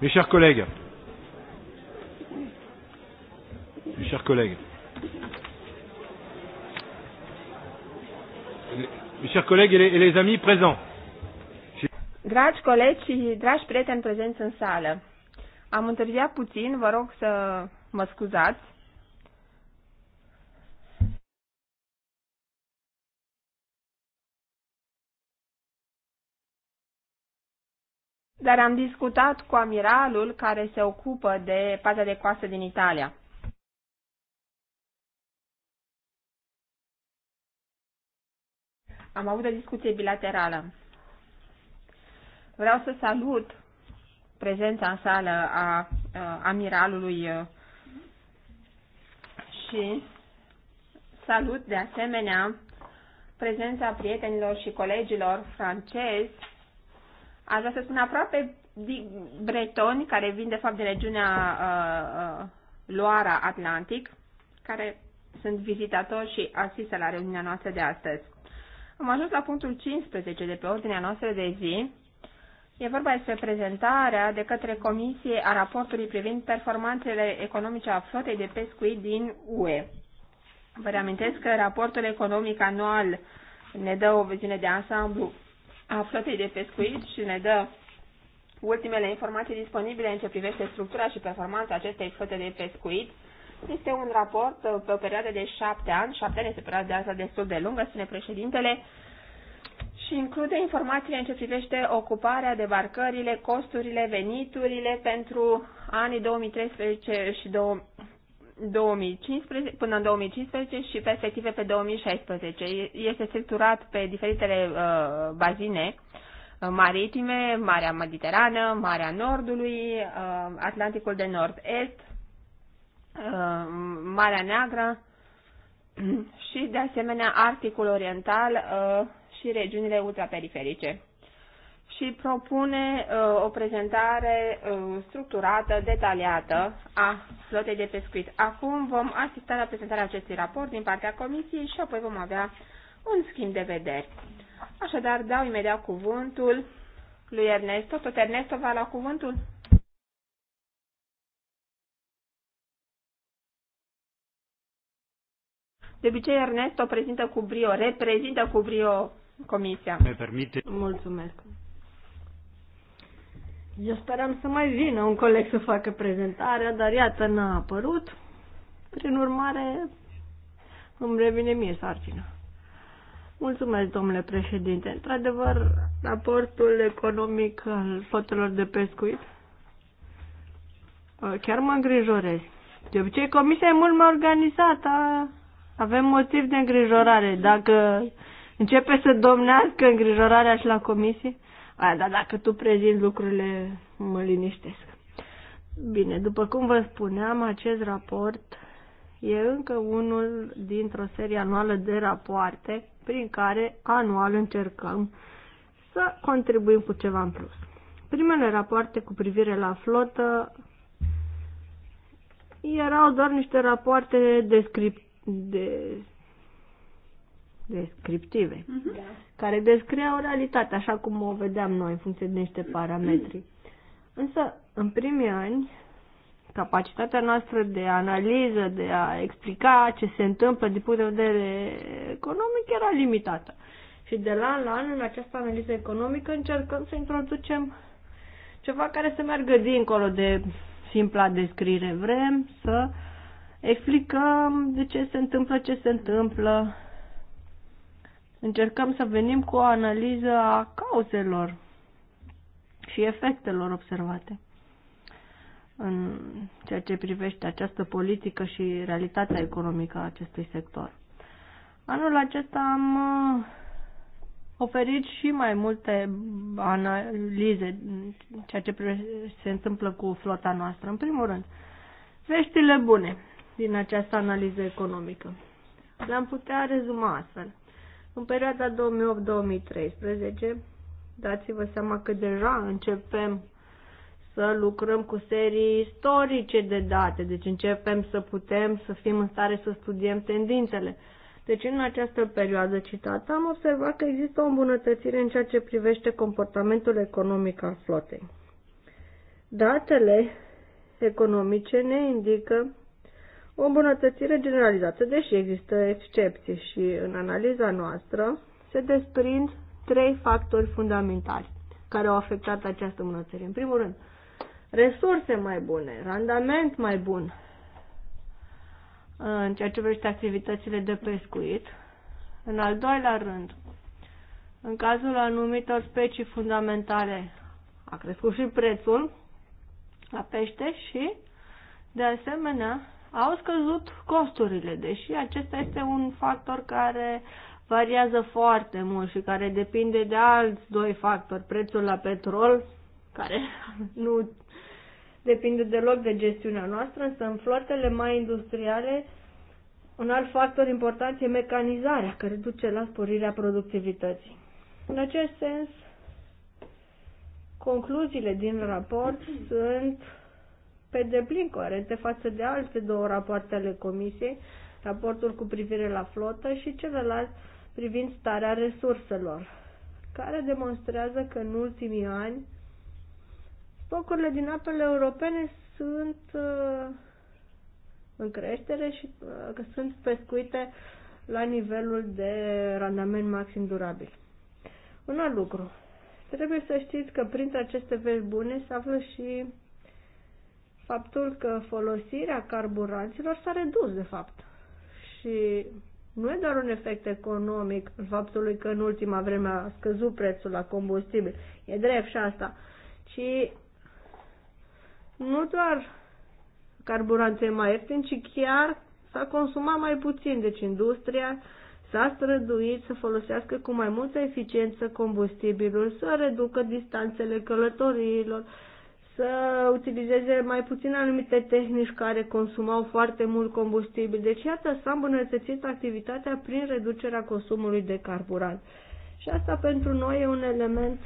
Mes chers collègues, mes chers collègues, mes chers collègues et les, et les amis présents. Dragi colegi și dragi prieteni prezenți în sală, am întârziat puțin, vă rog să mă scuzați. dar am discutat cu amiralul care se ocupă de partea de coastă din Italia. Am avut o discuție bilaterală. Vreau să salut prezența în sală a, a amiralului uh, și salut de asemenea prezența prietenilor și colegilor francezi aș vrea să spun aproape bretoni, care vin de fapt de regiunea uh, uh, Loara Atlantic, care sunt vizitatori și asistă la reuniunea noastră de astăzi. Am ajuns la punctul 15 de pe ordinea noastră de zi. E vorba despre prezentarea de către Comisie a raportului privind performanțele economice a flotei de pescuit din UE. Vă reamintesc că raportul economic anual ne dă o viziune de ansamblu a flotei de pescuit și ne dă ultimele informații disponibile în ce privește structura și performanța acestei flote de pescuit. Este un raport uh, pe o perioadă de șapte ani, șapte ani este perioada de asta destul de lungă, spune președintele, și include informațiile în ce privește ocuparea, debarcările, costurile, veniturile pentru anii 2013 și 2014. 2015, până în 2015 și perspective pe 2016. Este structurat pe diferitele uh, bazine uh, maritime, Marea Mediterană, Marea Nordului, uh, Atlanticul de Nord-Est, uh, Marea Neagră și, de asemenea, Arcticul Oriental uh, și regiunile ultraperiferice și propune uh, o prezentare uh, structurată, detaliată a flotei de pescuit. Acum vom asista la prezentarea acestui raport din partea comisiei și apoi vom avea un schimb de vederi. Așadar, dau imediat cuvântul lui Ernesto. Tot Ernesto va lua cuvântul? De obicei, Ernesto prezintă cu brio, reprezintă cu brio comisia. Me permite. Mulțumesc. Eu speram să mai vină un coleg să facă prezentarea, dar iată n-a apărut. Prin urmare, îmi revine mie sarcina. Mulțumesc, domnule președinte. Într-adevăr, raportul economic al flotelor de pescuit ă, chiar mă îngrijorez. De obicei, comisia e mult mai organizată. Avem motiv de îngrijorare. Dacă începe să domnească îngrijorarea și la comisie, a, dar dacă tu prezint lucrurile, mă liniștesc. Bine, după cum vă spuneam, acest raport e încă unul dintr-o serie anuală de rapoarte prin care anual încercăm să contribuim cu ceva în plus. Primele rapoarte cu privire la flotă erau doar niște rapoarte descriptive de descriptive, mhm. da. care descriau realitatea așa cum o vedeam noi în funcție de niște parametri. Însă, în primii ani, capacitatea noastră de analiză, de a explica ce se întâmplă din punct de vedere economic era limitată. Și de la an la an, în această analiză economică, încercăm să introducem ceva care să meargă dincolo de simpla descriere. Vrem să explicăm de ce se întâmplă, ce se întâmplă, Încercăm să venim cu o analiză a cauzelor și efectelor observate în ceea ce privește această politică și realitatea economică a acestui sector. Anul acesta am uh, oferit și mai multe analize ceea ce se întâmplă cu flota noastră. În primul rând, veștile bune din această analiză economică. Le-am putea rezuma astfel. În perioada 2008-2013, dați-vă seama că deja începem să lucrăm cu serii istorice de date, deci începem să putem să fim în stare să studiem tendințele. Deci în această perioadă citată am observat că există o îmbunătățire în ceea ce privește comportamentul economic al flotei. Datele economice ne indică o îmbunătățire generalizată, deși există excepții și în analiza noastră se desprind trei factori fundamentali care au afectat această îmbunătățire. În primul rând, resurse mai bune, randament mai bun uh, în ceea ce vrește activitățile de pescuit. În al doilea rând, în cazul anumitor specii fundamentale, a crescut și prețul la pește și, de asemenea, au scăzut costurile, deși acesta este un factor care variază foarte mult și care depinde de alți doi factori, prețul la petrol, care nu depinde deloc de gestiunea noastră, însă în flotele mai industriale un alt factor important e mecanizarea, care duce la sporirea productivității. În acest sens, concluziile din raport sunt pe deplin coerente față de alte două rapoarte ale Comisiei, raportul cu privire la flotă și celălalt privind starea resurselor, care demonstrează că în ultimii ani stocurile din apele europene sunt uh, în creștere și uh, că sunt pescuite la nivelul de randament maxim durabil. Un alt lucru. Trebuie să știți că printre aceste vești bune se află și faptul că folosirea carburanților s-a redus, de fapt. Și nu e doar un efect economic faptului că în ultima vreme a scăzut prețul la combustibil. E drept și asta. Ci nu doar carburanții mai ieftin, ci chiar s-a consumat mai puțin. Deci industria s-a străduit să folosească cu mai multă eficiență combustibilul, să reducă distanțele călătoriilor, să utilizeze mai puțin anumite tehnici care consumau foarte mult combustibil. Deci, iată, s-a îmbunătățit activitatea prin reducerea consumului de carburant. Și asta pentru noi e un element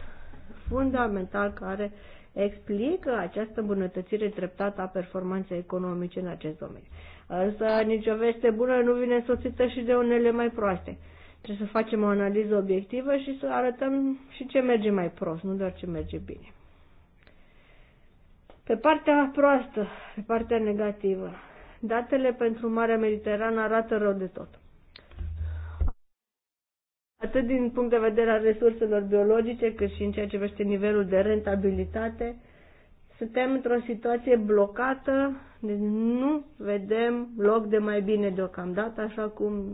fundamental care explică această îmbunătățire treptată a performanței economice în acest domeniu. Însă nicio veste bună nu vine însoțită și de unele mai proaste. Trebuie să facem o analiză obiectivă și să arătăm și ce merge mai prost, nu doar ce merge bine. Pe partea proastă, pe partea negativă, datele pentru Marea Mediterană arată rău de tot. Atât din punct de vedere al resurselor biologice, cât și în ceea ce vește nivelul de rentabilitate, suntem într-o situație blocată, deci nu vedem loc de mai bine deocamdată, așa cum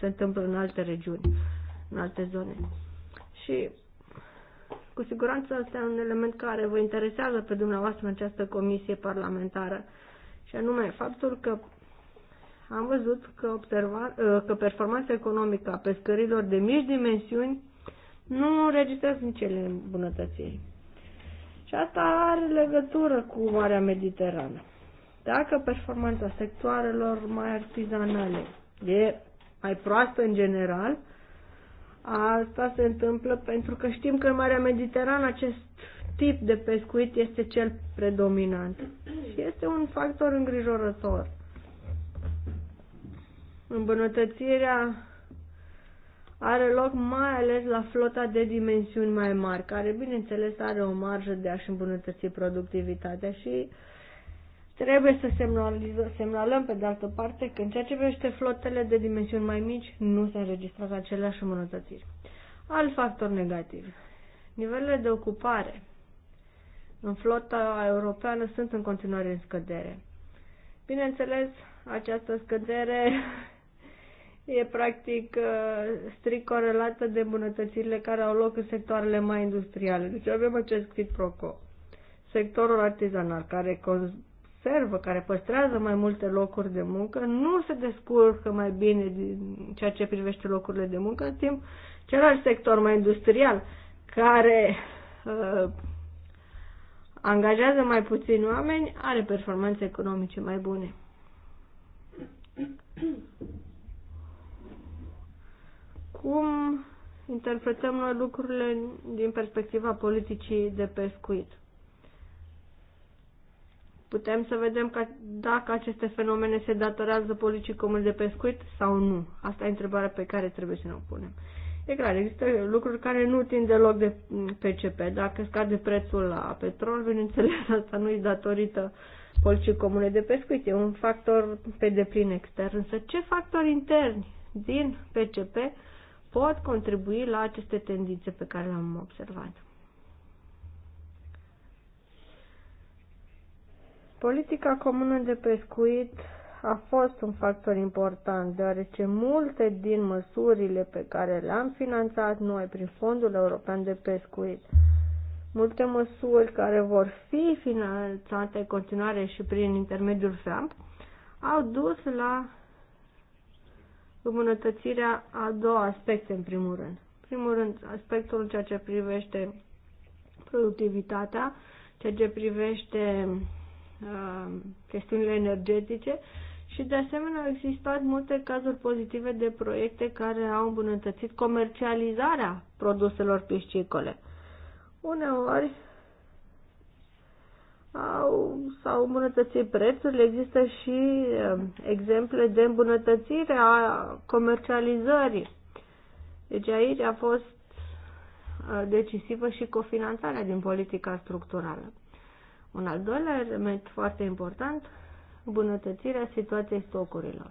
se întâmplă în alte regiuni, în alte zone. Și cu siguranță asta e un element care vă interesează pe dumneavoastră în această comisie parlamentară. Și anume, faptul că am văzut că, observa, uh, că performanța economică a pescărilor de mici dimensiuni nu înregistrează nici ele îmbunătățiri. Și asta are legătură cu Marea Mediterană. Dacă performanța sectoarelor mai artizanale e mai proastă în general, Asta se întâmplă pentru că știm că în Marea Mediterană acest tip de pescuit este cel predominant și este un factor îngrijorător. Îmbunătățirea are loc mai ales la flota de dimensiuni mai mari, care bineînțeles are o marjă de a-și îmbunătăți productivitatea și uh, Trebuie să semnalăm, pe de altă parte, că în ceea ce privește flotele de dimensiuni mai mici, nu se înregistrat aceleași îmbunătățiri. Alt factor negativ. Nivelele de ocupare în flota europeană sunt în continuare în scădere. Bineînțeles, această scădere e practic uh, strict corelată de îmbunătățirile care au loc în sectoarele mai industriale. Deci avem acest quid pro quo. Sectorul artizanal, care conservă, care păstrează mai multe locuri de muncă, nu se descurcă mai bine din ceea ce privește locurile de muncă, în timp celălalt sector mai industrial, care uh, angajează mai puțini oameni, are performanțe economice mai bune. Cum interpretăm noi lucrurile din perspectiva politicii de pescuit? putem să vedem ca, dacă aceste fenomene se datorează politicii comune de pescuit sau nu. Asta e întrebarea pe care trebuie să ne o punem. E clar, există lucruri care nu tind deloc de PCP. Mm, dacă scade prețul la petrol, bineînțeles, asta nu e datorită politicii comune de pescuit. E un factor pe deplin extern. Însă ce factori interni din PCP pot contribui la aceste tendințe pe care le-am observat? Politica comună de pescuit a fost un factor important, deoarece multe din măsurile pe care le-am finanțat noi prin Fondul European de Pescuit, multe măsuri care vor fi finanțate în continuare și prin intermediul FEAMP, au dus la îmbunătățirea a două aspecte, în primul rând. În primul rând, aspectul ceea ce privește productivitatea, ceea ce privește Uh, chestiunile energetice și de asemenea au existat multe cazuri pozitive de proiecte care au îmbunătățit comercializarea produselor piscicole. Uneori au, s-au îmbunătățit prețurile, există și uh, exemple de îmbunătățire a comercializării. Deci aici a fost uh, decisivă și cofinanțarea din politica structurală. Un al doilea element foarte important, îmbunătățirea situației stocurilor.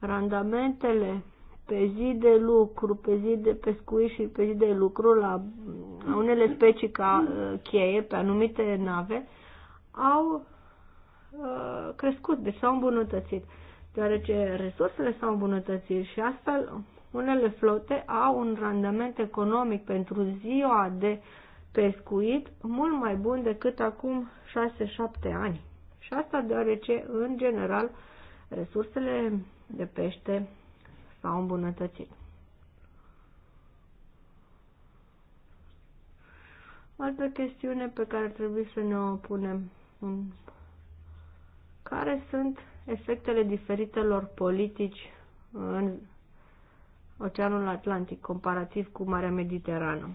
Randamentele pe zi de lucru, pe zi de pescuit și pe zi de lucru la unele specii ca uh, cheie pe anumite nave au uh, crescut, deci s-au îmbunătățit, deoarece resursele s-au îmbunătățit și astfel unele flote au un randament economic pentru ziua de pescuit mult mai bun decât acum 6-7 ani. Și asta deoarece, în general, resursele de pește s-au îmbunătățit. Altă chestiune pe care ar trebui să ne o punem. Care sunt efectele diferitelor politici în Oceanul Atlantic, comparativ cu Marea Mediterană.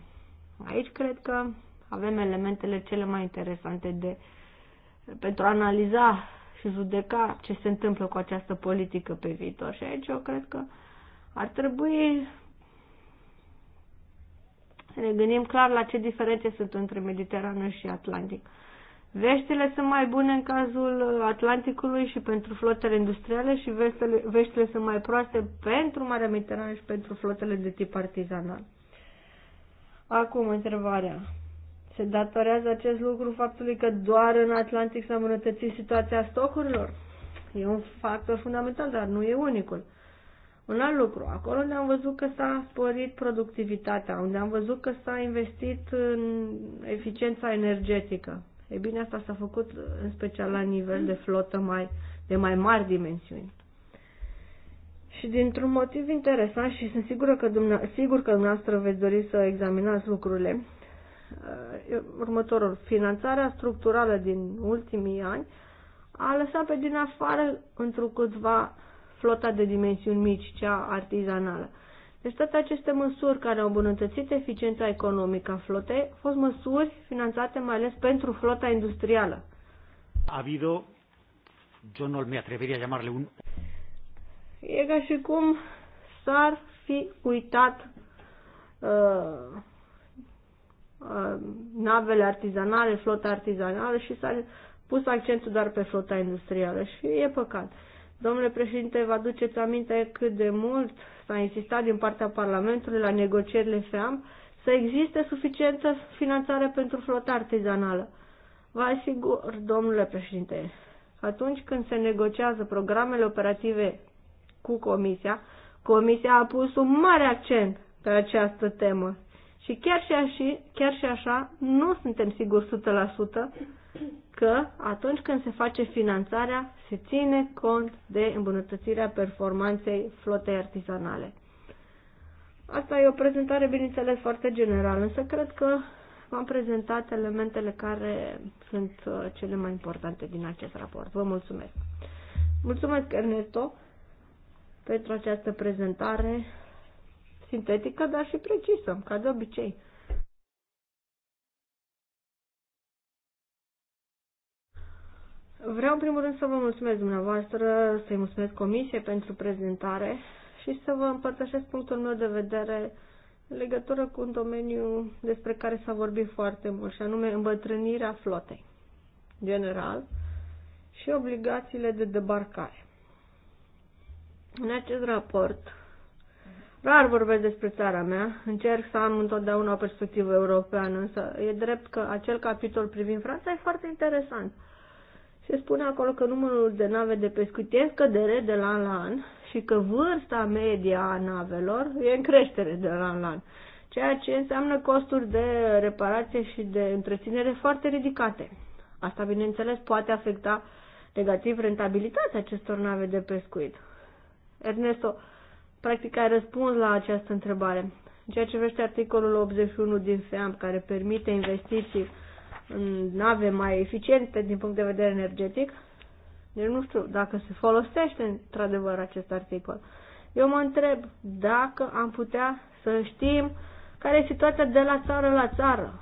Aici cred că avem elementele cele mai interesante de, pentru a analiza și judeca ce se întâmplă cu această politică pe viitor. Și aici eu cred că ar trebui să ne gândim clar la ce diferențe sunt între Mediterană și Atlantic. Uh, Veștile sunt mai bune în cazul uh, Atlanticului și pentru flotele industriale și veștile, veștile sunt mai proaste pentru Marea Mediterană și pentru flotele de tip artizanal. Acum, întrebarea. Se datorează acest lucru faptului că doar în Atlantic s-a îmbunătățit situația stocurilor? E un factor fundamental, dar nu e unicul. Un alt lucru, acolo unde am văzut că s-a sporit productivitatea, unde am văzut că s-a investit în eficiența energetică, E bine, asta s-a făcut în special la nivel de flotă mai, de mai mari dimensiuni. Și dintr-un motiv interesant și sunt sigură că dumneavoastră, sigur că dumneavoastră veți dori să examinați lucrurile, uh, următorul, finanțarea structurală din ultimii ani a lăsat pe din afară într-o câtva flota de dimensiuni mici, cea artizanală. Deci toate aceste măsuri care au îmbunătățit eficiența economică a flotei au fost măsuri finanțate mai ales pentru flota industrială. A habido, yo no me atrevería a llamarle un... E ca și cum s-ar fi uitat uh, uh, navele artizanale, flota artizanală și s-ar pus accentul doar pe flota industrială și e păcat. Domnule președinte, vă aduceți aminte cât de mult uh, a insistat din partea Parlamentului la negocierile FEAM să existe suficientă finanțare pentru flota artizanală. Vă asigur, domnule președinte, atunci când se negociază programele operative cu Comisia, Comisia a pus un mare accent pe această temă. Și chiar și, așa, chiar și așa, nu suntem siguri 100% că atunci când se face finanțarea, se ține cont de îmbunătățirea performanței flotei artizanale. Asta e o prezentare, bineînțeles, foarte generală, însă cred că v-am prezentat elementele care sunt uh, cele mai importante din acest raport. Vă mulțumesc! Mulțumesc, Ernesto, pentru această prezentare sintetică, dar și precisă, ca de obicei. Vreau în primul rând să vă mulțumesc dumneavoastră, să-i mulțumesc comisiei pentru prezentare și să vă împărtășesc punctul meu de vedere în legătură cu un domeniu despre care s-a vorbit foarte mult, și anume îmbătrânirea flotei, general, și obligațiile de debarcare. În acest raport, rar vorbesc despre țara mea, încerc să am întotdeauna o perspectivă europeană, însă e drept că acel capitol privind Franța e foarte interesant. Se spune acolo că numărul de nave de pescuit e scădere de la an la an și că vârsta media a navelor e în creștere de la an la an, ceea ce înseamnă costuri de reparație și de întreținere foarte ridicate. Asta, bineînțeles, poate afecta negativ rentabilitatea acestor nave de pescuit. Ernesto, practic ai răspuns la această întrebare. În ceea ce vește articolul 81 din FEAM, care permite investiții nave mai eficiente din punct de vedere energetic. Deci nu știu dacă se folosește într-adevăr acest articol. Eu mă întreb dacă am putea să știm care e situația de la țară la țară.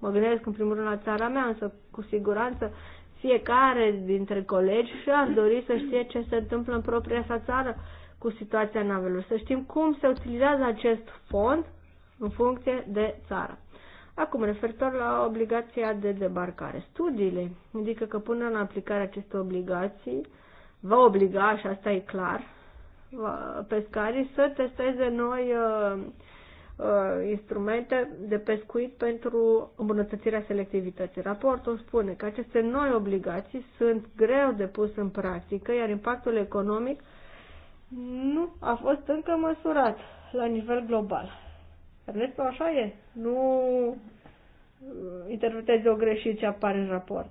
Mă gândesc în primul rând la țara mea, însă cu siguranță fiecare dintre colegi și-ar dori să știe ce se întâmplă în propria sa țară cu situația navelor, să știm cum se utilizează acest fond în funcție de țară. Acum, referitor la obligația de debarcare. Studiile indică că până în aplicarea acestei obligații va obliga, și asta e clar, pescarii să testeze noi uh, uh, instrumente de pescuit pentru îmbunătățirea selectivității. Raportul spune că aceste noi obligații sunt greu de pus în practică, iar impactul economic nu a fost încă măsurat la nivel global. Dar vezi că așa e. Nu uh, interpretezi o greșit ce apare în raport.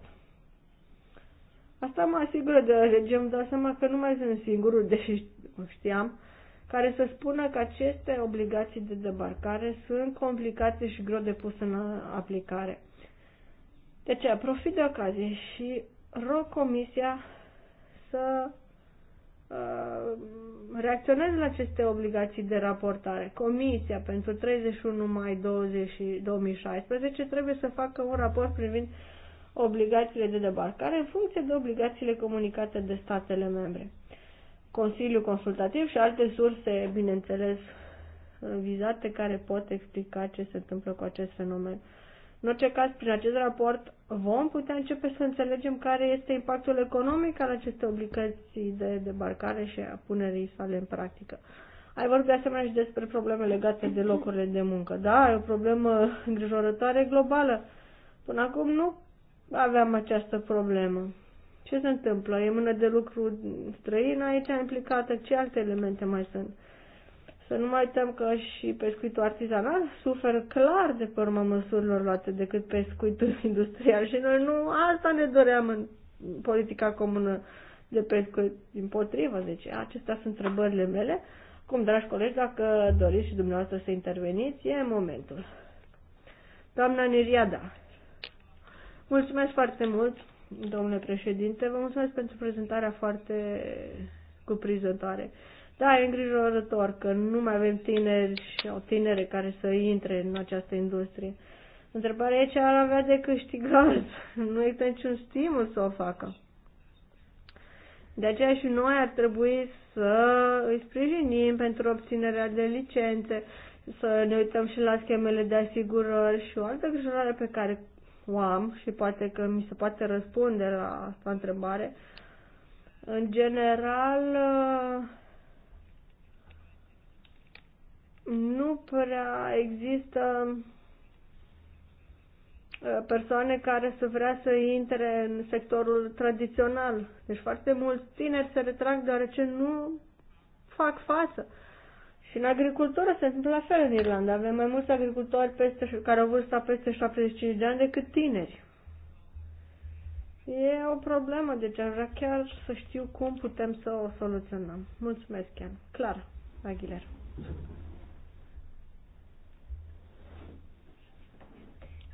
Asta mă asigură de lege, îmi dau seama că nu mai sunt singurul, deși o știam, care să spună că aceste obligații de debarcare sunt complicate și greu de pus în aplicare. De deci, profit de ocazie și rog Comisia să Uh, reacționează la aceste obligații de raportare. Comisia pentru 31 mai 20, 2016 trebuie să facă un raport privind obligațiile de debarcare în funcție de obligațiile comunicate de statele membre. Consiliul consultativ și alte surse, bineînțeles, vizate care pot explica ce se întâmplă cu acest fenomen. În orice caz, prin acest raport vom putea începe să înțelegem care este impactul economic al acestei obligații de debarcare și a punerii sale în practică. Ai vorbit de asemenea și despre probleme legate de locurile de muncă. Da, e o problemă îngrijorătoare globală. Până acum nu aveam această problemă. Ce se întâmplă? E mână de lucru străină aici implicată? Ce alte elemente mai sunt? Să nu mai uităm că și pescuitul artizanal suferă clar de pe urma măsurilor luate decât pescuitul industrial și noi nu asta ne doream în politica comună de pescuit din potrivă. Deci acestea sunt întrebările mele. Cum, dragi colegi, dacă doriți și dumneavoastră să interveniți, e momentul. Doamna Niriada, mulțumesc foarte mult, domnule președinte, vă mulțumesc pentru prezentarea foarte cuprinzătoare. Da, e îngrijorător că nu mai avem tineri sau tinere care să intre în această industrie. Întrebarea e ce ar avea de câștigat. Nu există niciun stimul să o facă. De aceea și noi ar trebui să îi sprijinim pentru obținerea de licențe, să ne uităm și la schemele de asigurări și o altă îngrijorare pe care o am și poate că mi se poate răspunde la asta întrebare. În general, nu prea există uh, persoane care să vrea să intre în sectorul tradițional. Deci foarte mulți tineri se retrag deoarece nu fac față. Și în agricultură se întâmplă la fel în Irlanda. Avem mai mulți agricultori peste, care au vârsta peste 75 de ani decât tineri. E o problemă, deci aș vrea chiar să știu cum putem să o soluționăm. Mulțumesc, Ian. Clar, Aguilera.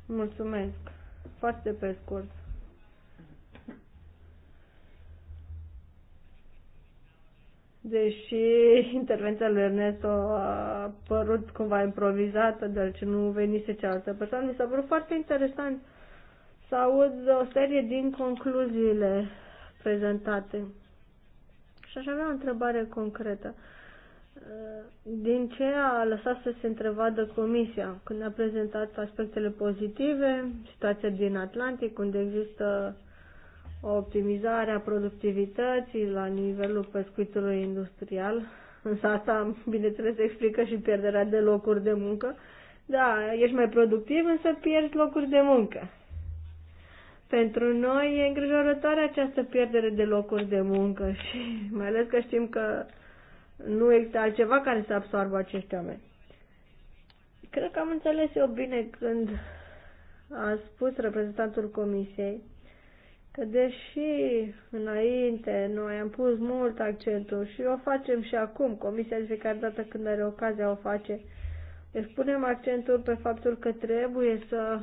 Mulțumesc. Foarte pe scurt. Deși intervenția lui Ernesto a părut cumva improvizată, deoarece nu venise cealaltă persoană, mi s-a părut foarte interesant să aud o serie din concluziile prezentate. Și aș avea o întrebare concretă. Uh, Uh, din ce a lăsat să se întrevadă comisia când a prezentat aspectele pozitive, situația din Atlantic, unde există o optimizare a productivității la nivelul pescuitului industrial, însă asta, bineînțeles, explică și pierderea de locuri de muncă. Da, ești mai productiv, însă pierzi locuri de muncă. Pentru noi e îngrijorătoare această pierdere de locuri de muncă și mai ales că știm că nu există altceva care să absorbă acești oameni. Cred că am înțeles eu bine când a spus reprezentantul comisiei că deși înainte noi am pus mult accentul și o facem și acum, comisia de fiecare dată când are ocazia o face, deci punem accentul pe faptul că trebuie să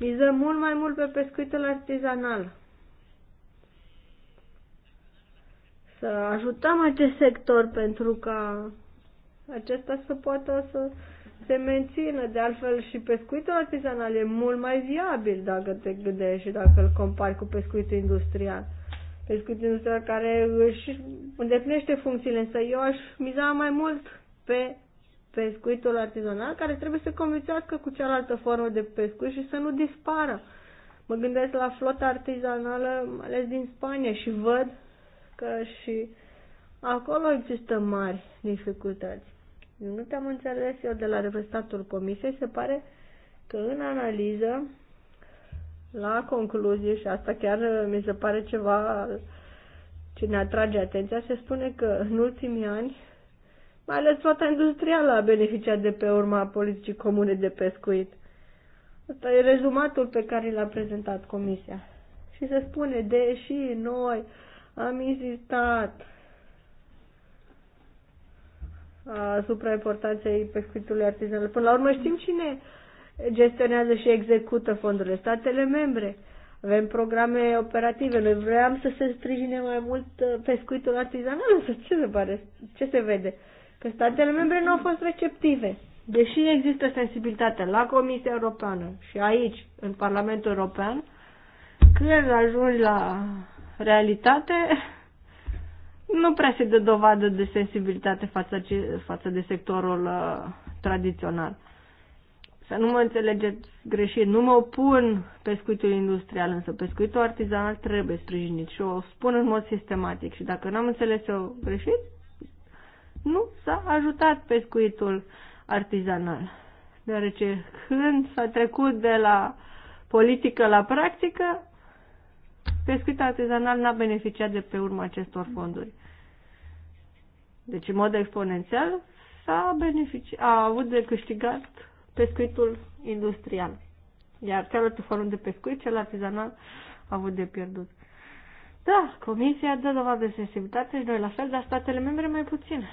mizăm mult mai mult pe pescuitul artizanal. să ajutăm acest sector pentru ca acesta să poată să se mențină. De altfel și pescuitul artizanal e mult mai viabil dacă te gândești și dacă îl compari cu pescuitul industrial. Pescuitul industrial care își îndeplinește funcțiile, însă eu aș miza mai mult pe pescuitul artizanal care trebuie să convițească cu cealaltă formă de pescuit și să nu dispară. Mă gândesc la flota artizanală, ales din Spania, și văd că și acolo există mari dificultăți. Eu nu te-am înțeles eu de la reprezentatul comisiei, se pare că în analiză, la concluzie, și asta chiar uh, mi se pare ceva ce ne atrage atenția, se spune că în ultimii ani, mai ales toată industrială a beneficiat de pe urma politicii comune de pescuit. Asta e rezumatul pe care l-a prezentat comisia. Și se spune, deși noi am insistat asupra importanței pescuitului artizanal. Până la urmă știm cine gestionează și execută fondurile, statele membre. Avem programe operative. Noi vreau să se sprijine mai mult uh, pescuitul artizanal, să ce se pare, ce se vede. Că statele membre nu au fost receptive. Deși există sensibilitate la Comisia Europeană și aici, în Parlamentul European, când ajungi la realitate nu prea se dă dovadă de sensibilitate față, față de sectorul uh, tradițional. Să nu mă înțelegeți greșit, nu mă opun pescuitul industrial, însă pescuitul artizanal trebuie sprijinit și o spun în mod sistematic. Și dacă n-am înțeles eu greșit, nu s-a ajutat pescuitul artizanal. Deoarece când s-a trecut de la politică la practică, pescuitul artizanal n-a beneficiat de pe urma acestor fonduri. Deci, în mod exponențial, s-a beneficiat, a avut de câștigat pescuitul industrial. Iar cealaltă formă de pescuit, cel artizanal, a avut de pierdut. Da, comisia dă dovadă de sensibilitate și noi la fel, dar statele membre mai puțin.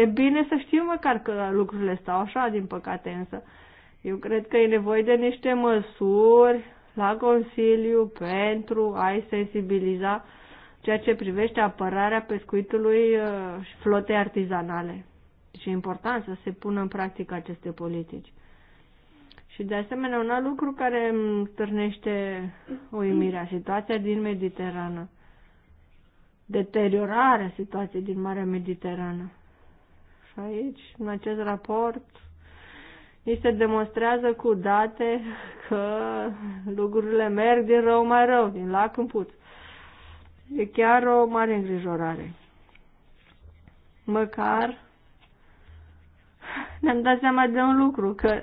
E bine să știu măcar că lucrurile stau așa, din păcate însă. Eu cred că e nevoie de niște măsuri la Consiliu pentru a-i sensibiliza ceea ce privește apărarea pescuitului uh, și flotei artizanale. Și e important să se pună în practică aceste politici. Și de asemenea, un alt lucru care îmi stârnește uimirea, situația din Mediterană. Deteriorarea situației din Marea Mediterană. Și aici, în acest raport, ni se demonstrează cu date că lucrurile merg din rău mai rău, din lac în puț. E chiar o mare îngrijorare. Măcar ne-am dat seama de un lucru, că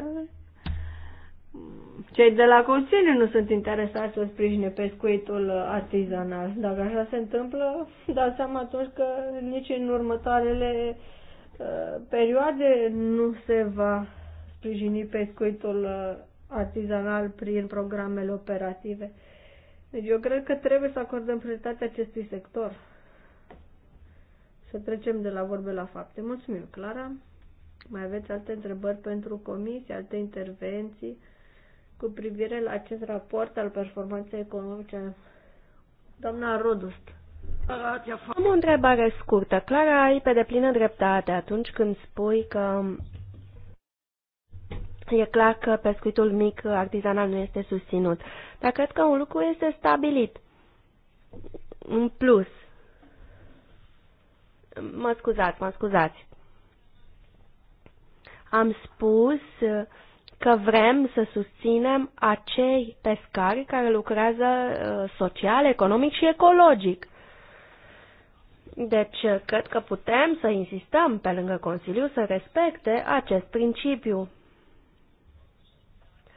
cei de la Consiliu nu sunt interesați să sprijine pescuitul artizanal. Dacă așa se întâmplă, dați seama atunci că nici în următoarele uh, perioade nu se va sprijini pescuitul uh, artizanal prin programele operative. Deci eu cred că trebuie să acordăm prioritate acestui sector. Să trecem de la vorbe la fapte. Mulțumim, Clara. Mai aveți alte întrebări pentru comisie, alte intervenții cu privire la acest raport al performanței economice? Doamna Rodust. Am o întrebare scurtă. Clara, ai pe deplină dreptate atunci când spui că E clar că pescuitul mic uh, artizanal nu este susținut. Dar cred că un lucru este stabilit. În plus. Mă scuzați, mă scuzați. Am spus uh, că vrem să susținem acei pescari care lucrează uh, social, economic și ecologic. Deci, cred că putem să insistăm pe lângă Consiliu să respecte acest principiu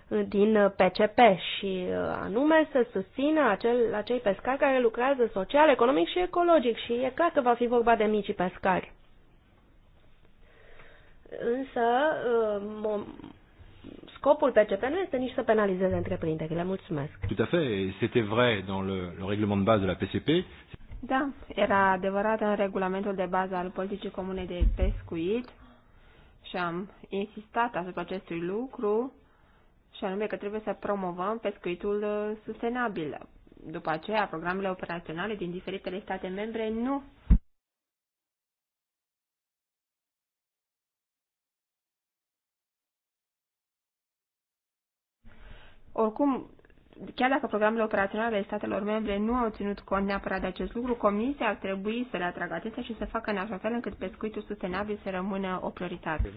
din PCP și uh, anume să susțină acel, acei pescari care lucrează social, economic și ecologic și e clar că va fi vorba de micii pescari. Însă uh, scopul PCP nu este nici să penalizeze întreprinderile. Mulțumesc. Tout à fait, c'était vrai dans le, le règlement de base de la PCP. Da, era adevărat în regulamentul de bază al politicii comune de pescuit și am insistat asupra acestui lucru și anume că trebuie să promovăm pescuitul uh, sustenabil. După aceea, programele operaționale din diferitele state membre nu Oricum, chiar dacă programele operaționale ale statelor membre nu au ținut cont neapărat de acest lucru, Comisia ar trebui să le atragă atenția și să facă în așa fel încât pescuitul sustenabil să rămână o prioritate.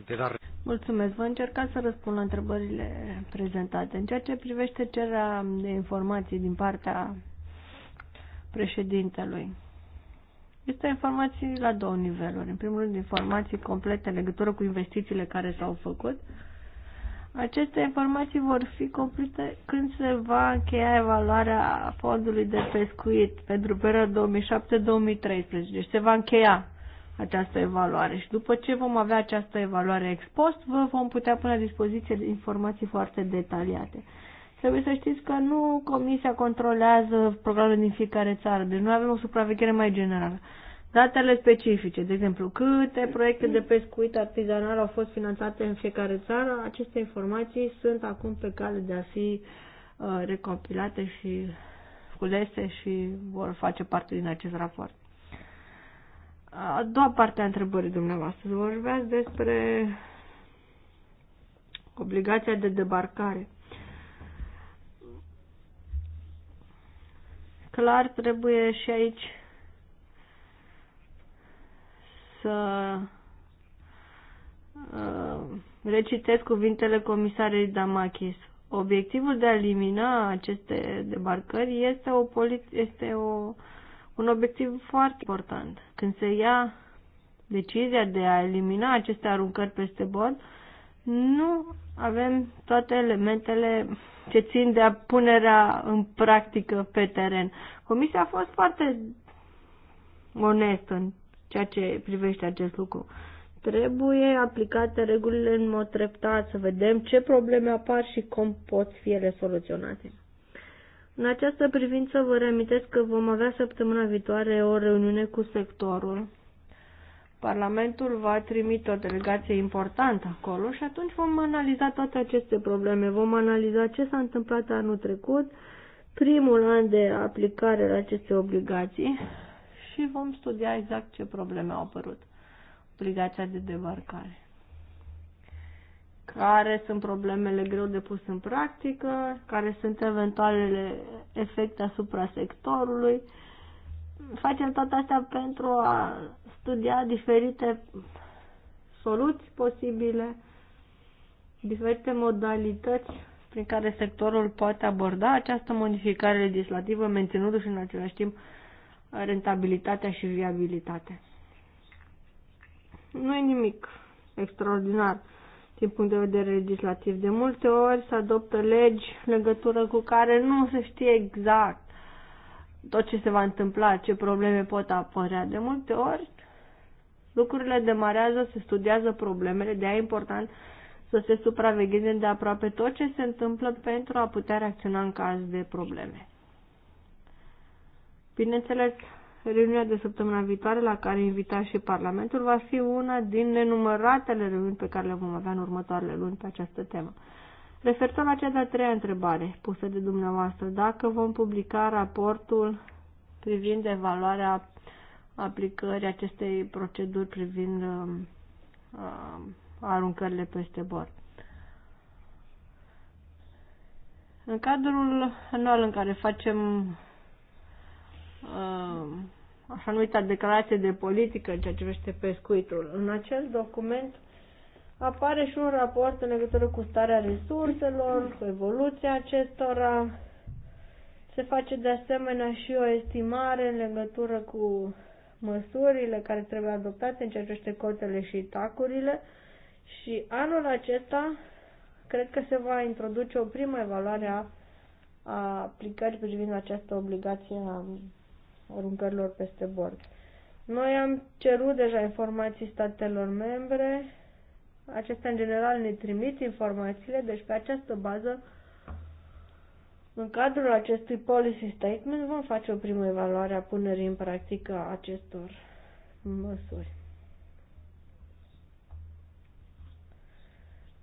Mulțumesc. Vă încerca să răspund la întrebările prezentate. În ceea ce privește cererea de informații din partea președintelui, este informații la două niveluri. În primul rând, informații complete în legătură cu investițiile care s-au făcut aceste informații vor fi complete când se va încheia evaluarea fondului de pescuit pentru perioada 2007-2013. Deci se va încheia această evaluare și după ce vom avea această evaluare expost, vă vom putea pune la dispoziție informații foarte detaliate. Trebuie să știți că nu Comisia controlează programul din fiecare țară, deci noi avem o supraveghere mai generală. Datele specifice, de exemplu, câte proiecte de pescuit artizanal au fost finanțate în fiecare țară, aceste informații sunt acum pe cale de a fi uh, recompilate și culese și vor face parte din acest raport. A doua parte a întrebării dumneavoastră. Vorbeați despre obligația de debarcare. Clar, trebuie și aici să uh, recitesc cuvintele comisarei Damakis. Obiectivul de a elimina aceste debarcări este, o este o, un obiectiv foarte important. Când se ia decizia de a elimina aceste aruncări peste bord, nu avem toate elementele ce țin de a punerea în practică pe teren. Comisia a fost foarte onestă în ceea ce privește acest lucru. Trebuie aplicate regulile în mod treptat, să vedem ce probleme apar și cum pot fi ele soluționate. În această privință vă reamintesc că vom avea săptămâna viitoare o reuniune cu sectorul. Parlamentul va trimite o delegație importantă acolo și atunci vom analiza toate aceste probleme. Vom analiza ce s-a întâmplat anul trecut, primul an de aplicare la aceste obligații și vom studia exact ce probleme au apărut. Obligația de debarcare. Care sunt problemele greu de pus în practică, care sunt eventualele efecte asupra sectorului. Facem toate astea pentru a studia diferite soluții posibile, diferite modalități prin care sectorul poate aborda această modificare legislativă, menținându-și în același timp rentabilitatea și viabilitatea. Nu e nimic extraordinar din punct de vedere legislativ. De multe ori se adoptă legi legătură cu care nu se știe exact tot ce se va întâmpla, ce probleme pot apărea. De multe ori lucrurile demarează, se studiază problemele, de aia e important să se supravegheze de aproape tot ce se întâmplă pentru a putea reacționa în caz de probleme. Bineînțeles, reuniunea de săptămâna viitoare la care invita și Parlamentul va fi una din nenumăratele reuniuni pe care le vom avea în următoarele luni pe această temă. Referitor la cea de-a treia întrebare pusă de dumneavoastră, dacă vom publica raportul privind evaluarea aplicării acestei proceduri privind uh, uh, aruncările peste bord. În cadrul anual în care facem Uh, așa numita declarație de politică în ceea ce privește pescuitul. În acest document apare și un raport în legătură cu starea resurselor, cu evoluția acestora. Se face de asemenea și o estimare în legătură cu măsurile care trebuie adoptate în ceea ce privește cotele și tacurile și anul acesta cred că se va introduce o primă evaluare a aplicării privind această obligație a aruncărilor peste bord. Noi am cerut deja informații statelor membre, acestea în general ne trimit informațiile, deci pe această bază, în cadrul acestui policy statement, vom face o primă evaluare a punerii în practică a acestor măsuri.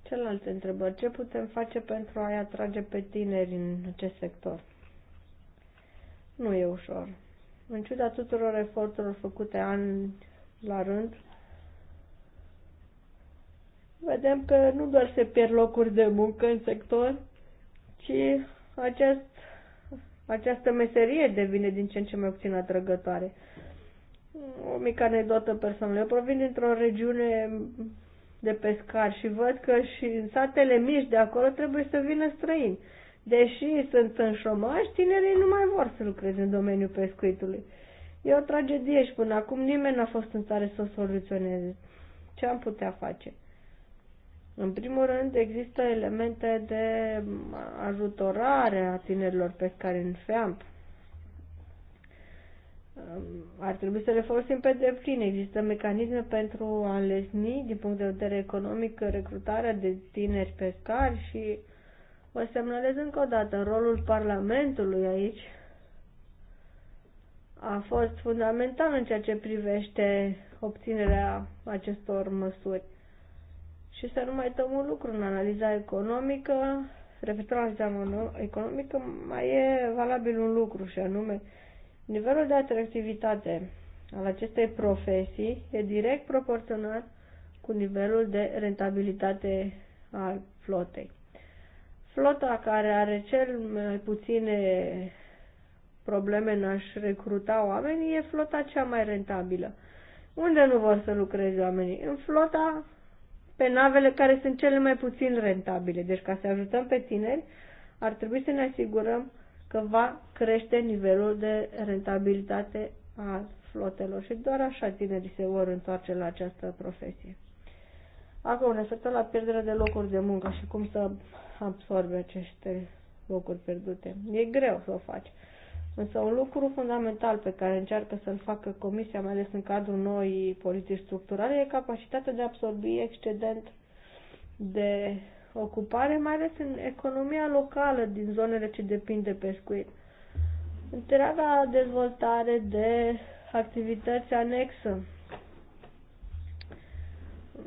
Celelalte întrebări. Ce putem face pentru a-i atrage pe tineri în acest sector? Nu e ușor. În ciuda tuturor eforturilor făcute an la rând, vedem că nu doar se pierd locuri de muncă în sector, ci acest, această meserie devine din ce în ce mai puțin atrăgătoare. O mică anecdotă personală. Eu provin dintr-o regiune de pescar și văd că și în satele mici de acolo trebuie să vină străini. Deși sunt în șomaj, tinerii nu mai vor să lucreze în domeniul pescuitului. E o tragedie și până acum nimeni n-a fost în stare să o soluționeze. Ce am putea face? În primul rând, există elemente de ajutorare a tinerilor pescari în FEAMP. Ar trebui să le folosim pe deplin. Există mecanisme pentru a lesni, din punct de vedere economic, recrutarea de tineri pescari și uh, Vă semnalez încă o dată, rolul Parlamentului aici a fost fundamental în ceea ce privește obținerea acestor măsuri. Și să nu mai uităm un lucru, în analiza economică, referitor la analiza economică, mai e valabil un lucru și anume nivelul de atractivitate al acestei profesii e direct proporțional cu nivelul de rentabilitate al flotei. Flota care are cel mai puține probleme în a-și recruta oamenii e flota cea mai rentabilă. Unde nu vor să lucreze oamenii? În flota pe navele care sunt cele mai puțin rentabile. Deci ca să ajutăm pe tineri, ar trebui să ne asigurăm că va crește nivelul de rentabilitate a flotelor și doar așa tinerii se vor întoarce la această profesie. Acum, referitor la pierderea de locuri de muncă și cum să absorbe aceste locuri pierdute. E greu să o faci. Însă un lucru fundamental pe care încearcă să-l facă Comisia, mai ales în cadrul noii politici structurale, e capacitatea de a absorbi excedent de ocupare, mai ales în economia locală din zonele ce depind de pescuit. Întreaga dezvoltare de activități anexă. Uh,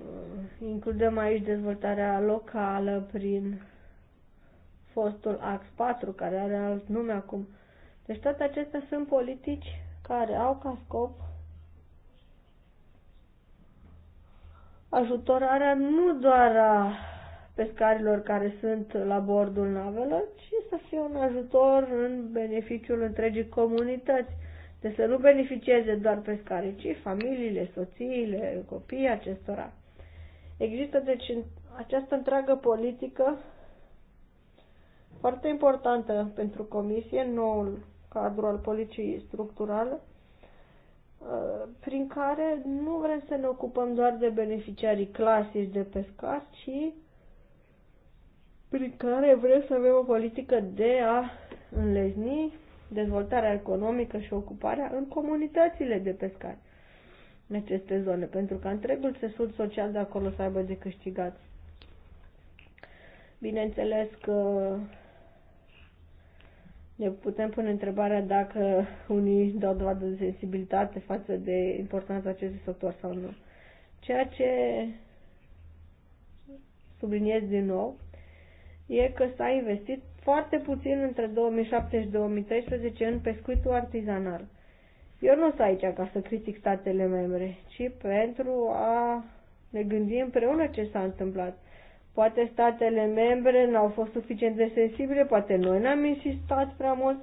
includem aici dezvoltarea locală prin fostul AX4, care are alt nume acum. Deci toate acestea sunt politici care au ca scop ajutorarea nu doar a pescarilor care sunt la bordul navelor, ci să fie un ajutor în beneficiul întregii comunități. De deci să nu beneficieze doar pescarii, ci familiile, soțiile, copiii acestora. Există deci această întreagă politică foarte importantă pentru comisie, noul cadru al poliției structurale, uh, prin care nu vrem să ne ocupăm doar de beneficiarii clasici de pescar, ci prin care vrem să avem o politică de a înlezni dezvoltarea economică și ocuparea în comunitățile de pescari în aceste zone, pentru că întregul țesut social de acolo să aibă de câștigat. Bineînțeles că ne putem pune întrebarea dacă unii dau dovadă de sensibilitate față de importanța acestui sector sau nu. Ceea ce subliniez din nou e că s-a investit foarte puțin între 2007 și 2013 în pescuitul artizanal. Eu nu sunt aici ca să critic statele membre, ci pentru a ne gândi împreună ce s-a întâmplat Poate statele membre nu au fost suficient de sensibile, poate noi n-am insistat prea mult,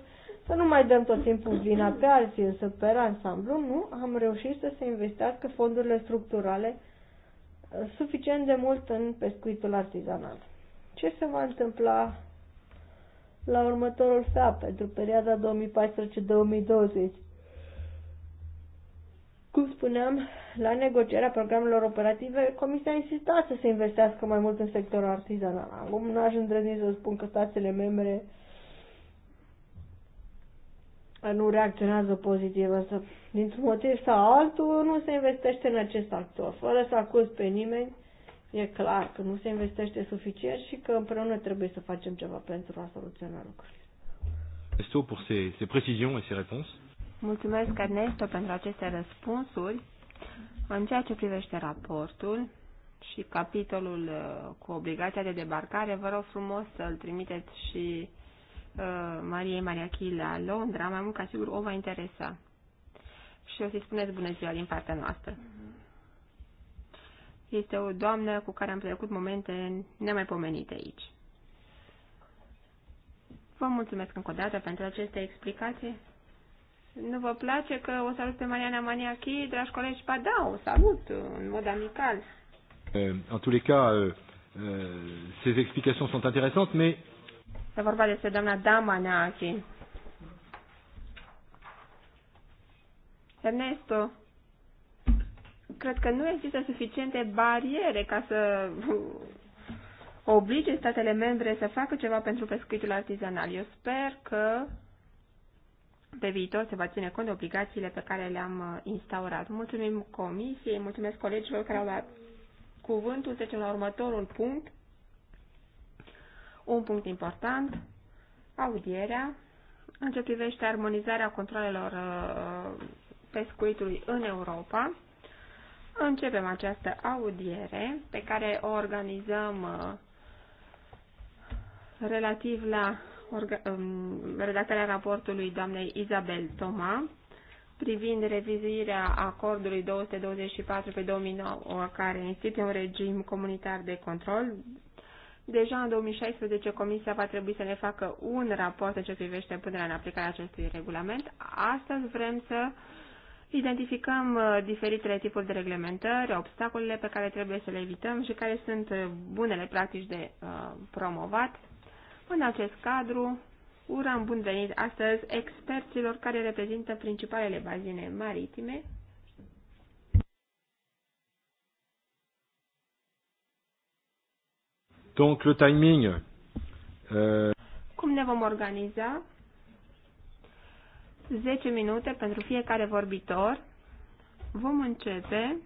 să nu mai dăm tot timpul vina pe alții, însă pe ansamblu nu am reușit să se investească fondurile structurale uh, suficient de mult în pescuitul artizanal. Ce se va întâmpla la următorul FEAP pentru perioada 2014-2020? Cum spuneam, la negocierea programelor operative, Comisia a insistat să se investească mai mult în sectorul artizanal. Acum nu aș îndrăzni să spun că statele membre nu reacționează pozitiv, însă dintr-un motiv sau altul nu se investește în acest actor. Fără să acuz pe nimeni, e clar că nu se investește suficient și că împreună trebuie să facem ceva pentru a soluționa lucrurile. Este pour ces, ces précisions et ces réponses. Mulțumesc, Ernesto, pentru aceste răspunsuri. În ceea ce privește raportul și capitolul uh, cu obligația de debarcare, vă rog frumos să-l trimiteți și uh, Mariei Mariachi la Londra, mai mult ca sigur o va interesa. Și o să-i spuneți bună ziua din partea noastră. Este o doamnă cu care am trecut momente nemaipomenite aici. Vă mulțumesc încă o dată pentru aceste explicații. Nu vă place că o salut pe Mariana Maniachi, dragi colegi? pa da, o salut în mod amical. În eh, tous les cas, euh, euh, ces explications interesante, intéressantes, mais... E vorba despre doamna Dama Maniachi. Ernesto, cred că nu există suficiente bariere ca să oblige statele membre să facă ceva pentru pescuitul artizanal. Eu sper că pe viitor se va ține cont de obligațiile pe care le-am uh, instaurat. Mulțumim comisiei, mulțumesc colegilor care au luat cuvântul. Trecem la următorul punct. Un punct important, audierea, în ce privește armonizarea controlelor uh, pescuitului în Europa. Începem această audiere pe care o organizăm uh, relativ la Um, redactarea raportului doamnei Isabel Toma privind revizuirea acordului 224 pe 2009 care instituie un regim comunitar de control. Deja în 2016 Comisia va trebui să ne facă un raport în ce privește punerea în aplicare a acestui regulament. Astăzi vrem să identificăm uh, diferitele tipuri de reglementări, obstacolele pe care trebuie să le evităm și care sunt uh, bunele practici de uh, promovat în acest cadru, uram bun venit astăzi experților care reprezintă principalele bazine maritime Donc le timing. Euh... Cum ne vom organiza? 10 minute pentru fiecare vorbitor. Vom începe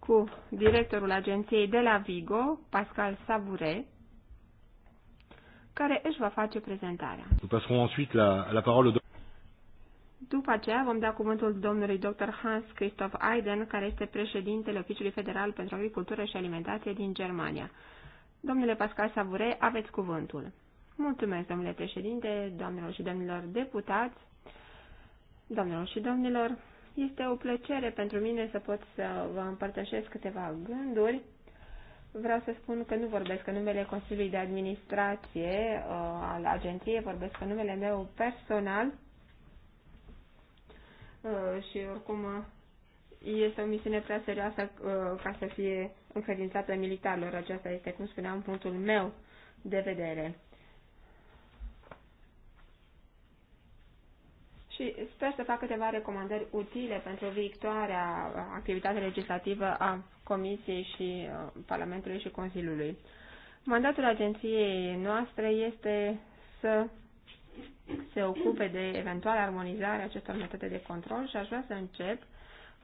cu directorul agenției de la Vigo, Pascal Savure, care își va face prezentarea. După aceea vom da cuvântul domnului dr. Hans Christoph Aiden, care este președintele Oficiului Federal pentru Agricultură și Alimentație din Germania. Domnule Pascal Savure, aveți cuvântul. Mulțumesc, domnule președinte, doamnelor și domnilor deputați, domnilor și domnilor. Este o plăcere pentru mine să pot să vă împărtășesc câteva gânduri. Vreau să spun că nu vorbesc în numele Consiliului de Administrație uh, al agenției, vorbesc în numele meu personal uh, și oricum uh, este o misiune prea serioasă ca să fie încredințată militarilor. Aceasta este, cum spuneam, punctul meu de vedere. și sper să fac câteva recomandări utile pentru viitoarea activitate legislativă a Comisiei și uh, Parlamentului și Consiliului. Mandatul agenției noastre este să se ocupe de eventuală armonizare acestor metode de control și aș vrea să încep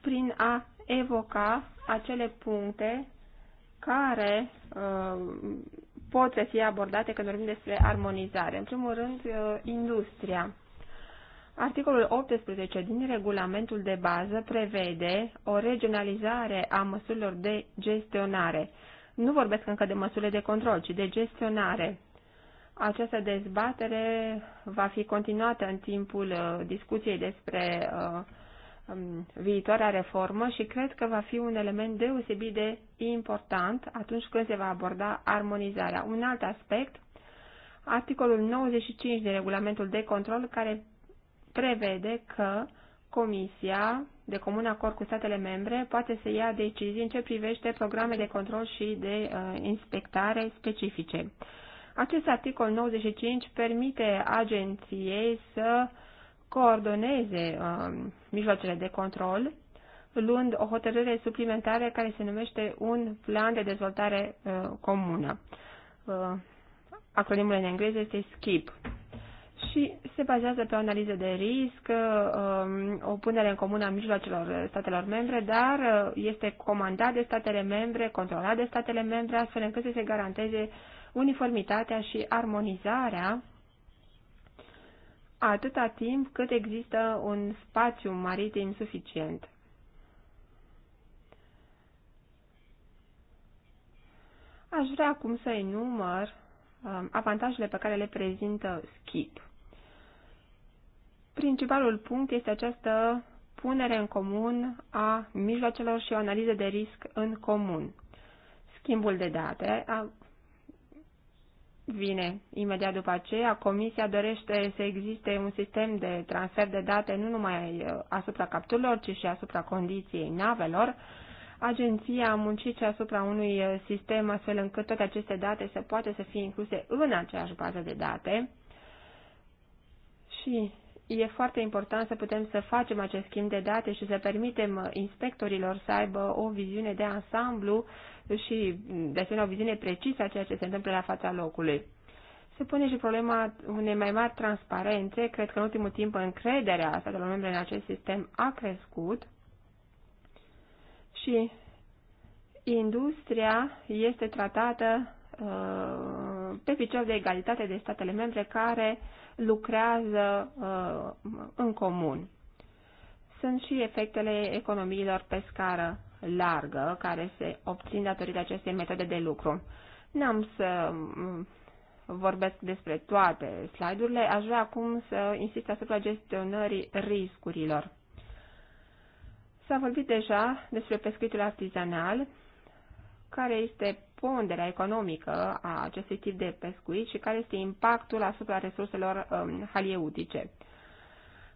prin a evoca acele puncte care uh, pot să fie abordate când vorbim despre armonizare. În primul rând, uh, industria. Articolul 18 din regulamentul de bază prevede o regionalizare a măsurilor de gestionare. Nu vorbesc încă de măsurile de control, ci de gestionare. Această dezbatere va fi continuată în timpul uh, discuției despre uh, um, viitoarea reformă și cred că va fi un element deosebit de important atunci când se va aborda armonizarea. Un alt aspect, articolul 95 din regulamentul de control care prevede că Comisia, de comun acord cu statele membre, poate să ia decizii în ce privește programe de control și de uh, inspectare specifice. Acest articol 95 permite agenției să coordoneze uh, mijloacele de control, luând o hotărâre suplimentare care se numește un plan de dezvoltare uh, comună. Uh, acronimul în engleză este SKIP și se bazează pe o analiză de risc, um, o punere în comun a mijloacelor statelor membre, dar uh, este comandat de statele membre, controlat de statele membre, astfel încât să se garanteze uniformitatea și armonizarea atâta timp cât există un spațiu maritim suficient. Aș vrea acum să enumăr um, avantajele pe care le prezintă SKIP. Principalul punct este această punere în comun a mijloacelor și o analiză de risc în comun. Schimbul de date a... vine imediat după aceea. Comisia dorește să existe un sistem de transfer de date nu numai uh, asupra capturilor, ci și asupra condiției navelor. Agenția a muncit și asupra unui uh, sistem astfel încât toate aceste date să poată să fie incluse în aceeași bază de date. Și e foarte important să putem să facem acest schimb de date și să permitem uh, inspectorilor să aibă o viziune de ansamblu și, mm, de asemenea, o viziune precisă a ceea ce se întâmplă la fața locului. Se pune și problema unei mai mari transparențe. Cred că în ultimul timp încrederea statelor membre în acest sistem a crescut și industria este tratată uh, pe picior de egalitate de statele membre care uh, lucrează uh, în comun. Sunt și efectele economiilor pe scară largă care se obțin datorită acestei metode de lucru. N-am să mm, vorbesc despre toate slide-urile, aș vrea acum să insist asupra gestionării riscurilor. S-a vorbit deja despre pescuitul artizanal care este ponderea economică a acestui tip de pescuit și care este impactul asupra resurselor um, halieutice.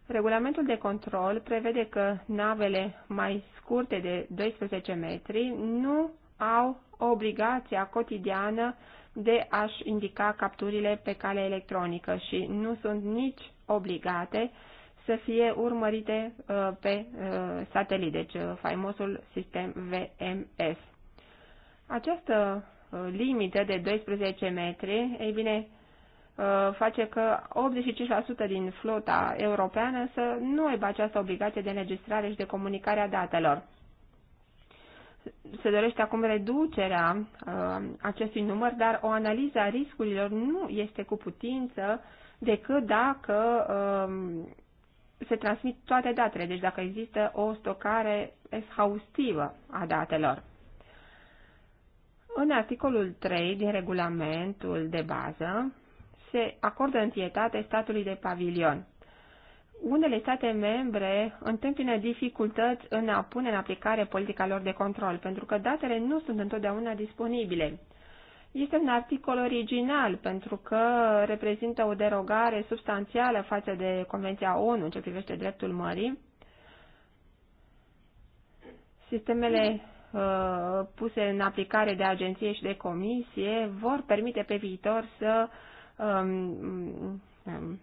Regulamentul de control prevede că navele mai scurte de 12 metri nu au obligația cotidiană de a-și indica capturile pe cale electronică și nu sunt nici obligate să fie urmărite uh, pe uh, satelit, deci uh, faimosul sistem VMS. Această uh, limită de 12 metri, ei bine, uh, face că 85% din flota europeană să nu aibă această obligație de înregistrare și de comunicare a datelor. Se dorește acum reducerea uh, acestui număr, dar o analiză a riscurilor nu este cu putință decât dacă um, se transmit toate datele, deci dacă există o stocare exhaustivă a datelor. În articolul 3 din regulamentul de bază se acordă întietate statului de pavilion. Unele state membre întâmpină dificultăți în a pune în aplicare politica lor de control, pentru că datele nu sunt întotdeauna disponibile. Este un articol original pentru că reprezintă o derogare substanțială față de Convenția ONU în ce privește dreptul mării. Sistemele Uh, puse în aplicare de agenție și de comisie vor permite pe viitor să um, um,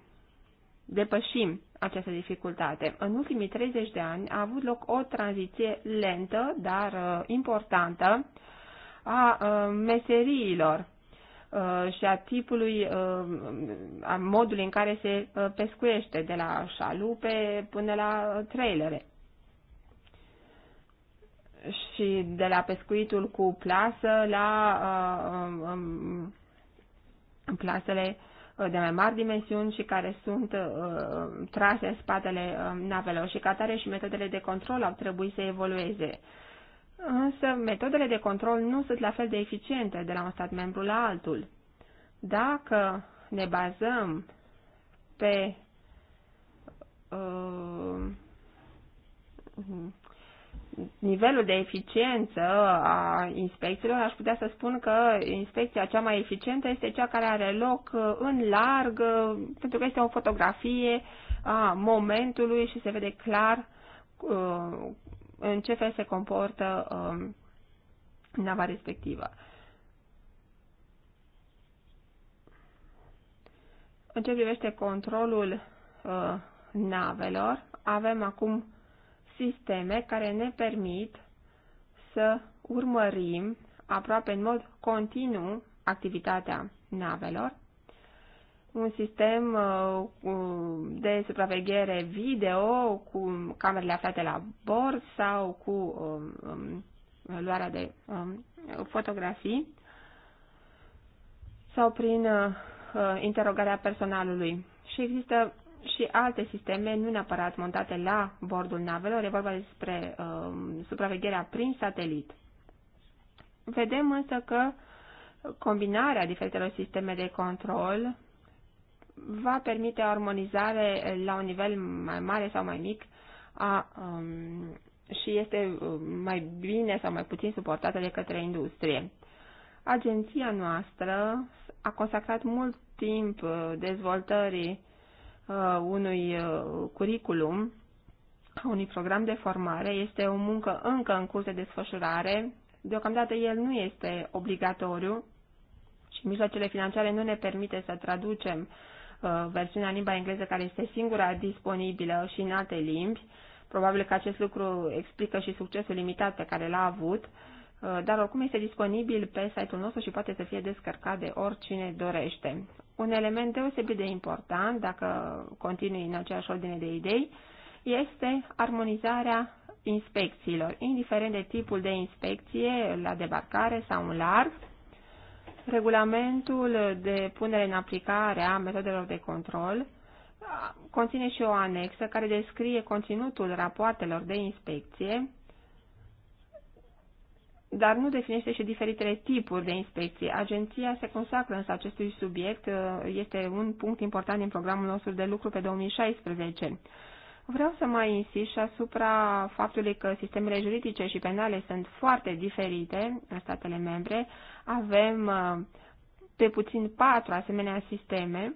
depășim această dificultate. În ultimii 30 de ani a avut loc o tranziție lentă, dar uh, importantă, a uh, meseriilor și a tipului, a modului în care se pescuiește, de la șalupe până la trailere și de la pescuitul cu plasă la uh, um, um plasele uh, de mai mari dimensiuni și care sunt uh, trase în spatele uh, navelor și ca tare și metodele de control au trebuit să evolueze. Însă metodele de control nu sunt la fel de eficiente de la un stat membru la altul. Dacă ne bazăm pe uh, nivelul de eficiență a inspecțiilor, aș putea să spun că inspecția cea mai eficientă este cea care are loc uh, în larg, uh, pentru că este o fotografie a momentului și se vede clar uh, în ce fel se comportă um, nava respectivă. În ce privește controlul navelor, avem acum sisteme care ne permit să urmărim aproape în mod continuu activitatea navelor, un sistem uh, uh, de supraveghere video cu camerele aflate la bord sau cu um, um, luarea de um, fotografii sau prin uh, interogarea personalului. Și există și alte sisteme, nu neapărat montate la bordul navelor, e vorba despre uh, supravegherea prin satelit. Vedem însă că combinarea diferitelor sisteme de control va permite o armonizare la un nivel mai mare sau mai mic a, um, și este um, mai bine sau mai puțin suportată de către industrie. Agenția noastră a consacrat mult timp uh, dezvoltării Uh, unui uh, curriculum, a unui program de formare, este o muncă încă în curs de desfășurare. Deocamdată el nu este obligatoriu și mijloacele financiare nu ne permite să traducem uh, versiunea în limba engleză, care este singura disponibilă și în alte limbi. Probabil că acest lucru explică și succesul limitat pe care l-a avut, dar oricum este disponibil pe site-ul nostru și poate să fie descărcat de oricine dorește. Un element deosebit de important, dacă continui în aceeași ordine de idei, este armonizarea inspecțiilor, indiferent de tipul de inspecție, la debarcare sau în larg, regulamentul de punere în aplicare a metodelor de control conține și o anexă care descrie conținutul rapoartelor de inspecție dar nu definește și diferitele tipuri de inspecții. Agenția se consacră însă acestui subiect, uh, este un punct important din programul nostru de lucru pe 2016. Vreau să mai insist și asupra faptului că sistemele juridice și penale sunt foarte diferite în statele membre. Avem uh, pe puțin patru asemenea sisteme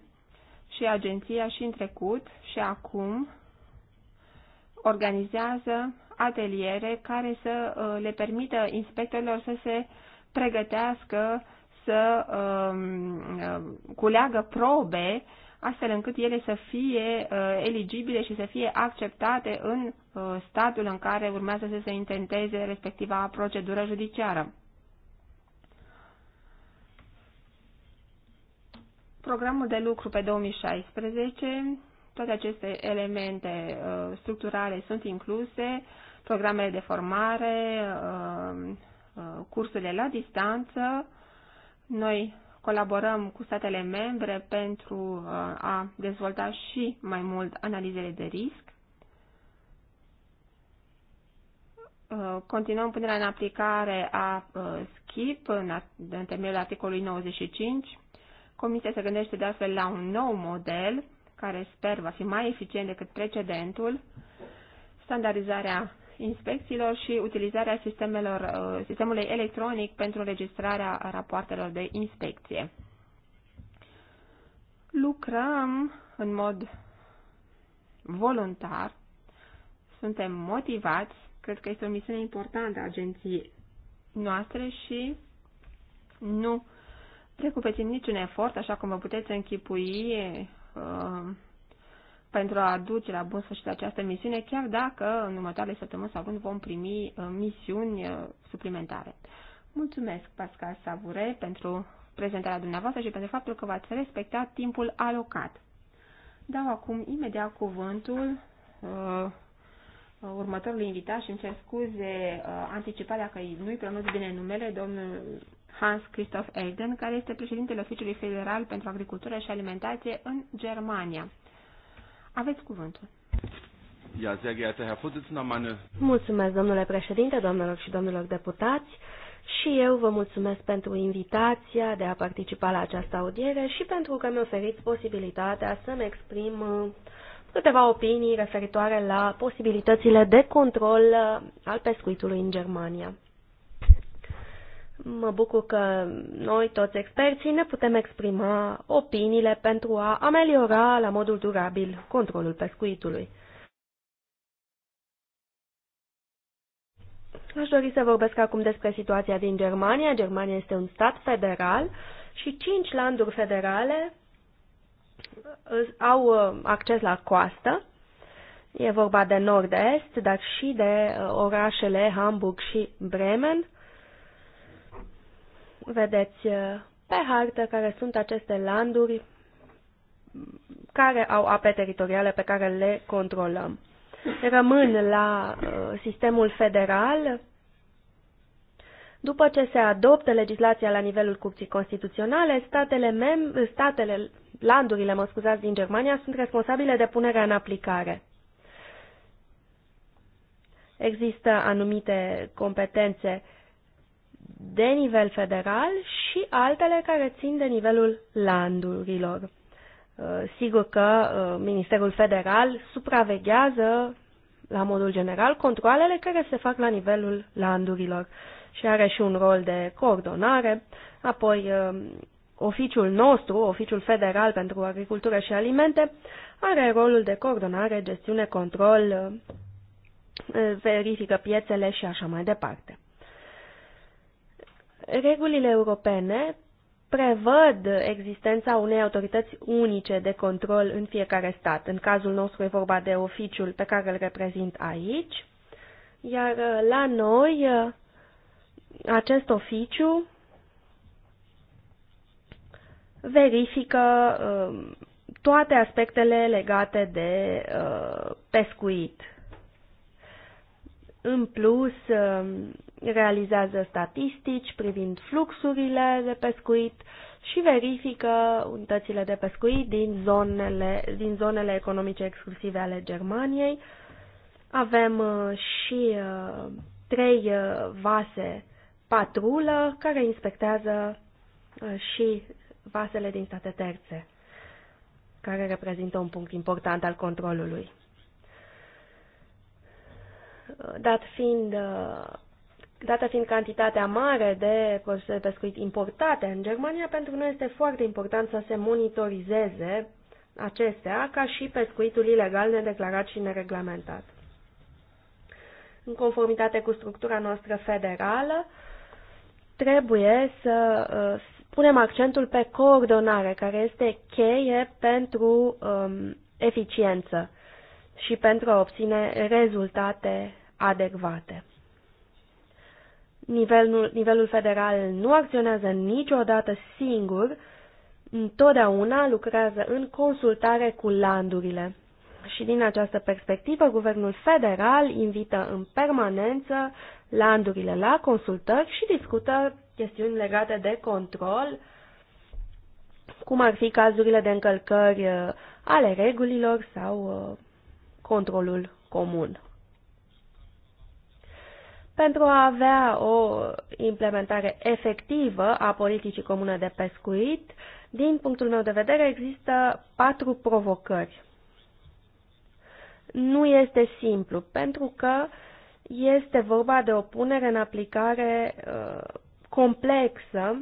și agenția și în trecut și acum organizează ateliere care să uh, le permită inspectorilor să se pregătească, să um, um, culeagă probe, astfel încât ele să fie uh, eligibile și să fie acceptate în uh, statul în care urmează să se intenteze respectiva procedură judiciară. Programul de lucru pe 2016, toate aceste elemente uh, structurale sunt incluse, programele de formare, uh, uh, cursurile la distanță. Noi colaborăm cu statele membre pentru uh, a dezvolta și mai mult analizele de risc. Continuăm punerea în aplicare a SCIP în termenul articolului 95. Comisia se gândește de altfel la un nou model care sper va fi mai eficient decât precedentul, standardizarea inspecțiilor și utilizarea sistemelor, uh, sistemului electronic pentru înregistrarea rapoartelor de inspecție. Lucrăm în mod voluntar, suntem motivați, cred că este o misiune importantă a agenției noastre și nu precupețim niciun efort, așa cum vă puteți închipui, uh, pentru a aduce la bun sfârșit această misiune, chiar dacă în următoarele săptămâni sau luni vom primi uh, misiuni uh, suplimentare. Mulțumesc, Pascal Savure, pentru prezentarea dumneavoastră și pentru faptul că v-ați respectat timpul alocat. Dau acum imediat cuvântul uh, următorului invitat și îmi cer scuze uh, anticiparea că nu-i pronunț bine numele, domnul Hans Christoph Elden, care este președintele Oficiului Federal pentru Agricultură și Alimentație în Germania. Aveți cuvântul. Ja, sehr geehrter Herr Vorsitzender, meine... Mulțumesc, domnule președinte, doamnelor și domnilor deputați. Și eu vă mulțumesc pentru invitația de a participa la această audiere și pentru că mi oferiți posibilitatea să-mi exprim uh, câteva opinii referitoare la posibilitățile de control uh, al pescuitului în Germania. Mă bucur că noi, toți experții, ne putem exprima opiniile pentru a ameliora la modul durabil controlul pescuitului. Aș dori să vorbesc acum despre situația din Germania. Germania este un stat federal și cinci landuri federale au uh, acces la coastă. E vorba de nord-est, dar și de uh, orașele Hamburg și Bremen Vedeți uh, pe hartă care sunt aceste landuri care au ape teritoriale pe care le controlăm. Rămân la uh, sistemul federal. După ce se adoptă legislația la nivelul Curții Constituționale, statele, mem statele landurile, mă scuzați, din Germania sunt responsabile de punerea în aplicare. Există anumite competențe de nivel federal și altele care țin de nivelul landurilor. Uh, sigur că uh, Ministerul Federal supraveghează la modul general controlele care se fac la nivelul landurilor și are și un rol de coordonare. Apoi, uh, oficiul nostru, Oficiul Federal pentru Agricultură și Alimente, are rolul de coordonare, gestiune, control, verifică piețele și așa mai departe. Regulile europene prevăd existența unei autorități unice de control în fiecare stat. În cazul nostru e vorba de oficiul pe care îl reprezint aici, iar uh, la noi uh, acest oficiu verifică um, toate aspectele legate de uh, pescuit. În plus, um, realizează statistici privind fluxurile de pescuit și verifică unitățile de pescuit din zonele, din zonele economice exclusive ale Germaniei. Avem uh, și uh, trei uh, vase patrulă care inspectează și vasele din state terțe, care reprezintă un punct important al controlului. Dat fiind Dată fiind cantitatea mare de produse de pescuit importate în Germania, pentru noi este foarte important să se monitorizeze acestea, ca și pescuitul ilegal nedeclarat și nereglamentat. În conformitate cu structura noastră federală, trebuie să uh, punem accentul pe coordonare, care este cheie pentru um, eficiență și pentru a obține rezultate adecvate. Nivelul, nivelul federal nu acționează niciodată singur, întotdeauna lucrează în consultare cu landurile. Și din această perspectivă, guvernul federal invită în permanență landurile la consultări și discută chestiuni legate de control, cum ar fi cazurile de încălcări uh, ale regulilor sau uh, controlul comun pentru a avea o implementare efectivă a politicii comune de pescuit, din punctul meu de vedere, există patru provocări. Nu este simplu, pentru că este vorba de o punere în aplicare uh, complexă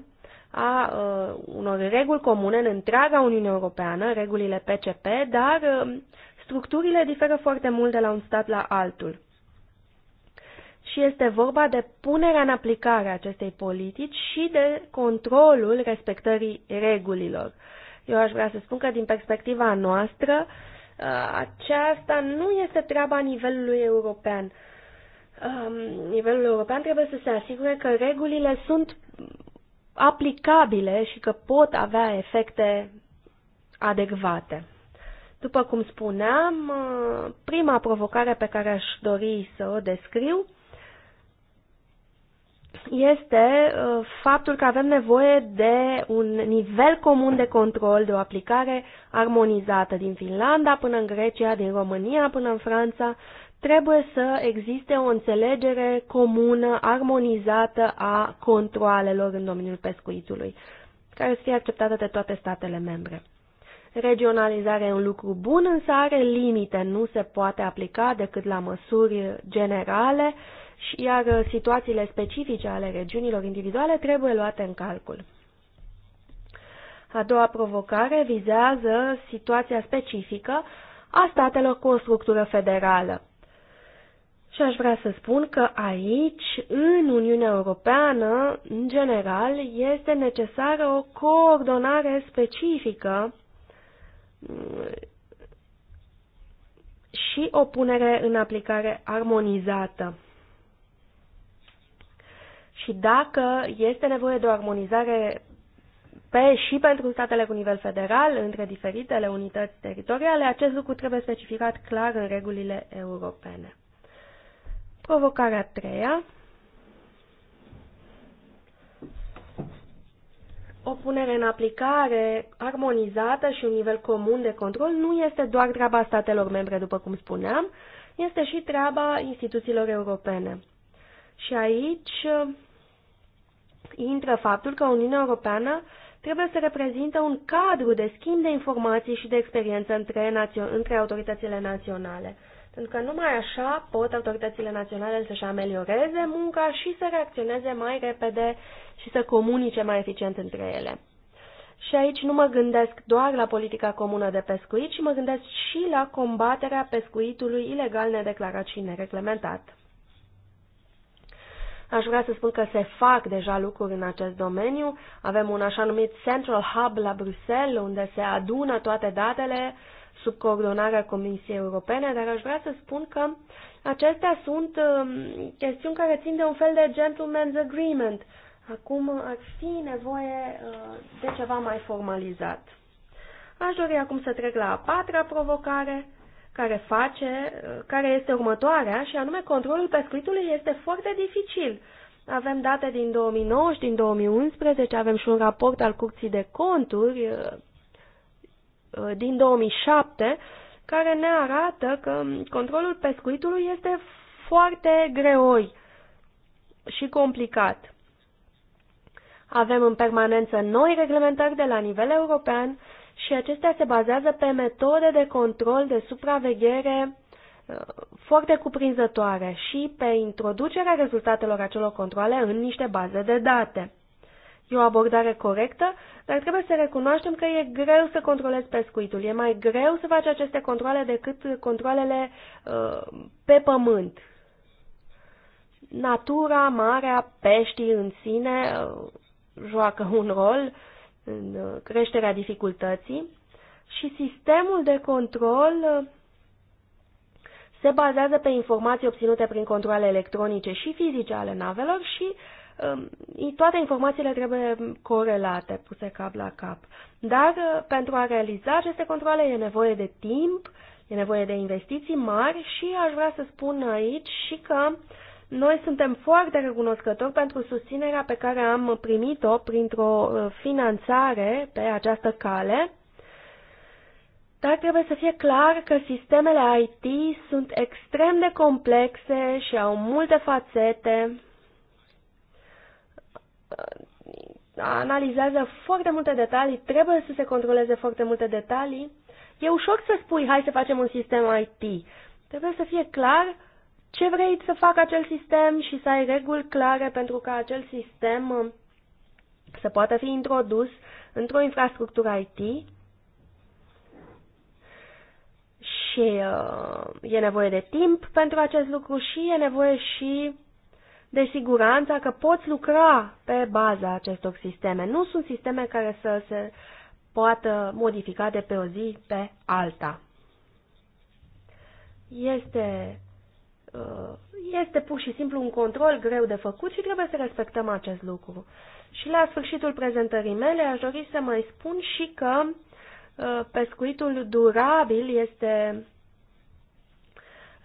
a uh, unor reguli comune în întreaga Uniune Europeană, regulile PCP, dar uh, structurile diferă foarte mult de la un stat la altul și este vorba de punerea în aplicare a acestei politici și de controlul respectării regulilor. Eu aș vrea să spun că din perspectiva noastră uh, aceasta nu este treaba nivelului european. Um, nivelul european trebuie să se asigure că regulile sunt aplicabile și că pot avea efecte adecvate. După cum spuneam, uh, prima provocare pe care aș dori să o descriu este uh, faptul că avem nevoie de un nivel comun de control, de o aplicare armonizată din Finlanda până în Grecia, din România până în Franța. Trebuie să existe o înțelegere comună, armonizată a controalelor în domeniul pescuitului, care să fie acceptată de toate statele membre. Regionalizarea e un lucru bun, însă are limite, nu se poate aplica decât la măsuri generale, uh, și iar uh, situațiile specifice ale regiunilor individuale trebuie luate în calcul. A doua provocare vizează situația specifică a statelor cu o structură federală. Și aș vrea să spun că aici, în Uniunea Europeană, în general, este necesară o coordonare specifică mm, și o punere în aplicare armonizată. Și dacă este nevoie de o armonizare pe, și pentru statele cu nivel federal, între diferitele unități teritoriale, acest lucru trebuie specificat clar în regulile europene. Provocarea a treia. O punere în aplicare armonizată și un nivel comun de control nu este doar treaba statelor membre, după cum spuneam, este și treaba instituțiilor europene. Și aici intră faptul că Uniunea Europeană trebuie să reprezintă un cadru de schimb de informații și de experiență între, între autoritățile naționale. Pentru că numai așa pot autoritățile naționale să-și amelioreze munca și să reacționeze mai repede și să comunice mai eficient între ele. Și aici nu mă gândesc doar la politica comună de pescuit, ci mă gândesc și la combaterea pescuitului ilegal nedeclarat și nereglementat. Aș vrea să spun că se fac deja lucruri în acest domeniu. Avem un așa numit Central Hub la Bruxelles, unde se adună toate datele sub coordonarea Comisiei Europene, dar aș vrea să spun că acestea sunt um, chestiuni care țin de un fel de gentleman's agreement. Acum ar fi nevoie uh, de ceva mai formalizat. Aș dori acum să trec la a patra provocare, care face, uh, care este următoarea, și anume controlul pescuitului este foarte dificil. Avem date din 2009 și din 2011, avem și un raport al Curții de Conturi uh, uh, din 2007, care ne arată că controlul pescuitului este foarte greoi și complicat. Avem în permanență noi reglementări de la nivel european și acestea se bazează pe metode de control, de supraveghere uh, foarte cuprinzătoare și pe introducerea rezultatelor acelor controle în niște baze de date. E o abordare corectă, dar trebuie să recunoaștem că e greu să controlezi pescuitul. E mai greu să faci aceste controle decât controlele uh, pe pământ. Natura, marea, peștii în sine uh, joacă un rol, în uh, creșterea dificultății și sistemul de control uh, se bazează pe informații obținute prin controle electronice și fizice ale navelor și um, toate informațiile trebuie corelate, puse cap la cap. Dar uh, pentru a realiza aceste controle e nevoie de timp, e nevoie de investiții mari și aș vrea să spun aici și că uh, noi suntem foarte recunoscători pentru susținerea pe care am primit-o printr-o uh, finanțare pe această cale, dar trebuie să fie clar că sistemele IT sunt extrem de complexe și au multe fațete, uh, analizează foarte multe detalii, trebuie să se controleze foarte multe detalii. E ușor să spui, hai să facem un sistem IT. Trebuie să fie clar ce vrei să facă acel sistem și să ai reguli clare pentru ca acel sistem uh, să poată fi introdus într-o infrastructură IT și uh, e nevoie de timp pentru acest lucru și e nevoie și de siguranța că poți lucra pe baza acestor sisteme. Nu sunt sisteme care să se poată modifica de pe o zi pe alta. Este Uh, este pur și simplu un control greu de făcut și trebuie să respectăm acest lucru. Și la sfârșitul prezentării mele aș dori să mai spun și că uh, pescuitul durabil este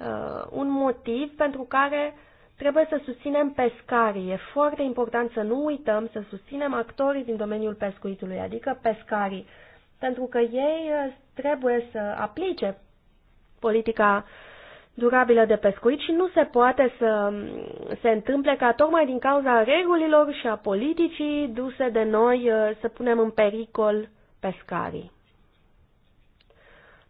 uh, un motiv pentru care trebuie să susținem pescarii. E foarte important să nu uităm să susținem actorii din domeniul pescuitului, adică pescarii, pentru că ei trebuie să aplice politica durabilă de pescuit și nu se poate să se întâmple ca tocmai din cauza regulilor și a politicii duse de noi uh, să punem în pericol pescarii.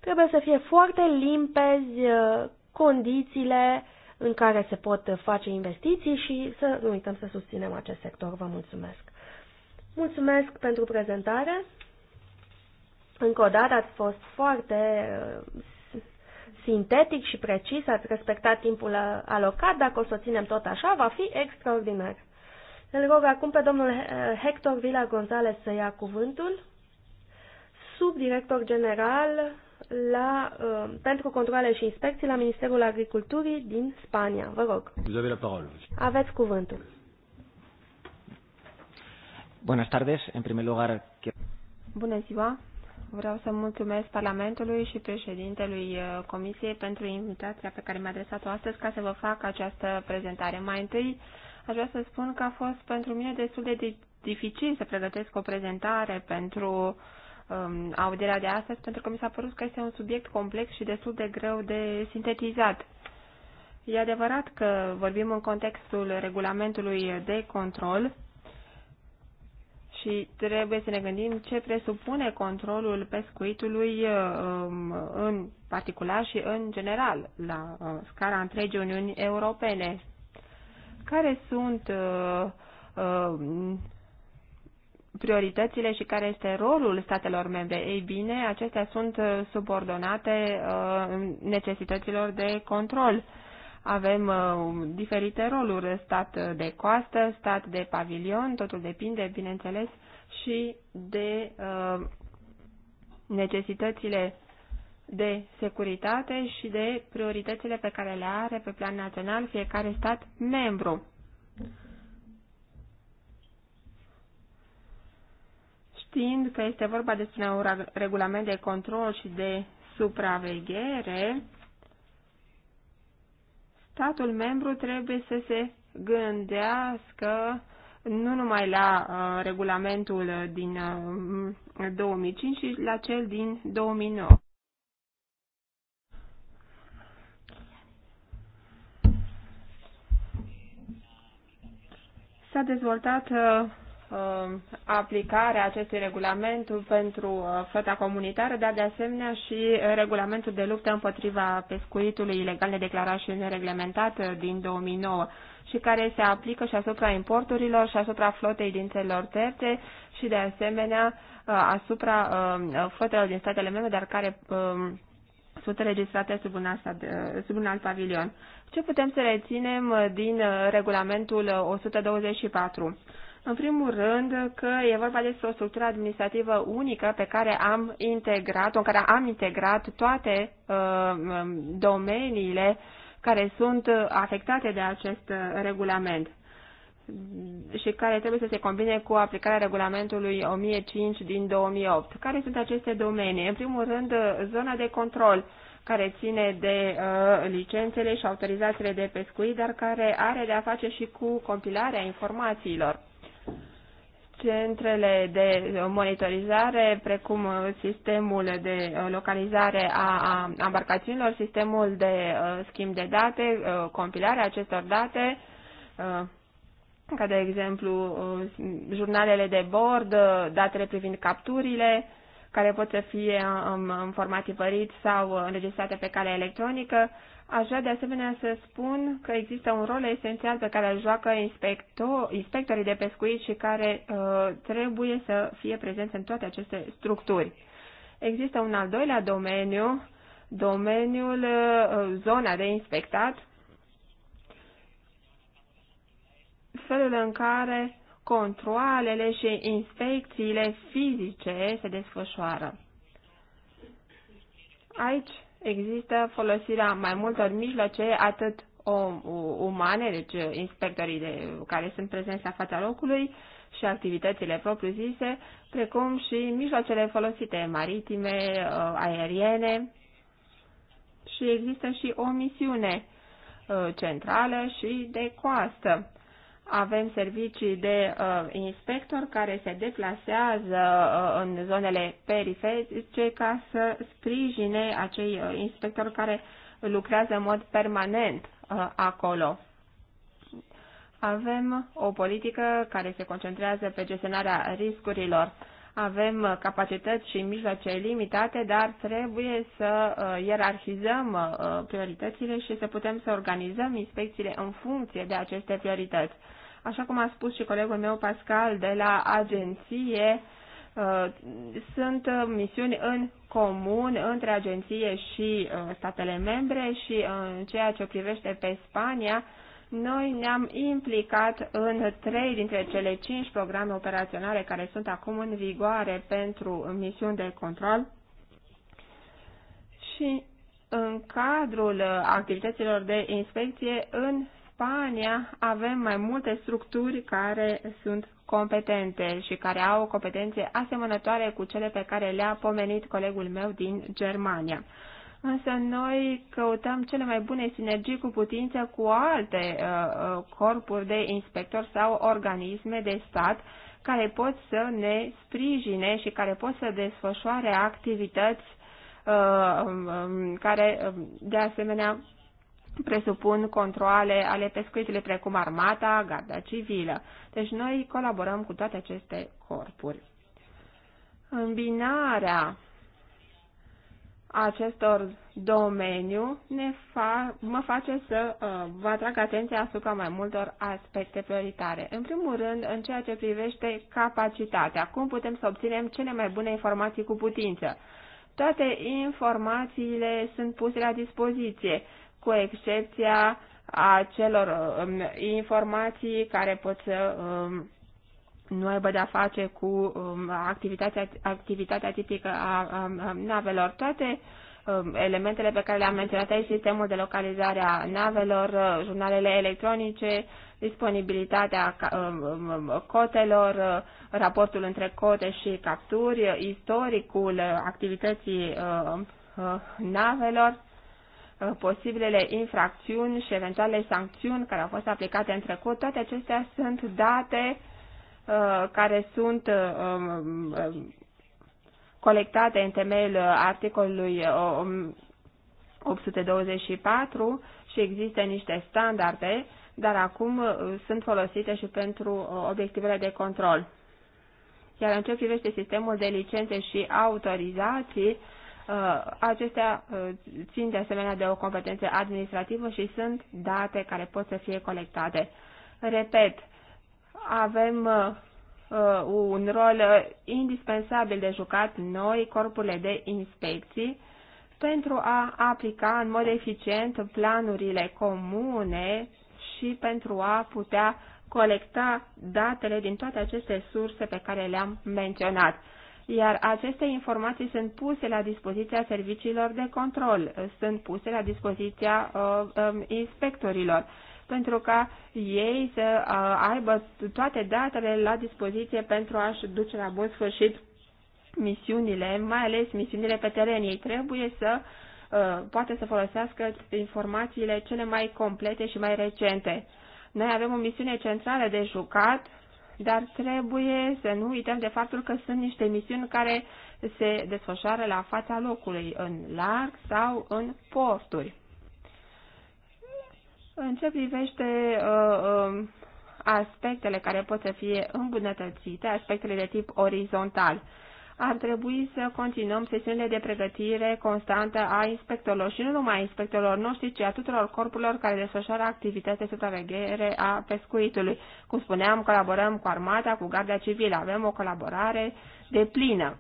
Trebuie să fie foarte limpezi uh, condițiile în care se pot face investiții și să nu uităm să susținem acest sector. Vă mulțumesc! Mulțumesc pentru prezentare! Încă o dată ați fost foarte uh, sintetic și precis, ați respectat timpul alocat, dacă o să o ținem tot așa, va fi extraordinar. Îl rog acum pe domnul Hector Vila González să ia cuvântul, subdirector general la, uh, pentru controle și inspecții la Ministerul Agriculturii din Spania. Vă rog. Aveți cuvântul. Buenas tardes. En primer lugar, Bună ziua. Vreau să mulțumesc Parlamentului și președintelui uh, Comisiei pentru invitația pe care mi-a adresat-o astăzi ca să vă fac această prezentare. Mai întâi, aș vrea să spun că a fost pentru mine destul de dificil să pregătesc o prezentare pentru um, audierea de astăzi, pentru că mi s-a părut că este un subiect complex și destul de greu de sintetizat. E adevărat că vorbim în contextul regulamentului de control, și trebuie să ne gândim ce presupune controlul pescuitului um, în particular și în general la uh, scara întregii Uniuni Europene. Care sunt uh, um, prioritățile și care este rolul statelor membre? Ei bine, acestea sunt uh, subordonate necesităților de control avem uh, um, diferite roluri, stat de coastă, stat de pavilion, totul depinde, bineînțeles, și de uh, necesitățile de securitate și de prioritățile pe care le are pe plan național fiecare stat membru. Știind că este vorba despre un regulament de control și de supraveghere, statul membru trebuie să se gândească nu numai la uh, regulamentul din uh, 2005, ci la cel din 2009. S-a dezvoltat uh, Um, aplicarea acestui regulament pentru uh, flota comunitară, dar de asemenea și regulamentul de luptă împotriva pescuitului ilegal nedeclarat și nereglementat uh, din 2009 și care se aplică și asupra importurilor și asupra flotei din țărilor terțe și de asemenea uh, asupra um, flotelor din statele membre, dar care um, sunt registrate sub un, asta, sub un alt pavilion. Ce putem să reținem din regulamentul 124? În primul rând că e vorba despre o structură administrativă unică pe care am integrat, în care am integrat toate uh, um, domeniile care sunt afectate de acest uh, regulament și care trebuie să se combine cu aplicarea regulamentului 1005 din 2008. Care sunt aceste domenii? În primul rând, zona de control care ține de uh, licențele și autorizațiile de pescuit, dar care are de-a face și cu compilarea informațiilor Centrele de monitorizare, precum uh, sistemul de uh, localizare a embarcațiunilor, sistemul de uh, schimb de date, compilarea acestor date, ca de exemplu jurnalele de bord, datele privind capturile, care pot să fie în um, format tipărit sau înregistrate pe cale electronică, Aș vrea de asemenea să spun că există un rol esențial pe care îl joacă inspector, inspectorii de pescuit și care uh, trebuie să fie prezenți în toate aceste structuri. Există un al doilea domeniu, domeniul uh, zona de inspectat, felul în care controalele și inspecțiile fizice se desfășoară. Aici există folosirea mai multor mijloace, atât umane, deci inspectorii de, care sunt prezenți la fața locului și activitățile propriu-zise, precum și mijloacele folosite maritime, ă, aeriene și există și o misiune ă, centrală și de coastă avem servicii de uh, inspector care se deplasează uh, în zonele periferice ca să sprijine acei uh, inspectori care lucrează în mod permanent uh, acolo. Avem o politică care se concentrează pe gestionarea riscurilor avem uh, capacități și mijloace limitate, dar trebuie să uh, ierarhizăm uh, prioritățile și să putem să organizăm inspecțiile în funcție de aceste priorități. Așa cum a spus și colegul meu Pascal de la agenție, sunt misiuni în comun între agenție și statele membre și în ceea ce privește pe Spania, noi ne-am implicat în trei dintre cele cinci programe operaționale care sunt acum în vigoare pentru misiuni de control și în cadrul activităților de inspecție în Spania avem mai multe structuri care sunt competente și care au competențe asemănătoare cu cele pe care le-a pomenit colegul meu din Germania însă noi căutăm cele mai bune sinergii cu putință cu alte uh, uh, corpuri de inspector sau organisme de stat care pot să ne sprijine și care pot să desfășoare activități uh, um, um care, um, de asemenea, presupun controle ale pescuitului, precum armata, garda civilă. Deci noi colaborăm cu toate aceste corpuri. Îmbinarea acestor domeniu ne fa, mă face să uh, vă atrag atenția asupra mai multor aspecte prioritare. În primul rând, în ceea ce privește capacitatea, cum putem să obținem cele mai bune informații cu putință. Toate informațiile sunt puse la dispoziție, cu excepția acelor um, informații care pot să um, nu aibă de-a face cu um, activitatea, activitatea tipică a, a, a navelor. Toate um, elementele pe care le-am menționat aici, sistemul de localizare a navelor, uh, jurnalele electronice, disponibilitatea um, cotelor, uh, raportul între cote și capturi, istoricul uh, activității navelor, posibilele infracțiuni și eventuale sancțiuni care au fost aplicate în trecut, toate acestea sunt date uh, Uh, care sunt uh, um, um, colectate în temeiul uh, articolului 824 și există niște standarde, dar acum sunt folosite și pentru obiectivele de control. Iar în ce privește sistemul de licențe și autorizații, acestea țin de asemenea de o competență administrativă și sunt date care pot să fie colectate. Repet, avem uh, uh, un rol uh, indispensabil de jucat noi, corpurile de inspecții, pentru a aplica în mod eficient planurile comune și pentru a putea colecta datele din toate aceste surse pe care le-am menționat. Iar aceste informații sunt puse la dispoziția serviciilor de control, sunt puse la dispoziția uh, um, inspectorilor pentru ca ei să uh, aibă toate datele la dispoziție pentru a-și duce la bun sfârșit misiunile, mai ales misiunile pe teren. Ei trebuie să uh, poate să folosească informațiile cele mai complete și mai recente. Noi avem o misiune centrală de jucat, dar trebuie să nu uităm de faptul că sunt niște misiuni care se desfășoară la fața locului, în larg sau în porturi. În ce privește uh, uh, aspectele care pot să fie îmbunătățite, aspectele de tip orizontal, ar trebui să continuăm sesiunile de pregătire constantă a inspectorilor și nu numai a inspectorilor noștri, ci a tuturor corpurilor care desfășoară activități de supraveghere a pescuitului. Cum spuneam, colaborăm cu armata, cu garda civilă, avem o colaborare de plină.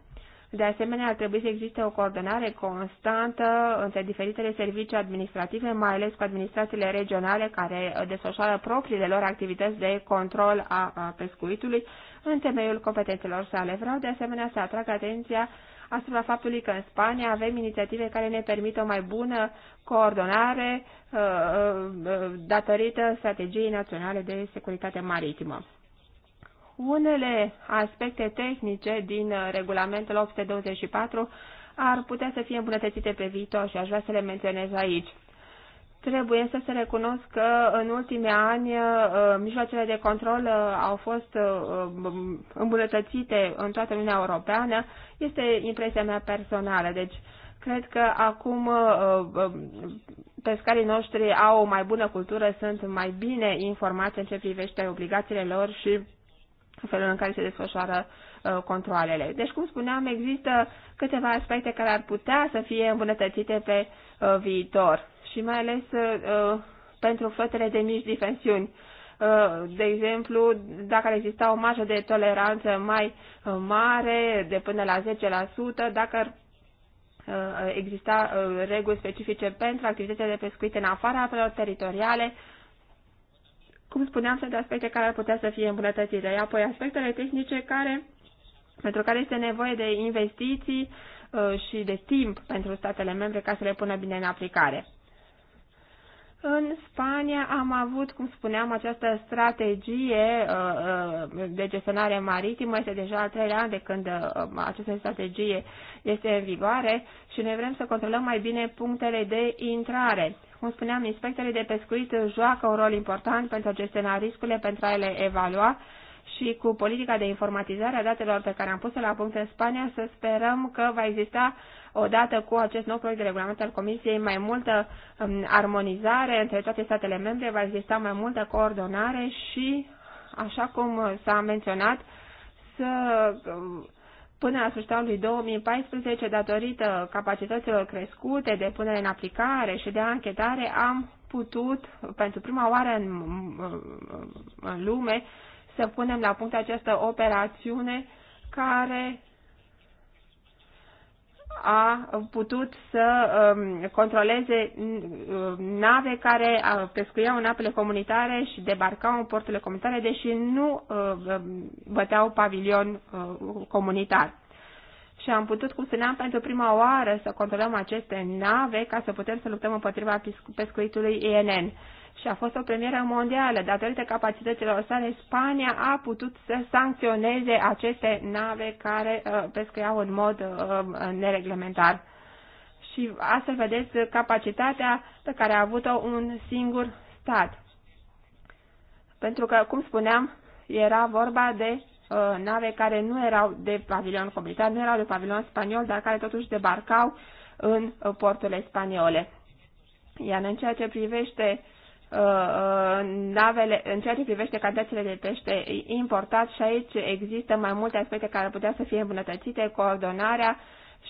De asemenea, ar trebui să existe o coordonare constantă între diferitele servicii administrative, mai ales cu administrațiile regionale care uh, desfășoară propriile lor activități de control a pescuitului în temeiul competențelor sale. Vreau de asemenea să atrag atenția asupra faptului că în Spania avem inițiative care ne permit o mai bună coordonare uh, uh, datorită strategiei naționale de securitate maritimă unele aspecte tehnice din uh, regulamentul 824 ar putea să fie îmbunătățite pe viitor și aș vrea să le menționez aici. Trebuie să se recunosc că în ultimii ani uh, mijloacele de control uh, au fost um, îmbunătățite în toată Uniunea Europeană. Este impresia mea personală. Deci, cred că acum um, pescarii noștri au o mai bună cultură, sunt mai bine informați în ce privește obligațiile lor și felul în care se desfășoară uh, controlele. Deci, cum spuneam, există câteva aspecte care ar putea să fie îmbunătățite pe uh, viitor și mai ales uh, uh pentru flotele de mici dimensiuni. Uh, de exemplu, dacă ar exista o marjă de toleranță mai uh, mare, de până la 10%, dacă ar exista reguli specifice pentru activitățile de pescuit în afara apelor teritoriale, cum spuneam, sunt aspecte care ar putea să fie îmbunătățite. Apoi aspectele tehnice care, pentru care este nevoie de investiții uh, și de timp pentru statele membre ca să le pună bine în aplicare. În Spania am avut, cum spuneam, această strategie uh, uh, de gestionare maritimă. Este deja al treilea an de când această strategie este în vigoare și ne vrem să controlăm mai bine punctele de intrare cum spuneam, inspectorii de pescuit joacă un rol important pentru a gestiona riscurile, pentru a le evalua și cu politica de informatizare a datelor pe care am pus-o la punct în Spania, să sperăm că va exista odată cu acest nou proiect de regulament al Comisiei mai multă um, armonizare între toate statele membre, va exista mai multă coordonare și, așa cum s-a menționat, să um, Până la sfârșitul lui 2014, datorită capacităților crescute de punere în aplicare și de anchetare, am putut, pentru prima oară în, în lume, să punem la punct această operațiune care a putut să um, controleze um, nave care uh, pescuiau în apele comunitare și debarcau în porturile comunitare, deși nu uh, um, băteau pavilion uh, comunitar. Și am putut, cum spuneam, pentru prima oară să controlăm aceste nave ca să putem să luptăm împotriva pescuitului INN și a fost o premieră mondială. Datorită capacităților sale, Spania a putut să sancționeze aceste nave care uh, pescuiau în mod uh, nereglementar. Și astfel vedeți capacitatea pe care a avut-o un singur stat. Pentru că, cum spuneam, era vorba de uh, nave care nu erau de pavilion comunitar, nu erau de pavilion spaniol, dar care totuși debarcau în uh, porturile spaniole. Iar în ceea ce privește uh, Uh, uh, navele, în ceea ce privește cantitățile de pește importat și aici există mai multe aspecte care putea să fie îmbunătățite, coordonarea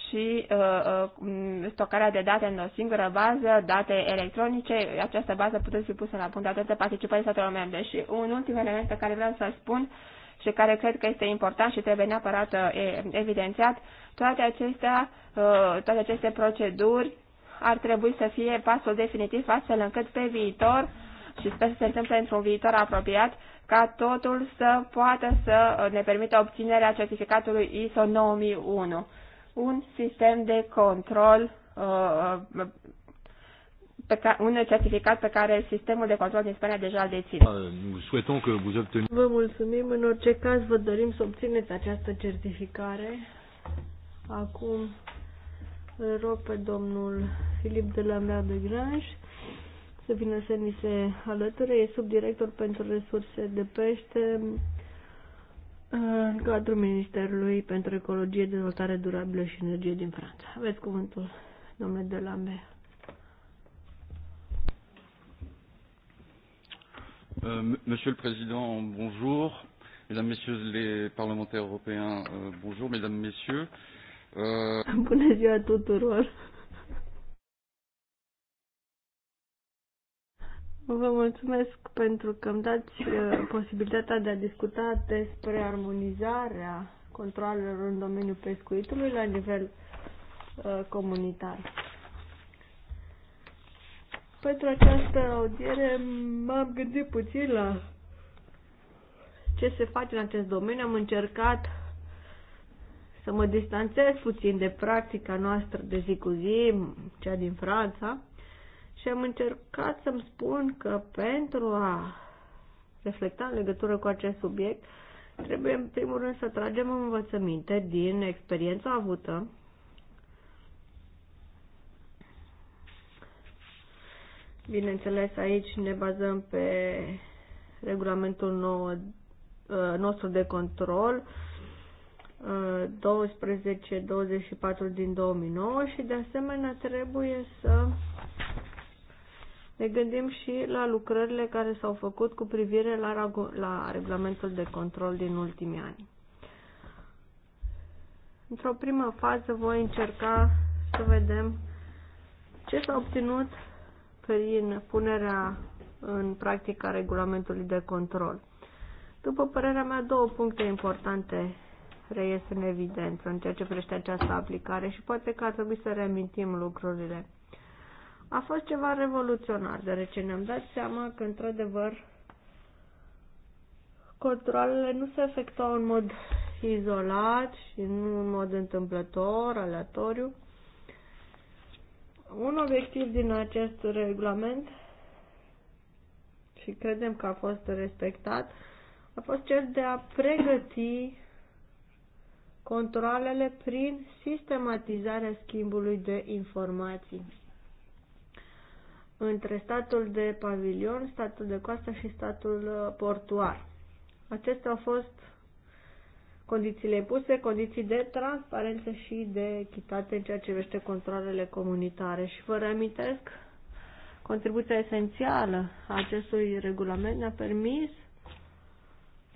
și uh, uh, stocarea de date în o singură bază, date electronice. Această bază puteți fi pusă la punct de atât participării statelor membre. Și un ultim element pe care vreau să-l spun și care cred că este important și trebuie neapărat uh, evidențiat, toate acestea, uh, toate aceste proceduri ar trebui să fie pasul definitiv, astfel încât pe viitor, și sper să se întâmple într-un viitor apropiat, ca totul să poată să ne permită obținerea certificatului ISO 9001, un sistem de control, uh, pe ca, un certificat pe care sistemul de control din Spania deja îl deține. Uh, vă mulțumim, în orice caz vă dorim să obțineți această certificare. Acum îl rog pe domnul Filip de la Mea de Grange să vină să ni se alăture. E subdirector pentru resurse de pește în cadrul Ministerului pentru Ecologie, Dezvoltare Durabilă și Energie din Franța. Aveți cuvântul, domnule de la Mea. Euh, monsieur le Président, bonjour. Mesdames, Messieurs les parlementaires européens, euh, bonjour. Mesdames, Messieurs. Euh, Uh, Bună ziua tuturor! Vă mulțumesc pentru că îmi dați uh, posibilitatea de a discuta despre armonizarea controlelor în domeniul pescuitului la nivel uh, comunitar. Pentru această audiere m-am gândit puțin la ce se face în acest domeniu. Am încercat să mă distanțez puțin de practica noastră de zi cu zi, cea din Franța, și am încercat să-mi spun că pentru a reflecta în legătură cu acest subiect, trebuie în primul rând să tragem învățăminte din experiența avută Bineînțeles, aici ne bazăm pe regulamentul nou, ă, nostru de control 12-24 din 2009 și de asemenea trebuie să ne gândim și la lucrările care s-au făcut cu privire la, la regulamentul de control din ultimii ani. Într-o primă fază voi încerca să vedem ce s-a obținut prin punerea în practică a regulamentului de control. După părerea mea, două puncte importante reiese în evidență în ceea ce privește această aplicare și poate că ar trebui să reamintim lucrurile. A fost ceva revoluționar, deoarece ne-am dat seama că, într-adevăr, controlele nu se efectuau în mod izolat și nu în mod întâmplător, aleatoriu. Un obiectiv din acest regulament și credem că a fost respectat, a fost cel de a pregăti controlele prin sistematizarea schimbului de informații între statul de pavilion, statul de coastă și statul uh, portuar. Acestea au fost condițiile puse, condiții de transparență și de echitate în ceea ce vește controlele comunitare. Și vă reamintesc, contribuția esențială a acestui regulament ne-a permis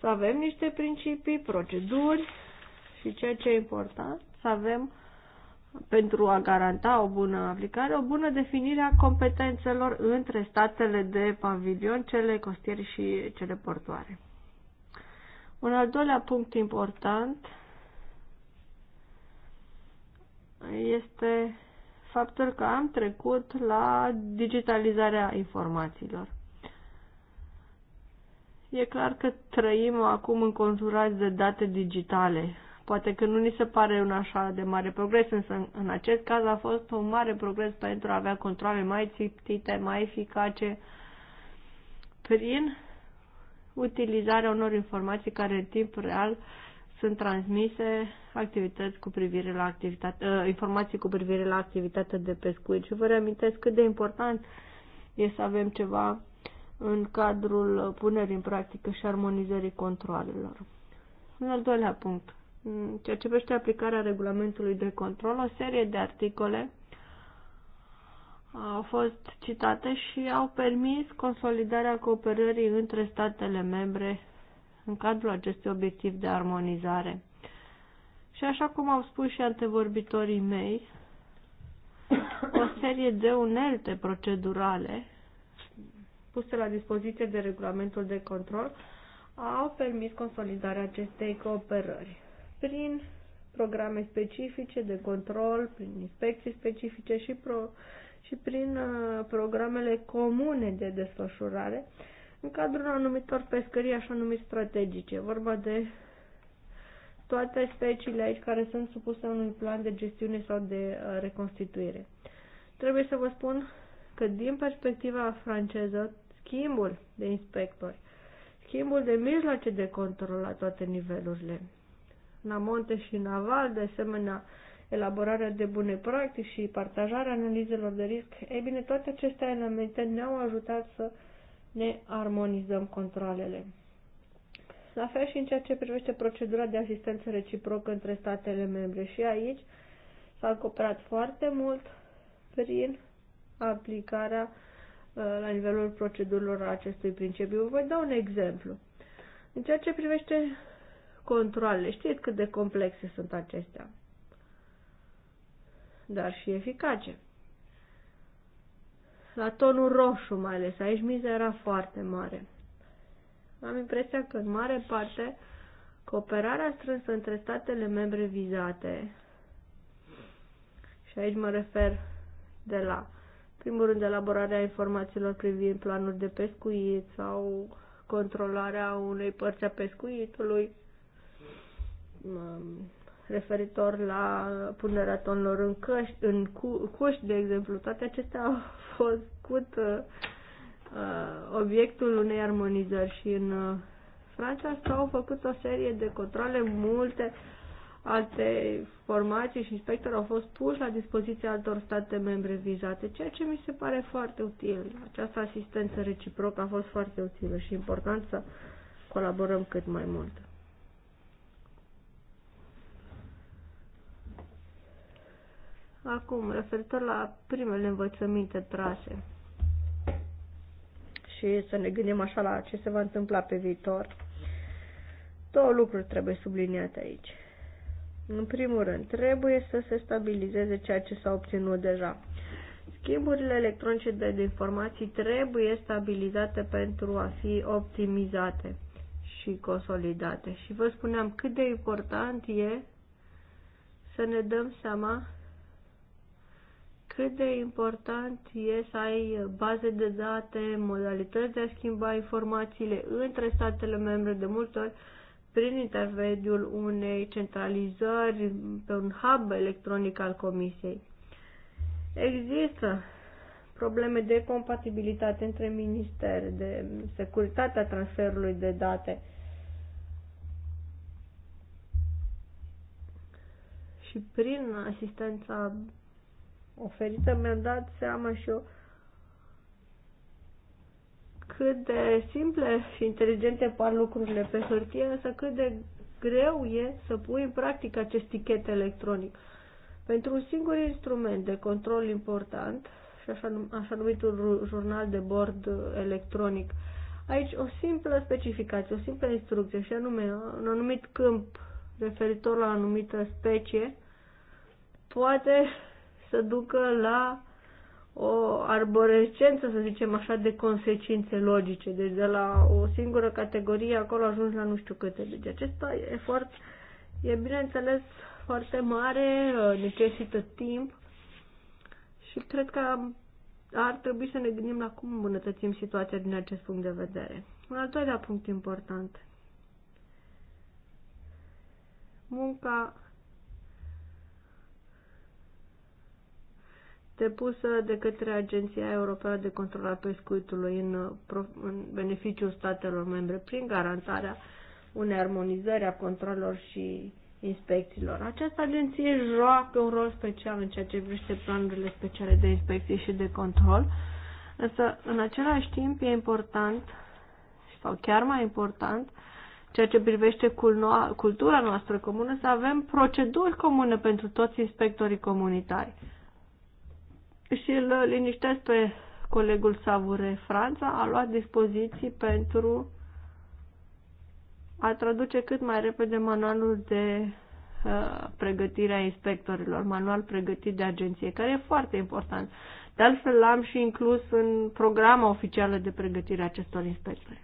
să avem niște principii, proceduri, și ceea ce e important, să avem pentru a garanta o bună aplicare, o bună definire a competențelor între statele de pavilion, cele costiere și cele portoare. Un al doilea punct important este faptul că am trecut la digitalizarea informațiilor. E clar că trăim acum înconjurați de date digitale Poate că nu ni se pare un așa de mare progres, însă în acest caz a fost un mare progres pentru a avea controle mai țiptite, mai eficace, prin utilizarea unor informații care în timp real sunt transmise activități cu privire la activitate, ă, informații cu privire la activitatea de pescuit. Și vă reamintesc cât de important e să avem ceva în cadrul punerii în practică și armonizării controlelor. Un al doilea punct ceea ce privește aplicarea regulamentului de control, o serie de articole au fost citate și au permis consolidarea cooperării între statele membre în cadrul acestui obiectiv de armonizare. Și așa cum au spus și antevorbitorii mei, o serie de unelte procedurale puse la dispoziție de regulamentul de control au permis consolidarea acestei cooperări prin programe specifice de control, prin inspecții specifice și, pro, și prin uh, programele comune de desfășurare în cadrul anumitor pescării așa numit strategice. vorba de toate speciile aici care sunt supuse unui plan de gestiune sau de uh, reconstituire. Trebuie să vă spun că din perspectiva franceză, schimbul de inspectori, schimbul de mijloace de control la toate nivelurile, Namonte și Naval, de asemenea elaborarea de bune practici și partajarea analizelor de risc, ei bine, toate aceste elemente ne-au ajutat să ne armonizăm controlele. La fel și în ceea ce privește procedura de asistență reciprocă între statele membre și aici s-a cooperat foarte mult prin aplicarea uh, la nivelul procedurilor acestui principiu. Vă dau un exemplu. În ceea ce privește controlele. Știți cât de complexe sunt acestea, dar și eficace. La tonul roșu, mai ales, aici miza era foarte mare. Am impresia că, în mare parte, cooperarea strânsă între statele membre vizate, și aici mă refer de la, primul rând, elaborarea informațiilor privind planuri de pescuit sau controlarea unei părți a pescuitului, referitor la punerea tonilor în, căști, în cu, cuști, de exemplu, toate acestea au fost uh, uh, obiectul unei armonizări și în uh, Franța s-au făcut o serie de controle, multe alte formații și inspectori au fost puși la dispoziția altor state membre vizate, ceea ce mi se pare foarte util. Această asistență reciprocă a fost foarte utilă și important să colaborăm cât mai mult. Acum, referitor la primele învățăminte trase și să ne gândim așa la ce se va întâmpla pe viitor, două lucruri trebuie subliniate aici. În primul rând, trebuie să se stabilizeze ceea ce s-a obținut deja. Schimburile electronice de informații trebuie stabilizate pentru a fi optimizate și consolidate. Și vă spuneam cât de important e să ne dăm seama cât de important e să ai baze de date, modalități de a schimba informațiile între statele membre de multe ori prin intermediul unei centralizări pe un hub electronic al Comisiei. Există probleme de compatibilitate între ministere, de securitatea transferului de date. Și prin asistența oferită, mi-am dat seama și eu cât de simple și inteligente par lucrurile pe hârtie, însă cât de greu e să pui în practică acest tichet electronic. Pentru un singur instrument de control important, și așa, așa numitul jurnal de bord electronic, aici o simplă specificație, o simplă instrucție, și anume un anumit câmp referitor la o anumită specie, poate să ducă la o arborescență, să zicem așa, de consecințe logice. Deci de la o singură categorie acolo ajungi la nu știu câte. Deci acesta e foarte, e, bineînțeles, foarte mare, uh, necesită timp și cred că ar trebui să ne gândim la cum îmbunătățim situația din acest punct de vedere. Un al doilea punct important. Munca depusă de către Agenția Europeană de Control al Pescuitului în, în beneficiul statelor membre prin garantarea unei armonizări a controlelor și inspecțiilor. Această agenție joacă un rol special în ceea ce privește planurile speciale de inspecție și de control, însă în același timp e important, sau chiar mai important, ceea ce privește cultura noastră comună, să avem proceduri comune pentru toți inspectorii comunitari și îl liniștesc pe colegul Savure. Franța a luat dispoziții pentru a traduce cât mai repede manualul de uh, pregătire a inspectorilor, manual pregătit de agenție, care e foarte important. De altfel, l-am și inclus în programa oficială de pregătire a acestor inspectori.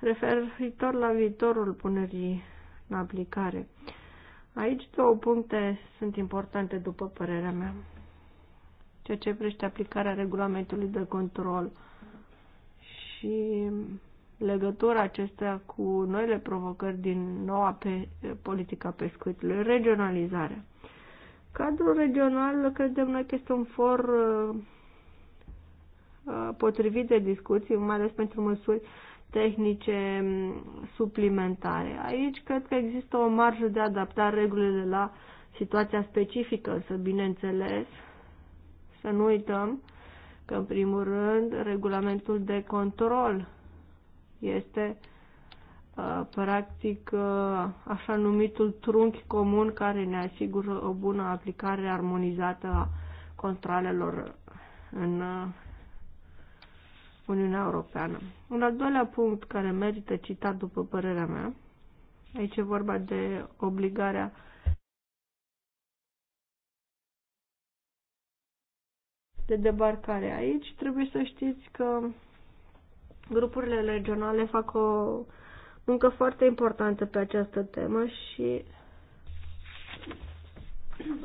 Referitor la viitorul punerii în aplicare. Uh, Aici două puncte sunt importante, după părerea mea. Ceea ce privește aplicarea regulamentului de control și legătura acestea cu noile provocări din noua pe, politica pescuitului, regionalizare. Cadrul regional credem noi că este un for uh, uh potrivit de discuții, mai ales pentru măsuri uh, tehnice mm, suplimentare. Aici cred că există o marjă de adaptare regulile la situația specifică, să bineînțeles să nu uităm că în primul rând regulamentul de control este uh, practic uh, așa numitul trunchi comun care ne asigură o bună aplicare armonizată a controlelor în uh, Uniunea Europeană. Un al doilea punct care merită citat după părerea mea, aici e vorba de obligarea de debarcare aici, trebuie să știți că grupurile regionale fac o muncă foarte importantă pe această temă și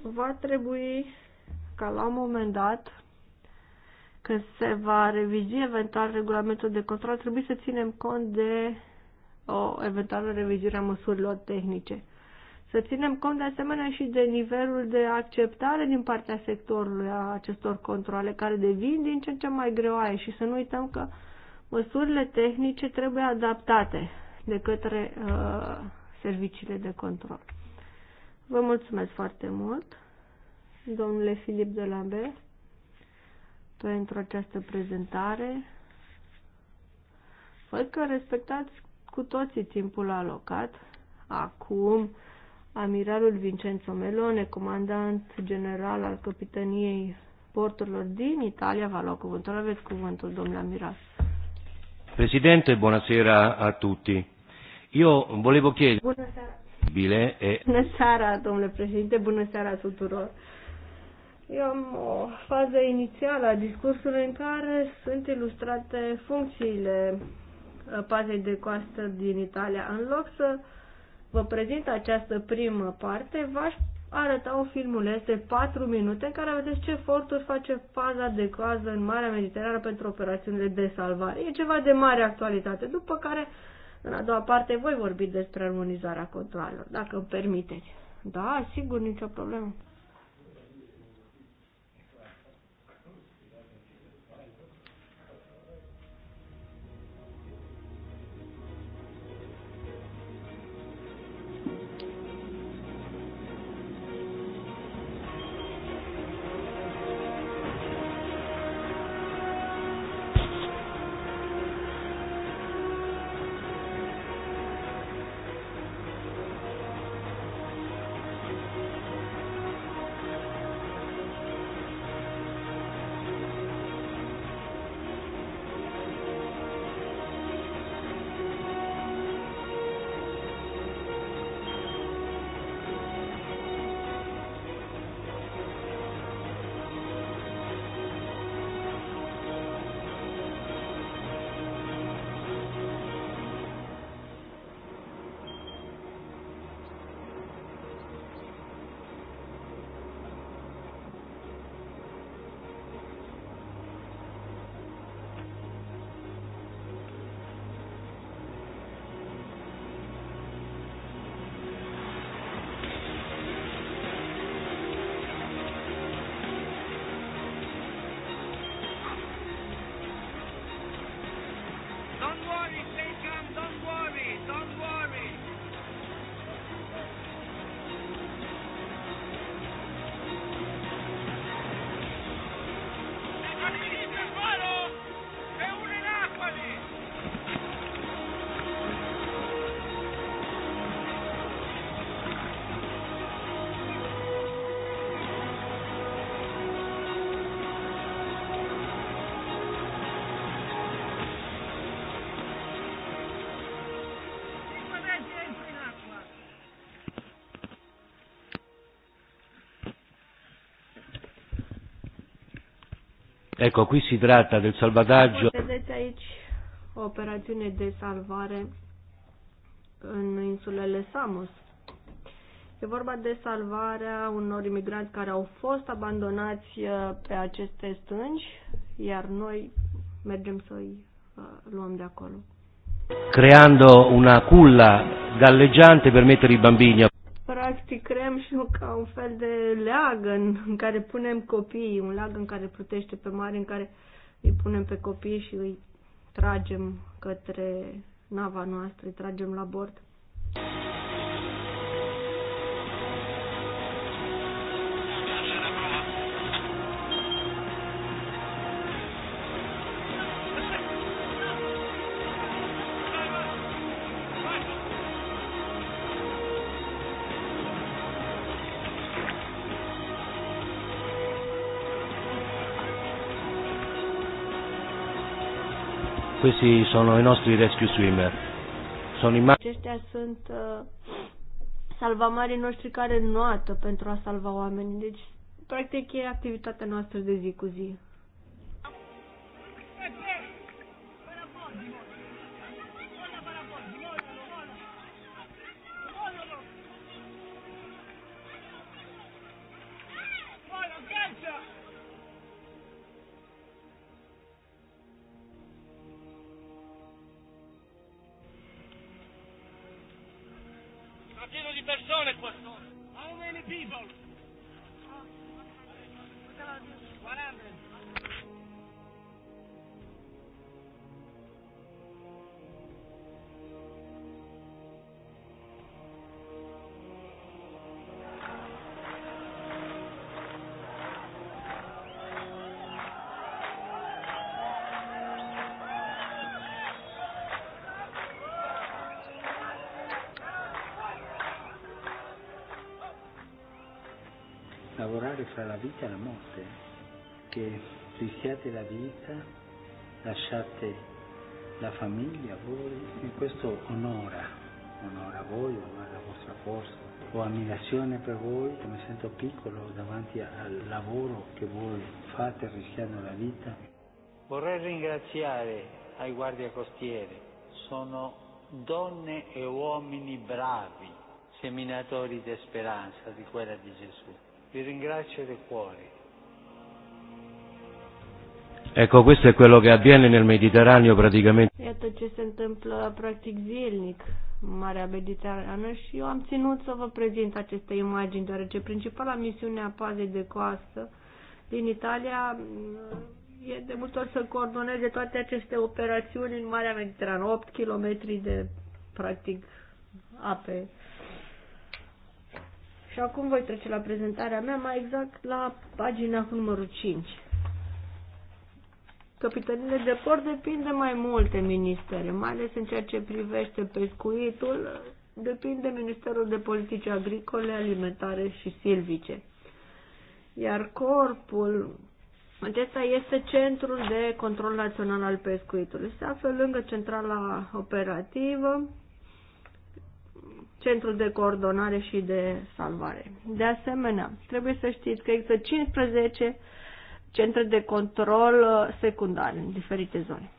va trebui ca la un moment dat când se va revizi eventual regulamentul de control, trebuie să ținem cont de o eventuală revizire a măsurilor tehnice. Să ținem cont de asemenea și de nivelul de acceptare din partea sectorului a acestor controle, care devin din ce în ce mai greoaie și să nu uităm că măsurile tehnice trebuie adaptate de către uh, serviciile de control. Vă mulțumesc foarte mult, domnule Filip de Lambert pentru această prezentare. Văd că respectați cu toții timpul alocat. Acum, amiralul Vincenzo Melone, comandant general al capitaniei porturilor din Italia, va lua cuvântul. Aveți cuvântul, domnule amiral. Presidente, buonasera a tutti. Io volevo chiedere... Bună seara. E... Bună seara, domnule președinte, bună seara tuturor. Eu am o fază inițială a discursului în care sunt ilustrate funcțiile uh, pazei de coastă din Italia. În loc să vă prezint această primă parte, v-aș arăta un filmuleț de 4 minute în care vedeți ce eforturi face faza de coază în Marea Mediterană pentru operațiunile de salvare. E ceva de mare actualitate, după care în a doua parte voi vorbi despre armonizarea controlelor, dacă îmi permiteți. Da, sigur, nicio problemă. Ecco, qui si tratta del salvataggio. Vedete aici o operazione de salvare in insulele Samos. E vorba de salvarea unor imigranți care au fost abandonați uh, pe aceste stângi, iar noi mergem să îi uh, luăm de acolo. Creando una culla galleggiante per mettere i bambini plasticrem și ca un fel de leag în, în care punem copiii, un leag în care plutește pe mare, în care îi punem pe copii și îi tragem către nava noastră, îi tragem la bord. questi sono i nostri rescue swimmer. Sono imma- Aceștia sunt uh, salvamarii noștri care nuată pentru a salva oamenii. Deci, practic, e activitatea noastră de zi cu zi. tra la vita e la morte, che rischiate la vita, lasciate la famiglia, a voi, e questo onora, onora voi, onora la vostra forza. Ho ammirazione per voi, che mi sento piccolo davanti al lavoro che voi fate rischiando la vita. Vorrei ringraziare ai guardie costiere, sono donne e uomini bravi, seminatori di speranza di quella di Gesù. Vi ringrazio di cuore. Ecco, questo è quello che avviene nel Mediterraneo praticamente. Iată ce se întâmplă practic zilnic în Marea Mediterană și eu am ținut să vă prezint aceste imagini, deoarece principala misiune a pazei de coastă din Italia mm, e de multe ori să coordoneze toate aceste operațiuni în Marea Mediterană, 8 km de practic ape și acum voi trece la prezentarea mea, mai exact la pagina cu numărul 5. Capitanile de port depinde mai multe ministere, mai ales în ceea ce privește pescuitul, depinde Ministerul de Politici Agricole, Alimentare și Silvice. Iar corpul acesta este centrul de control național al pescuitului. Se află lângă centrala operativă, Centrul de Coordonare și de Salvare. De asemenea, trebuie să știți că există 15 centre de control uh, secundare în diferite zone.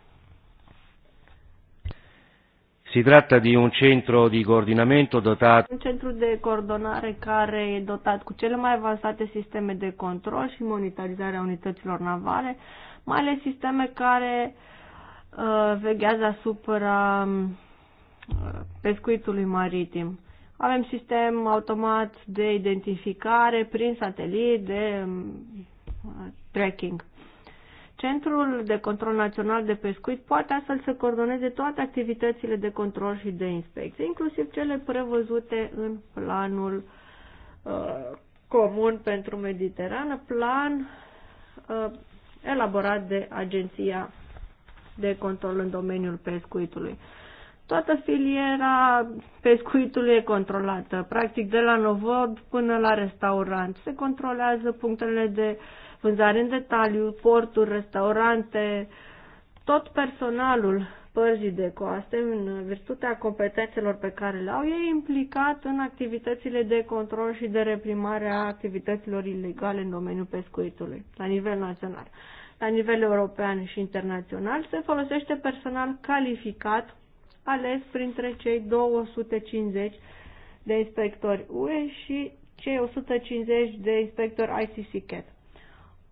Si tratta di un centro di coordinamento dotato un centru de coordonare care e dotat cu cele mai avansate sisteme de control și monitorizare a unităților navale, mai ales sisteme care uh, veghează asupra um, pescuitului maritim. Avem sistem automat de identificare prin satelit, de mm, tracking. Centrul de Control Național de Pescuit poate astfel să coordoneze toate activitățile de control și de inspecție, inclusiv cele prevăzute în planul uh, comun pentru Mediterană, plan uh, elaborat de Agenția de Control în domeniul pescuitului. Uh, toată filiera pescuitului e controlată, practic de la novod până la restaurant. Se controlează punctele de vânzare în detaliu, porturi, restaurante, tot personalul părzii de coaste, în virtutea competențelor pe care le au, e implicat în activitățile de control și de reprimare a activităților ilegale în domeniul pescuitului, la nivel național. La nivel european și internațional se folosește personal calificat ales printre cei 250 de inspectori UE și cei 150 de inspectori ICC-CAT.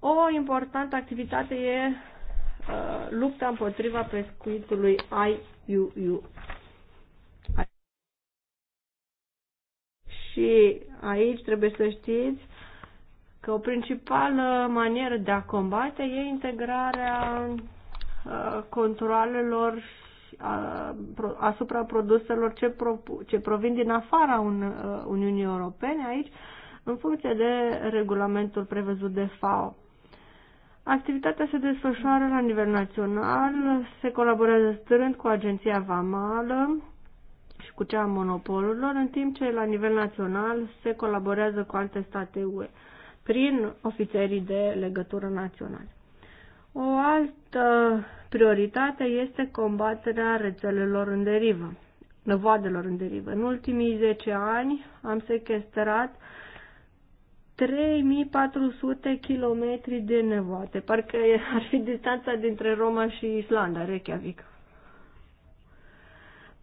O importantă activitate e uh, lupta împotriva pescuitului IUU. Și aici trebuie să știți că o principală manieră de a combate e integrarea uh, controlelor asupra produselor ce, ce provin din afara uh, Uniunii Europene aici, în funcție de regulamentul prevăzut de FAO. Activitatea se desfășoară la nivel național, se colaborează strând cu Agenția Vamală și cu cea a monopolurilor, în timp ce la nivel național se colaborează cu alte state UE prin ofițerii de legătură naționale. O altă prioritate este combaterea rețelelor în derivă, năvoadelor în derivă. În ultimii 10 ani am sequestrat 3400 km de nevoate. Parcă ar fi distanța dintre Roma și Islanda, Reykjavik.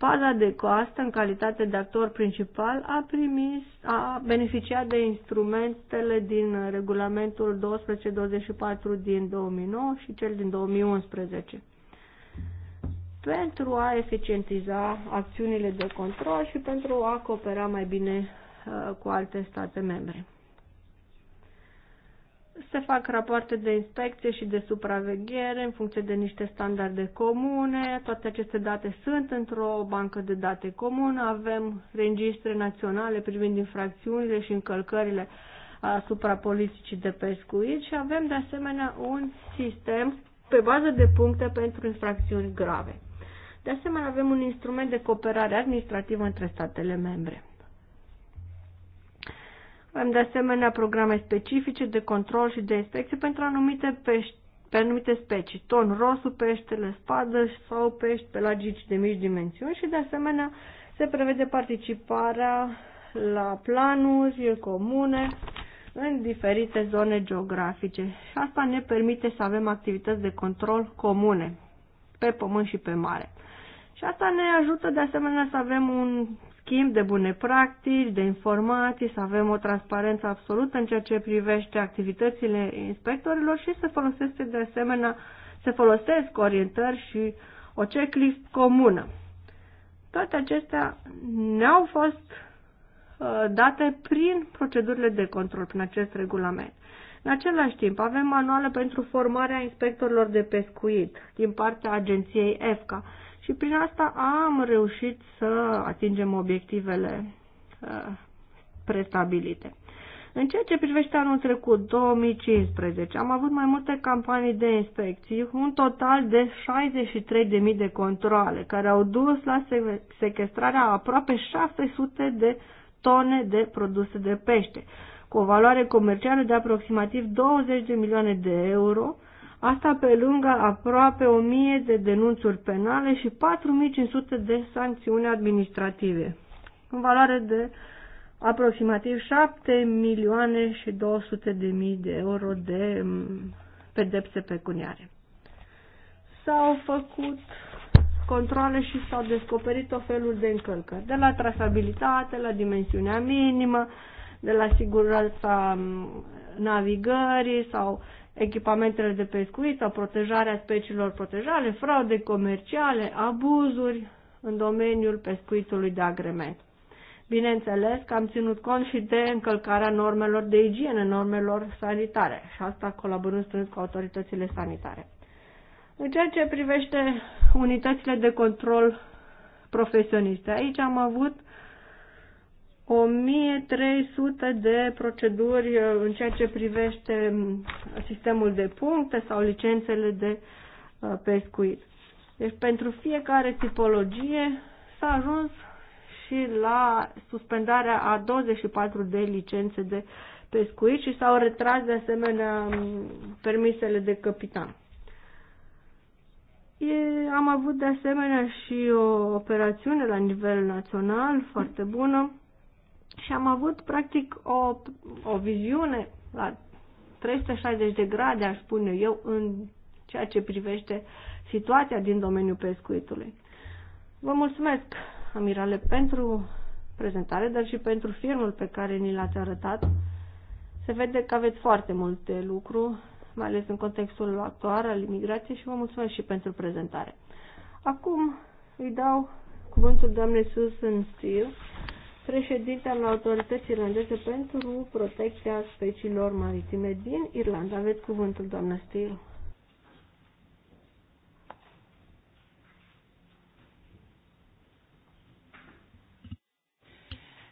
Paza de coastă, în calitate de actor principal, a, primis, a beneficiat de instrumentele din regulamentul 1224 din 2009 și cel din 2011 pentru a eficientiza acțiunile de control și pentru a coopera mai bine uh, cu alte state membre se fac rapoarte de inspecție și de supraveghere în funcție de niște standarde comune. Toate aceste date sunt într-o bancă de date comună. Avem registre naționale privind infracțiunile și încălcările asupra politicii de pescuit și avem de asemenea un sistem pe bază de puncte pentru infracțiuni grave. De asemenea, avem un instrument de cooperare administrativă între statele membre. Avem de asemenea programe specifice de control și de inspecție pentru anumite pești pe anumite specii, ton rosu, peștele, spadă sau pești pelagici de mici dimensiuni și de asemenea se prevede participarea la planuri comune în diferite zone geografice. Și asta ne permite să avem activități de control comune pe pământ și pe mare. Și asta ne ajută de asemenea să avem un schimb de bune practici, de informații, să avem o transparență absolută în ceea ce privește activitățile inspectorilor și să folosește de asemenea, să folosesc orientări și o checklist comună. Toate acestea ne-au fost uh, date prin procedurile de control, prin acest regulament. În același timp, avem manuale pentru formarea inspectorilor de pescuit din partea agenției EFCA și prin asta am reușit să atingem obiectivele uh, prestabilite. În ceea ce privește anul trecut, 2015, am avut mai multe campanii de inspecții, un total de 63.000 de controle, care au dus la sequestrarea aproape 600 de tone de produse de pește, cu o valoare comercială de aproximativ 20 de milioane de euro, Asta pe lângă aproape 1000 de denunțuri penale și 4500 de sancțiuni administrative, în valoare de aproximativ 7 milioane și 200 de mii de euro de mm, pedepse pecuniare. S-au făcut controle și s-au descoperit o felul de încălcări, de la trasabilitate, la dimensiunea minimă, de la siguranța mm, navigării sau echipamentele de pescuit sau protejarea speciilor protejate, fraude comerciale, abuzuri în domeniul pescuitului de agrement. Bineînțeles că am ținut cont și de încălcarea normelor de igienă, normelor sanitare și asta colaborând strâns cu autoritățile sanitare. În ceea ce privește unitățile de control profesioniste, aici am avut 1300 de proceduri uh, în ceea ce privește um, sistemul de puncte sau licențele de uh, pescuit. Deci pentru fiecare tipologie s-a ajuns și la suspendarea a 24 de licențe de pescuit și s-au retras de asemenea um, permisele de capitan. E, am avut de asemenea și o operațiune la nivel național foarte bună și am avut, practic, o, o viziune la 360 de grade, aș spune eu, în ceea ce privește situația din domeniul pescuitului. Vă mulțumesc, Amirale, pentru prezentare, dar și pentru filmul pe care ni l-ați arătat. Se vede că aveți foarte multe lucru, mai ales în contextul actual al imigrației și vă mulțumesc și pentru prezentare. Acum îi dau cuvântul doamnei Susan Steele, președinte al autorității irlandeze pentru protecția speciilor maritime din Irlanda. Aveți cuvântul, doamnă Stil.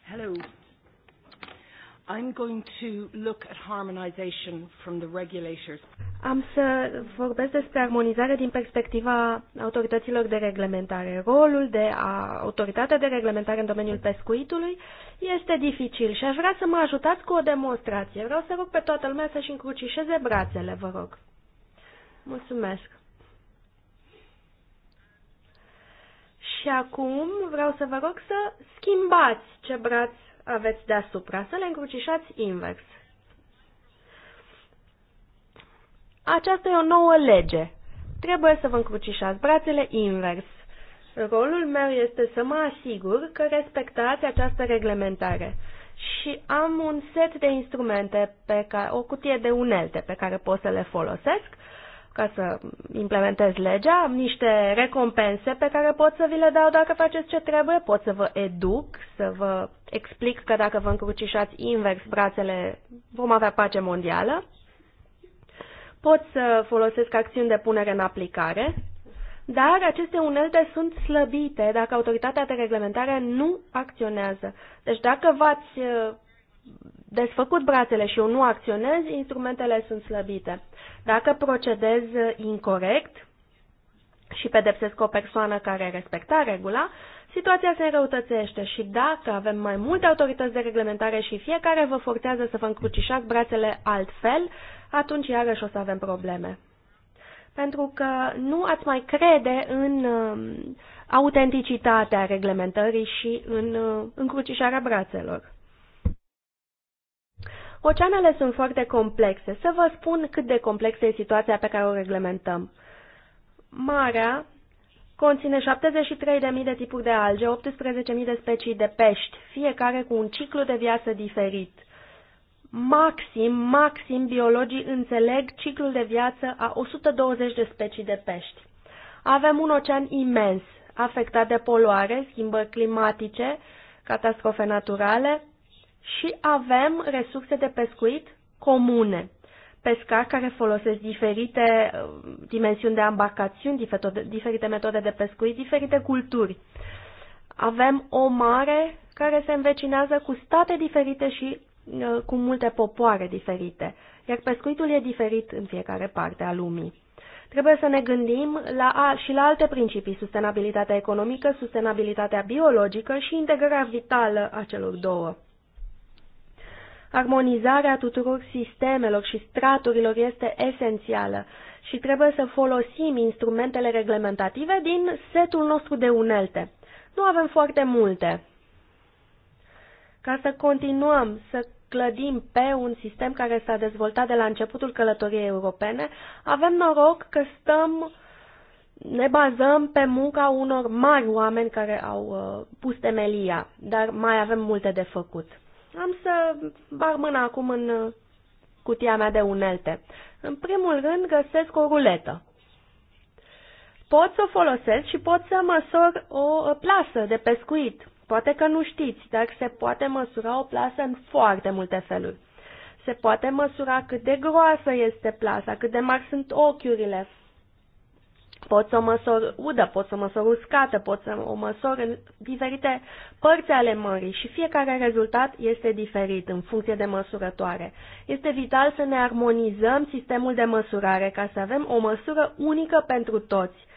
Hello. I'm going to look at harmonisation from the regulators am să vorbesc despre armonizare din perspectiva autorităților de reglementare. Rolul de a, autoritatea de reglementare în domeniul pescuitului este dificil și aș vrea să mă ajutați cu o demonstrație. Vreau să rog pe toată lumea să-și încrucișeze brațele, vă rog. Mulțumesc. Și acum vreau să vă rog să schimbați ce braț aveți deasupra, să le încrucișați invers. Aceasta e o nouă lege. Trebuie să vă încrucișați brațele invers. Rolul meu este să mă asigur că respectați această reglementare. Și am un set de instrumente, pe care, o cutie de unelte pe care pot să le folosesc ca să implementez legea, am niște recompense pe care pot să vi le dau dacă faceți ce trebuie, pot să vă educ, să vă explic că dacă vă încrucișați invers brațele vom avea pace mondială pot să folosesc acțiuni de punere în aplicare, dar aceste unelte sunt slăbite dacă autoritatea de reglementare nu acționează. Deci dacă v-ați uh, desfăcut brațele și eu nu acționez, instrumentele sunt slăbite. Dacă procedez uh, incorrect, și pedepsesc o persoană care respecta regula, situația se înrăutățește și dacă avem mai multe autorități de reglementare și fiecare vă forțează să vă încrucișați brațele altfel, atunci iarăși o să avem probleme. Pentru că nu ați mai crede în um, autenticitatea reglementării și în uh, încrucișarea brațelor. Oceanele sunt foarte complexe. Să vă spun cât de complexă e situația pe care o reglementăm. Marea conține 73.000 de tipuri de alge, 18.000 de specii de pești, fiecare cu un ciclu de viață diferit. Maxim, maxim, biologii înțeleg ciclul de viață a 120 de specii de pești. Avem un ocean imens, afectat de poluare, schimbări climatice, catastrofe naturale și avem resurse de pescuit comune pescari care folosesc diferite uh, dimensiuni de ambarcațiuni, diferite metode de pescuit, diferite culturi. Avem o mare care se învecinează cu state diferite și uh, cu multe popoare diferite, iar pescuitul e diferit în fiecare parte a lumii. Trebuie să ne gândim la, și la alte principii, sustenabilitatea economică, sustenabilitatea biologică și integrarea vitală a celor două. Armonizarea tuturor sistemelor și straturilor este esențială și trebuie să folosim instrumentele reglementative din setul nostru de unelte. Nu avem foarte multe. Ca să continuăm să clădim pe un sistem care s-a dezvoltat de la începutul călătoriei europene, avem noroc că stăm, ne bazăm pe munca unor mari oameni care au uh, pus temelia, dar mai avem multe de făcut. Am să bag mâna acum în uh, cutia mea de unelte. În primul rând găsesc o ruletă. Pot să o folosesc și pot să măsor o uh, plasă de pescuit. Poate că nu știți, dar se poate măsura o plasă în foarte multe feluri. Se poate măsura cât de groasă este plasa, cât de mari sunt ochiurile, Pot să o măsor udă, pot să o măsor uscată, pot să o măsor în diferite părți ale mării și fiecare rezultat este diferit în funcție de măsurătoare. Este vital să ne armonizăm sistemul de măsurare ca să avem o măsură unică pentru toți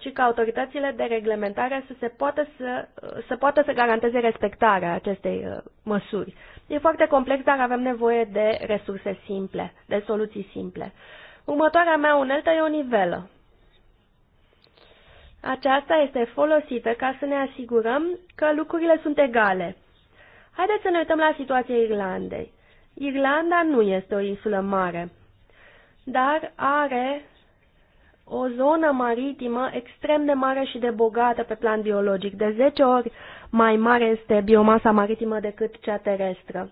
și ca autoritățile de reglementare să, se poată să, să poată să garanteze respectarea acestei uh, măsuri. E foarte complex, dar avem nevoie de resurse simple, de soluții simple. Următoarea mea uneltă e o nivelă. Aceasta este folosită ca să ne asigurăm că lucrurile sunt egale. Haideți să ne uităm la situația Irlandei. Irlanda nu este o insulă mare, dar are o zonă maritimă extrem de mare și de bogată pe plan biologic. De 10 ori mai mare este biomasa maritimă decât cea terestră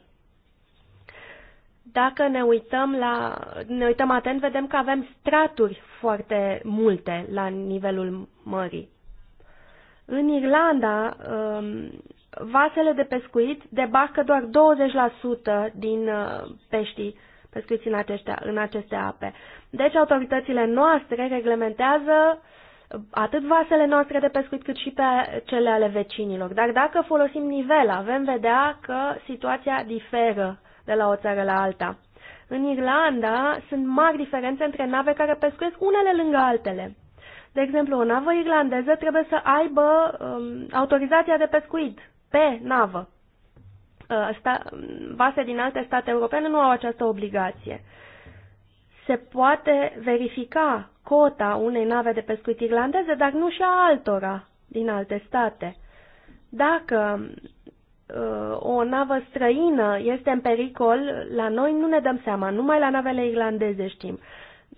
dacă ne uităm, la, ne uităm atent, vedem că avem straturi foarte multe la nivelul mării. În Irlanda, um, vasele de pescuit debarcă doar 20% din uh, peștii pescuiți în, aceștia, în aceste ape. Deci autoritățile noastre reglementează atât vasele noastre de pescuit cât și pe cele ale vecinilor. Dar dacă folosim nivela, avem vedea că situația diferă de la o țară la alta. În Irlanda sunt mari diferențe între nave care pescuiesc unele lângă altele. De exemplu, o navă irlandeză trebuie să aibă um, autorizația de pescuit pe navă. Uh, sta, vase din alte state europene nu au această obligație. Se poate verifica cota unei nave de pescuit irlandeze, dar nu și a altora din alte state. Dacă o navă străină este în pericol, la noi nu ne dăm seama, numai la navele irlandeze știm.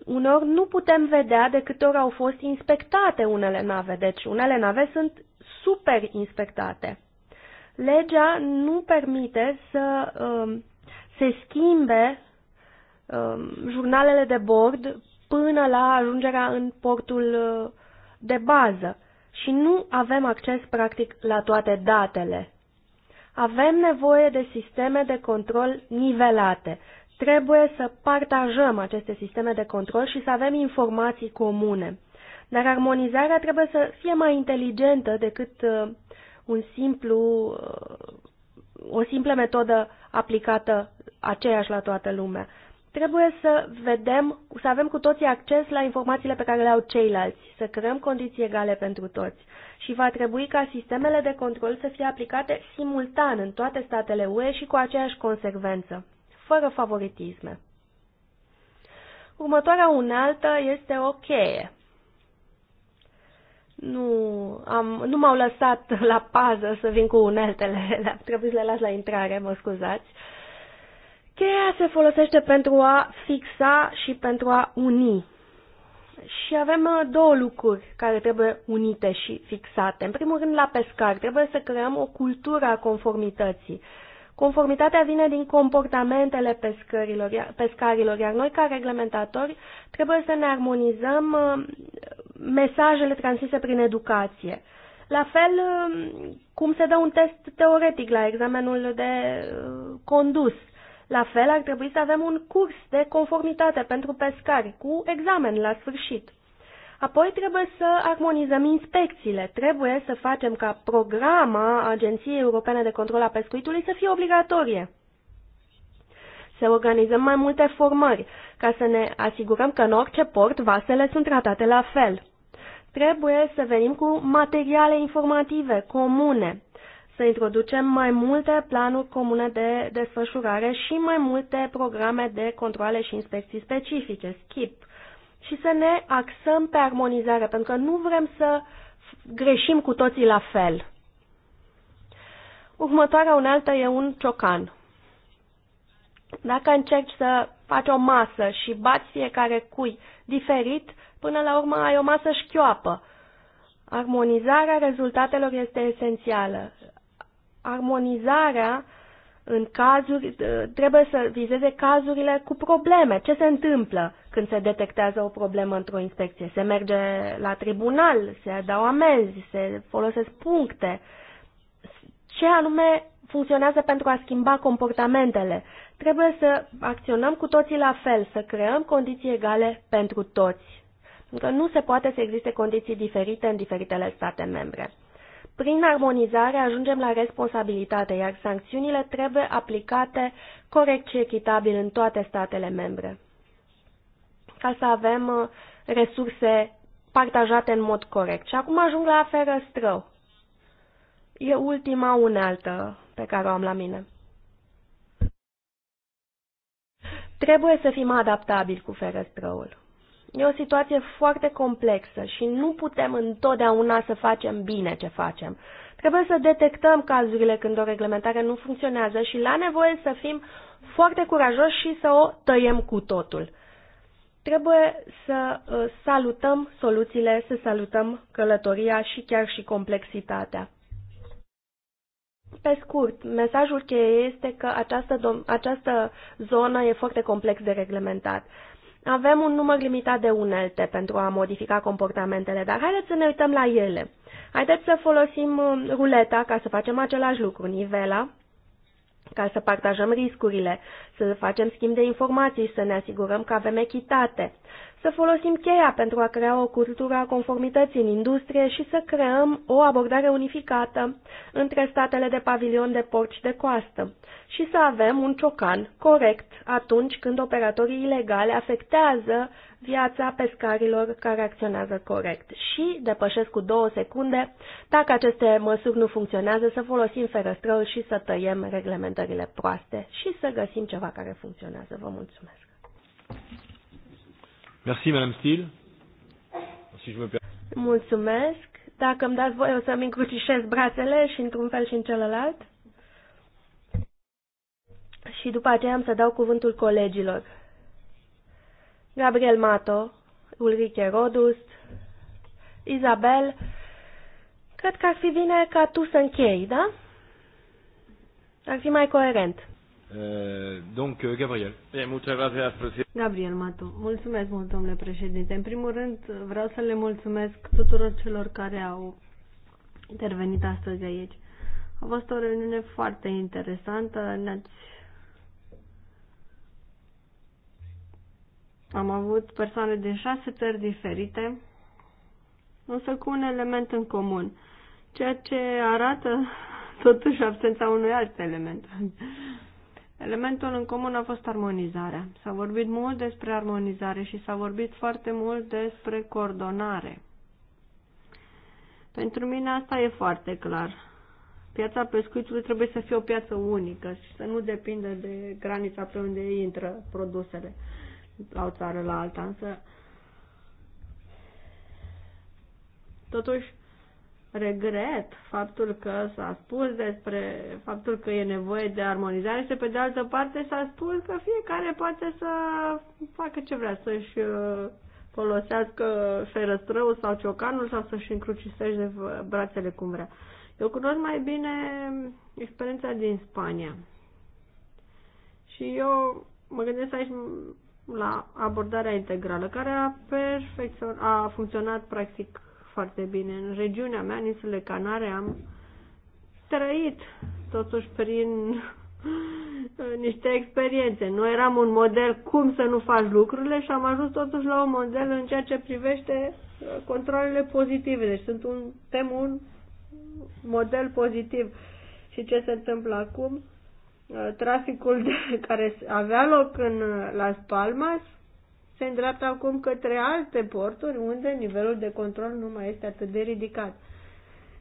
Uneori nu putem vedea de câte ori au fost inspectate unele nave, deci unele nave sunt super inspectate. Legea nu permite să um, se schimbe um, jurnalele de bord până la ajungerea în portul uh, de bază și nu avem acces practic la toate datele avem nevoie de sisteme de control nivelate. Trebuie să partajăm aceste sisteme de control și să avem informații comune. Dar armonizarea trebuie să fie mai inteligentă decât uh, un simplu, uh, o simplă metodă aplicată aceeași la toată lumea. Trebuie să vedem, să avem cu toții acces la informațiile pe care le au ceilalți, să creăm condiții egale pentru toți și va trebui ca sistemele de control să fie aplicate simultan în toate statele UE și cu aceeași consecvență, fără favoritisme. Următoarea unealtă este o cheie. Nu, am, nu m-au lăsat la pază să vin cu uneltele, trebuie să le las la intrare, mă scuzați. Uh, Cheia se folosește pentru a fixa și pentru a uni. Și avem uh, două lucruri care trebuie unite și fixate. În primul rând, la pescar, trebuie să creăm o cultură a conformității. Conformitatea vine din comportamentele pescărilor, iar, pescarilor, iar noi, ca reglementatori, trebuie să ne armonizăm uh, mesajele transmise prin educație. La fel uh, cum se dă un test teoretic la examenul de condus. La fel, ar trebui să avem un curs de conformitate pentru pescari, cu examen la sfârșit. Apoi trebuie să armonizăm inspecțiile. Trebuie să facem ca programa Agenției Europene de Control a Pescuitului să fie obligatorie. Să organizăm mai multe formări, ca să ne asigurăm că în orice port vasele sunt tratate la fel. Trebuie să venim cu materiale informative comune, să introducem mai multe planuri comune de desfășurare și mai multe programe de controle și inspecții specifice, SKIP, și să ne axăm pe armonizare, pentru că nu vrem să greșim cu toții la fel. Următoarea unealtă e un ciocan. Dacă încerci să faci o masă și bați fiecare cui diferit, până la urmă ai o masă șchioapă. Armonizarea rezultatelor este esențială armonizarea în cazuri, ă, trebuie să vizeze cazurile cu probleme. Ce se întâmplă când se detectează o problemă într-o inspecție? Se merge la tribunal, se dau amenzi, se folosesc puncte. Ce anume funcționează pentru a schimba comportamentele? Trebuie să acționăm cu toții la fel, să creăm condiții egale pentru toți. Pentru că nu se poate să existe condiții diferite în diferitele state membre. Prin armonizare ajungem la responsabilitate, iar sancțiunile trebuie aplicate corect și echitabil în toate statele membre, ca să avem uh, resurse partajate în mod corect. Și acum ajung la aferă strău. E ultima unealtă pe care o am la mine. Trebuie să fim adaptabili cu ferăstrăul. E o situație foarte complexă și nu putem întotdeauna să facem bine ce facem. Trebuie să detectăm cazurile când o reglementare nu funcționează și la nevoie să fim foarte curajoși și să o tăiem cu totul. Trebuie să uh, salutăm soluțiile, să salutăm călătoria și chiar și complexitatea. Pe scurt, mesajul cheie este că această, această zonă e foarte complex de reglementat. Avem un număr limitat de unelte pentru a modifica comportamentele, dar haideți să ne uităm la ele. Haideți să folosim uh, ruleta ca să facem același lucru, nivela, ca să partajăm riscurile, să facem schimb de informații, să ne asigurăm că avem echitate, să folosim cheia pentru a crea o cultură a conformității în industrie și să creăm o abordare unificată între statele de pavilion de port de coastă și să avem un ciocan corect atunci când operatorii ilegale afectează viața pescarilor care acționează corect și depășesc cu două secunde, dacă aceste măsuri nu funcționează, să folosim ferăstrăul și să tăiem reglementările proaste și să găsim ceva care funcționează. Vă mulțumesc! Merci, Madame Steele. Mulțumesc. Dacă îmi dați voie, o să-mi încrucișez brațele și într-un fel și în celălalt. Și după aceea am să dau cuvântul colegilor. Gabriel Mato, Ulrike Rodust, Isabel, cred că ar fi bine ca tu să închei, da? Ar fi mai coerent. Eh, donc, euh, Gabriel. Gabriel Matu. Mulțumesc mult, domnule președinte. În primul rând, vreau să le mulțumesc tuturor celor care au intervenit astăzi aici. A fost o reuniune foarte interesantă. Ne-ați... Am avut persoane din șase țări diferite, însă cu un element în comun, ceea ce arată totuși absența unui alt element. Elementul în comun a fost armonizarea. S-a vorbit mult despre armonizare și s-a vorbit foarte mult despre coordonare. Pentru mine asta e foarte clar. Piața pescuitului trebuie să fie o piață unică și să nu depindă de granița pe unde intră produsele la o țară la alta. Însă, totuși, regret faptul că s-a spus despre faptul că e nevoie de armonizare și pe de altă parte s-a spus că fiecare poate să facă ce vrea, să-și uh, folosească ferăstrăul sau ciocanul sau să-și încrucișeze brațele cum vrea. Eu cunosc mai bine experiența din Spania. Și eu mă gândesc aici la abordarea integrală, care a, perfecțion- a funcționat practic foarte bine. În regiunea mea, în Canare, am trăit totuși prin niște experiențe. Noi eram un model cum să nu faci lucrurile și am ajuns totuși la un model în ceea ce privește uh, controlele pozitive. Deci sunt un, tem un model pozitiv. Și ce se întâmplă acum? Uh, traficul de, care avea loc în uh, Las Palmas se îndreaptă acum către alte porturi unde nivelul de control nu mai este atât de ridicat.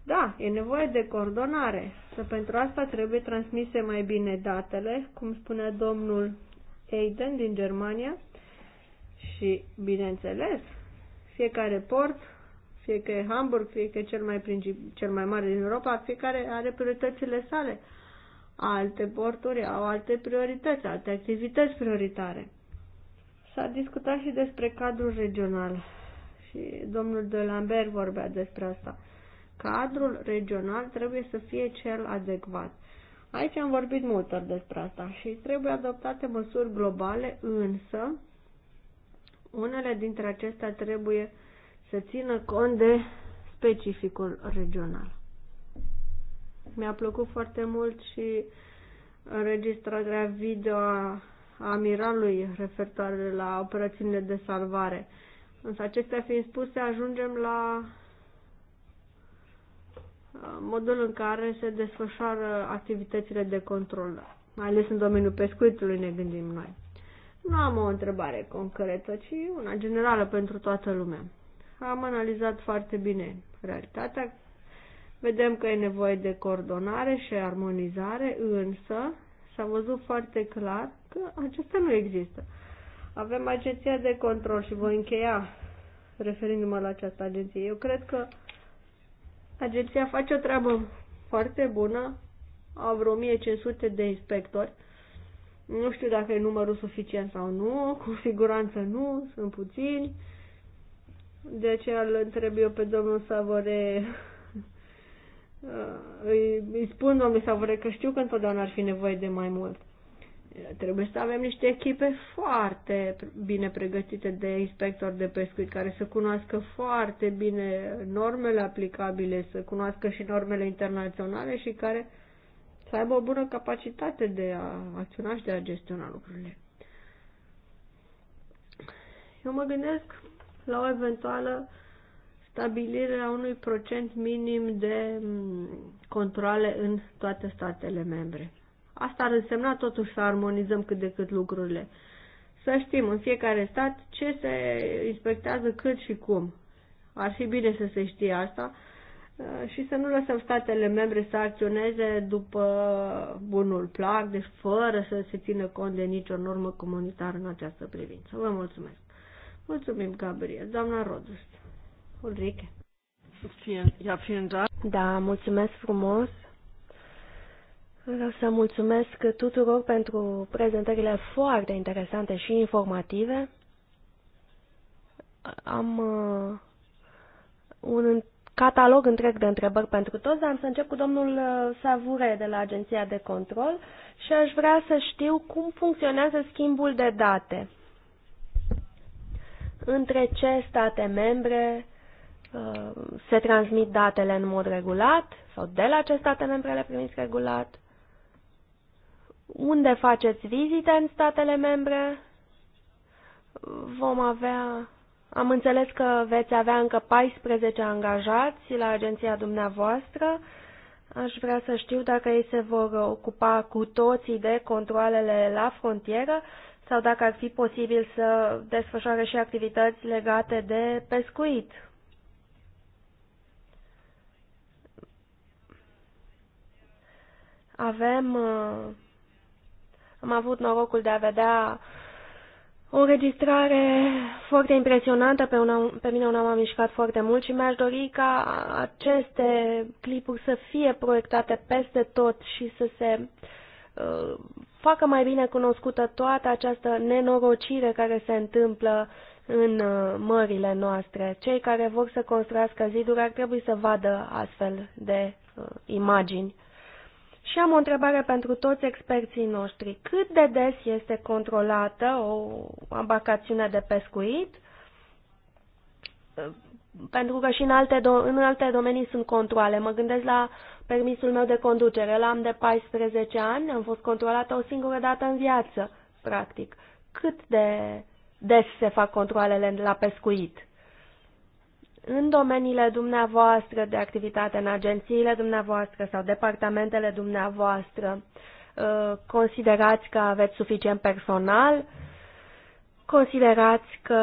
Da, e nevoie de coordonare, să pentru asta trebuie transmise mai bine datele, cum spunea domnul Aiden din Germania, și, bineînțeles, fiecare port, fie că e Hamburg, fie că e cel mai, princip- cel mai mare din Europa, fiecare are prioritățile sale. Alte porturi au alte priorități, alte activități prioritare. S-a discutat și despre cadrul regional și domnul de Lambert vorbea despre asta. Cadrul regional trebuie să fie cel adecvat. Aici am vorbit mult despre asta și trebuie adoptate măsuri globale, însă unele dintre acestea trebuie să țină cont de specificul regional. Mi-a plăcut foarte mult și înregistrarea video a amiralului referitoare la operațiunile de salvare. Însă acestea fiind spuse, ajungem la uh, modul în care se desfășoară activitățile de control, mai ales în domeniul pescuitului ne gândim noi. Nu am o întrebare concretă, ci una generală pentru toată lumea. Am analizat foarte bine realitatea, vedem că e nevoie de coordonare și armonizare, însă s-a văzut foarte clar că acestea nu există. Avem agenția de control și voi încheia referindu-mă la această agenție. Eu cred că agenția face o treabă foarte bună, au vreo 1500 de inspectori. Nu știu dacă e numărul suficient sau nu, cu siguranță nu, sunt puțini. De aceea îl întreb eu pe domnul Savore, îi, spun domnul Savore că știu că întotdeauna ar fi nevoie de mai mult trebuie să avem niște echipe foarte bine pregătite de inspectori de pescuit care să cunoască foarte bine normele aplicabile, să cunoască și normele internaționale și care să aibă o bună capacitate de a acționa și de a gestiona lucrurile. Eu mă gândesc la o eventuală stabilire a unui procent minim de mm, controle în toate statele membre. Asta ar însemna totuși să armonizăm cât de cât lucrurile. Să știm în fiecare stat ce se inspectează cât și cum. Ar fi bine să se știe asta uh, și să nu lăsăm statele membre să acționeze după bunul plac, deci fără să se țină cont de nicio normă comunitară în această privință. Vă mulțumesc! Mulțumim, Gabriel. Doamna Rodus. Ulrike. Da, mulțumesc frumos. Vreau să mulțumesc tuturor pentru prezentările foarte interesante și informative. Am uh, un catalog întreg de întrebări pentru toți, dar am să încep cu domnul uh, Savure de la Agenția de Control și aș vrea să știu cum funcționează schimbul de date. Între ce state membre uh, se transmit datele în mod regulat sau de la ce state membre le primiți regulat? unde faceți vizite în statele membre? Vom avea... Am înțeles că veți avea încă 14 angajați la agenția dumneavoastră. Aș vrea să știu dacă ei se vor ocupa cu toții de controlele la frontieră sau dacă ar fi posibil să desfășoare și activități legate de pescuit. Avem uh, am avut norocul de a vedea o înregistrare foarte impresionantă, pe, una, pe mine una m-a mișcat foarte mult și mi-aș dori ca aceste clipuri să fie proiectate peste tot și să se uh, facă mai bine cunoscută toată această nenorocire care se întâmplă în uh, mările noastre. Cei care vor să construiască ziduri ar trebui să vadă astfel de uh, imagini. Și am o întrebare pentru toți experții noștri. Cât de des este controlată o ambarcațiune de pescuit? Pentru că și în alte, do- în alte domenii sunt controle. Mă gândesc la permisul meu de conducere. L-am de 14 ani, am fost controlată o singură dată în viață, practic. Cât de des se fac controlele la pescuit? în domeniile dumneavoastră de activitate, în agențiile dumneavoastră sau departamentele dumneavoastră, uh, considerați că aveți suficient personal? Considerați că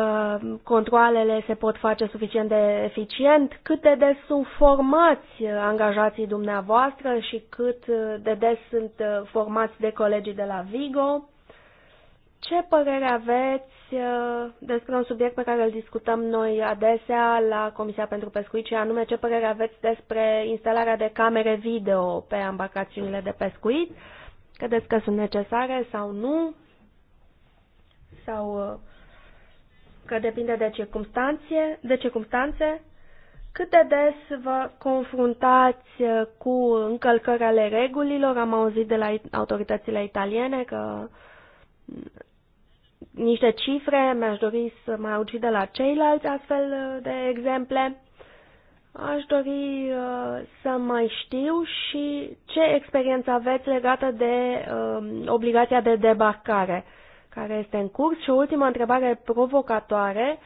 controlele se pot face suficient de eficient? Cât de des sunt formați angajații dumneavoastră și cât de des sunt uh, formați de colegii de la Vigo? Ce părere aveți uh, despre un subiect pe care îl discutăm noi adesea la Comisia pentru Pescuit și anume ce părere aveți despre instalarea de camere video pe ambarcațiunile de pescuit? Credeți că sunt necesare sau nu? Sau uh, că depinde de circunstanțe, De circunstanțe? Cât de des vă confruntați uh, cu încălcări ale regulilor? Am auzit de la autoritățile italiene că uh, niște cifre, mi-aș dori să mai aud și de la ceilalți astfel de exemple. Aș dori uh, să mai știu și ce experiență aveți legată de uh, obligația de debarcare care este în curs. Și ultima ultimă întrebare provocatoare.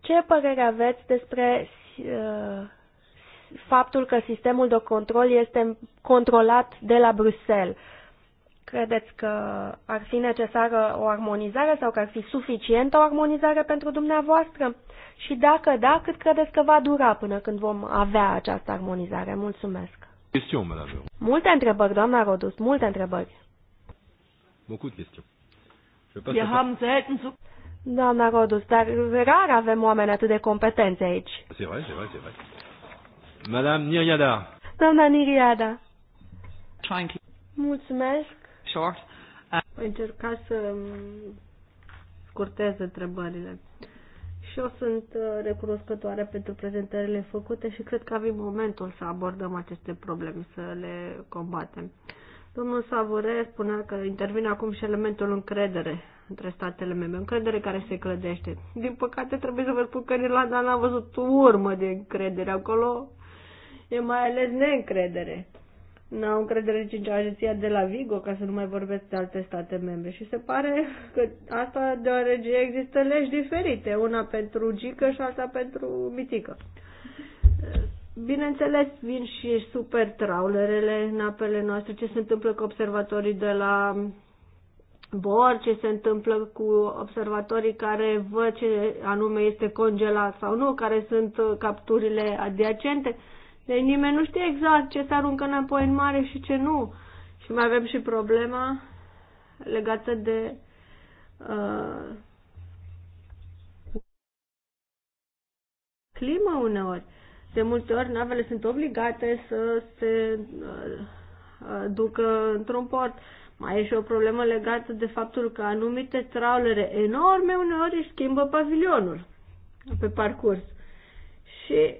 Ce părere aveți despre uh, faptul că sistemul de control este controlat de la Bruxelles? Credeți că ar fi necesară o armonizare sau că ar fi suficientă o armonizare pentru dumneavoastră? Și dacă da, cât credeți că va dura până când vom avea această armonizare? Mulțumesc. Multe întrebări, doamna Rodus, multe întrebări. Doamna Rodus, dar rar avem oameni atât de competenți aici. Madame Niriada. Doamna Niriada. Mulțumesc short. Voi încerca să scurtez întrebările. Și eu sunt uh, recunoscătoare pentru prezentările făcute și cred că avem momentul să abordăm aceste probleme, să le combatem. Domnul Savure spunea că intervine acum și elementul încredere între statele membre, încredere care se clădește. Din păcate trebuie să vă spun că în Irlanda n-am văzut urmă de încredere acolo, e mai ales neîncredere n-au încredere nici în agenția de la Vigo, ca să nu mai vorbesc de alte state membre. Și se pare că asta deoarece există legi diferite, una pentru gică și alta pentru mitică. Bineînțeles, vin și super traulerele în apele noastre, ce se întâmplă cu observatorii de la bor, ce se întâmplă cu observatorii care văd ce anume este congelat sau nu, care sunt capturile adiacente. Uh, deci nimeni nu știe exact ce se aruncă înapoi în mare și ce nu. Și mai avem și problema legată de uh, climă uneori. De multe ori navele sunt obligate să se uh, uh ducă într-un port. Mai e și o problemă legată de faptul că anumite traulere enorme uneori își schimbă pavilionul pe parcurs. Și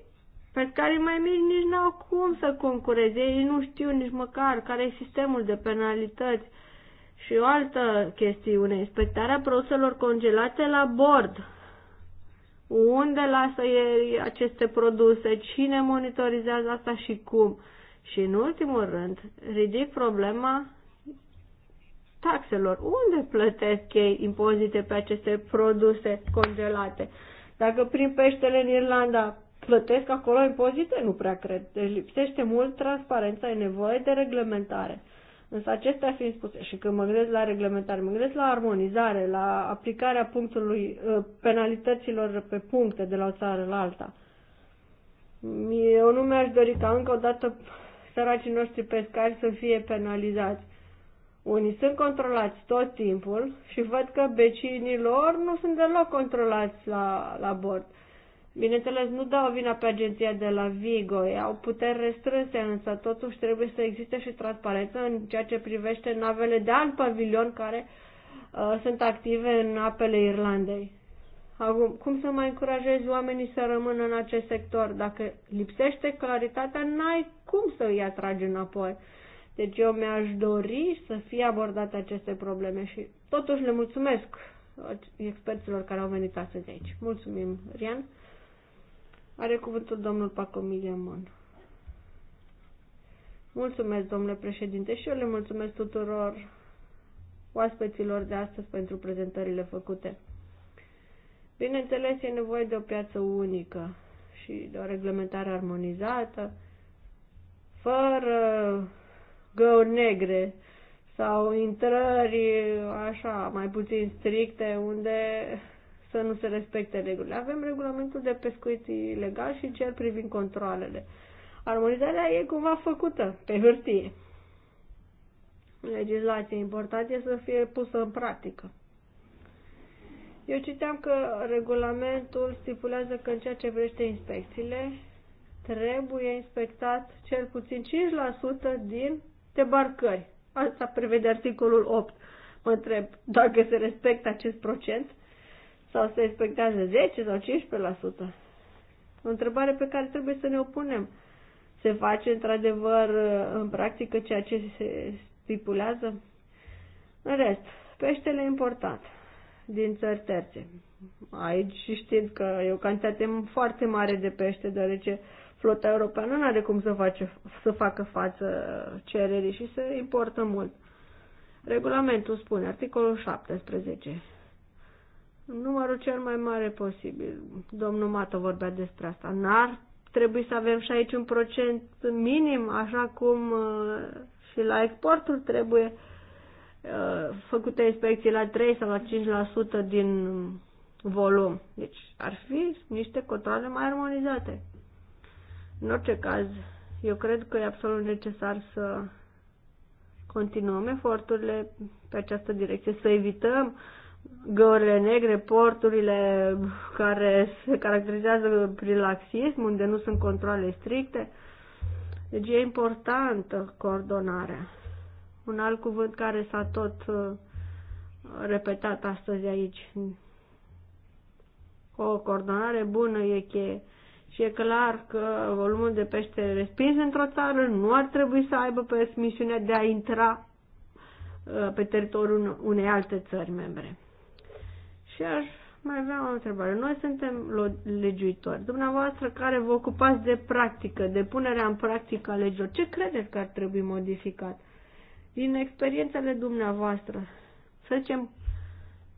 care mai mici nici n-au cum să concureze, ei nu știu nici măcar care e sistemul de penalități. Și o altă chestiune, inspectarea produselor congelate la bord. Unde lasă ei aceste produse, cine monitorizează asta și cum. Și în ultimul rând, ridic problema taxelor. Unde plătesc ei impozite pe aceste produse congelate? Dacă prin peștele în Irlanda plătesc acolo impozite? Nu prea cred. Deci lipsește mult transparența, e nevoie de reglementare. Însă acestea fiind spuse, și când mă gândesc la reglementare, mă gândesc la armonizare, la aplicarea punctului, uh, penalităților pe puncte de la o țară la alta. Eu nu mi-aș dori ca încă o dată săracii noștri pescari să fie penalizați. Unii sunt controlați tot timpul și văd că vecinii lor nu sunt deloc controlați la, la bord. Bineînțeles, nu dau vina pe agenția de la Vigo, ei au puteri restrânse, însă totuși trebuie să existe și transparență în ceea ce privește navele de alt pavilion care uh, sunt active în apele Irlandei. Acum, cum să mai încurajezi oamenii să rămână în acest sector? Dacă lipsește claritatea, n-ai cum să îi atragi înapoi. Deci eu mi-aș dori să fie abordate aceste probleme și totuși le mulțumesc uh, experților care au venit astăzi aici. Mulțumim, Rian. Are cuvântul domnul Paco Miliamon. Mulțumesc, domnule președinte, și eu le mulțumesc tuturor oaspeților de astăzi pentru prezentările făcute. Bineînțeles, e nevoie de o piață unică și de o reglementare armonizată, fără găuri negre sau intrări așa mai puțin stricte unde să nu se respecte regulile. Avem regulamentul de pescuit ilegal și cel privind controlele. Armonizarea e cumva făcută pe hârtie. Legislația importantă e să fie pusă în practică. Eu citeam că regulamentul stipulează că în ceea ce vrește inspecțiile, trebuie inspectat cel puțin 5% din debarcări. Asta prevede articolul 8. Mă întreb dacă se respectă acest procent sau se respectează 10 sau 15%. O întrebare pe care trebuie să ne opunem. Se face într-adevăr în practică ceea ce se stipulează? În rest, peștele importat din țări terțe. Aici știți că e o cantitate foarte mare de pește, deoarece flota europeană nu are cum să, face, să facă față cererii și se importă mult. Regulamentul spune, articolul 17, numărul cel mai mare posibil. Domnul Mato vorbea despre asta. N-ar trebui să avem și aici un procent minim, așa cum uh, și la exportul trebuie uh, făcute inspecții la 3 sau la 5% din volum. Deci ar fi niște controle mai armonizate. În orice caz, eu cred că e absolut necesar să continuăm eforturile pe această direcție, să evităm uh, găurile negre, porturile care se caracterizează prin laxism, unde nu sunt controle stricte. Deci e importantă coordonarea. Un alt cuvânt care s-a tot uh, repetat astăzi aici. O coordonare bună e cheie. Și e clar că volumul de pește respins într-o țară nu ar trebui să aibă pe misiunea de a intra uh, pe teritoriul unei alte țări membre. Și aș mai avea o întrebare. Noi suntem legiuitori. Dumneavoastră care vă ocupați de practică, de punerea în practică a legilor, ce credeți că ar trebui modificat? Din experiențele dumneavoastră, să zicem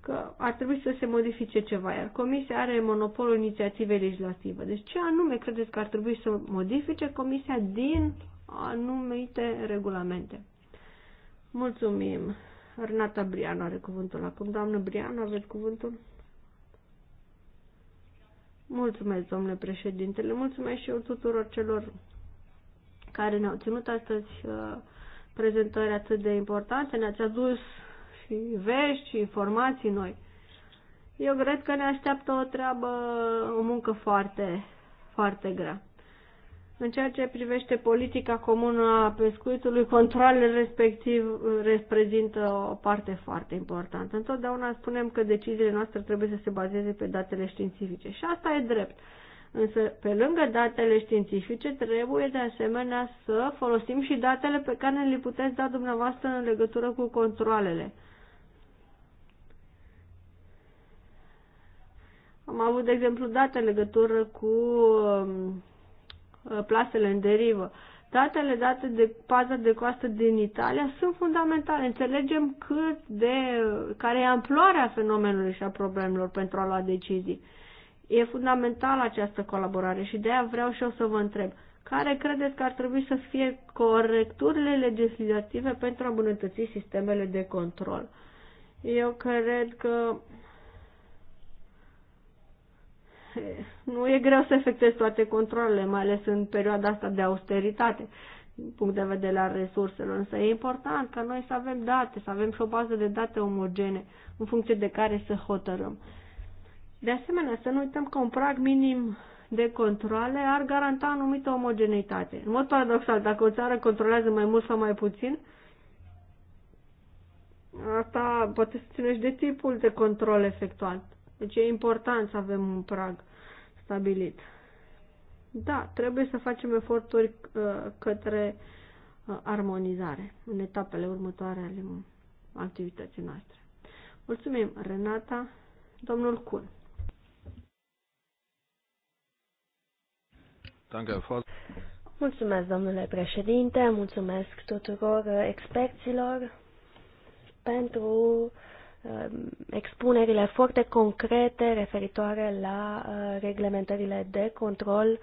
că ar trebui să se modifice ceva, iar Comisia are monopolul inițiativei legislative. Deci ce anume credeți că ar trebui să modifice Comisia din anumite regulamente? Mulțumim! Renata Brian are cuvântul acum. Doamnă Brian, aveți cuvântul? Mulțumesc, domnule președintele. Mulțumesc și eu tuturor celor care ne-au ținut astăzi uh, prezentări atât de importante. Ne-ați adus și vești și informații noi. Eu cred că ne așteaptă o treabă, o muncă foarte, foarte grea. În ceea ce privește politica comună a pescuitului, controlele respectiv uh, reprezintă o parte foarte importantă. Întotdeauna spunem că deciziile noastre trebuie să se bazeze pe datele științifice și asta e drept. Însă, pe lângă datele științifice, trebuie de asemenea să folosim și datele pe care le puteți da dumneavoastră în legătură cu controlele. Am avut, de exemplu, date în legătură cu um, Uh, plasele în derivă. Datele date de paza de coastă din Italia sunt fundamentale. Înțelegem cât de, care e amploarea fenomenului și a problemelor pentru a lua decizii. E fundamentală această colaborare și de aia vreau și eu să vă întreb. Care credeți că ar trebui să fie corecturile legislative pentru a îmbunătăți sistemele de control? Eu cred că nu e greu să efectuezi toate controlele, mai ales în perioada asta de austeritate, din punct de vedere al resurselor. Însă e important ca noi să avem date, să avem și o bază de date omogene, în funcție de care să hotărâm. De asemenea, să nu uităm că un prag minim de controle ar garanta anumită omogeneitate. În mod paradoxal, dacă o țară controlează mai mult sau mai puțin, asta poate să ține și de tipul de control efectuat. Deci e important să avem un prag stabilit. Da, trebuie să facem eforturi uh, către uh, armonizare în etapele următoare ale activității noastre. Mulțumim, Renata. Domnul Cun. Mulțumesc, domnule președinte, mulțumesc tuturor uh, experților pentru uh, Um, expunerile foarte concrete referitoare la uh, reglementările de control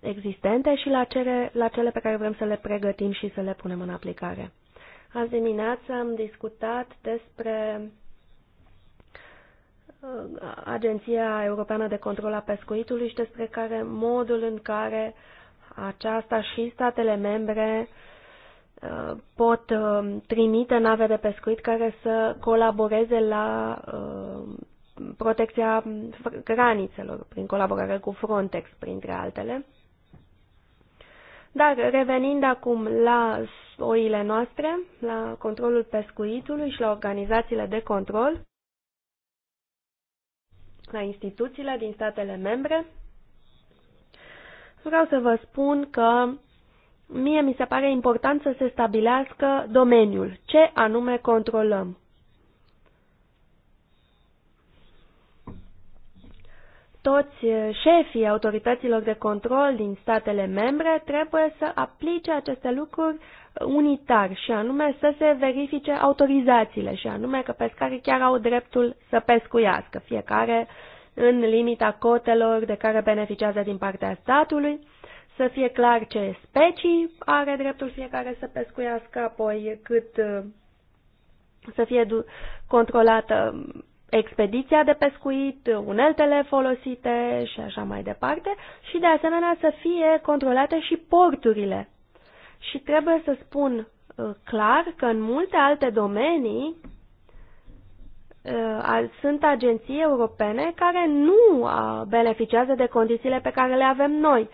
existente și la cele, la cele pe care vrem să le pregătim și să le punem în aplicare. Azi dimineață am discutat despre uh, Agenția Europeană de Control a Pescuitului și despre care modul în care aceasta și statele membre uh, pot uh, trimite nave de pescuit care să colaboreze la uh, protecția granițelor, prin colaborare cu Frontex, printre altele. Dar revenind acum la oile noastre, la controlul pescuitului și la organizațiile de control, la instituțiile din statele membre, vreau să vă spun că mie mi se pare important să se stabilească domeniul, ce anume controlăm. Toți șefii autorităților de control din statele membre trebuie să aplice aceste lucruri unitar și anume să se verifice autorizațiile și anume că pescarii chiar au dreptul să pescuiască, fiecare în limita cotelor de care beneficiază din partea statului să fie clar ce specii are dreptul fiecare să pescuiască, apoi cât uh, să fie controlată expediția de pescuit, uneltele folosite și așa mai departe și de asemenea să fie controlate și porturile. Și trebuie să spun uh, clar că în multe alte domenii uh, sunt agenții europene care nu beneficiază de condițiile pe care le avem noi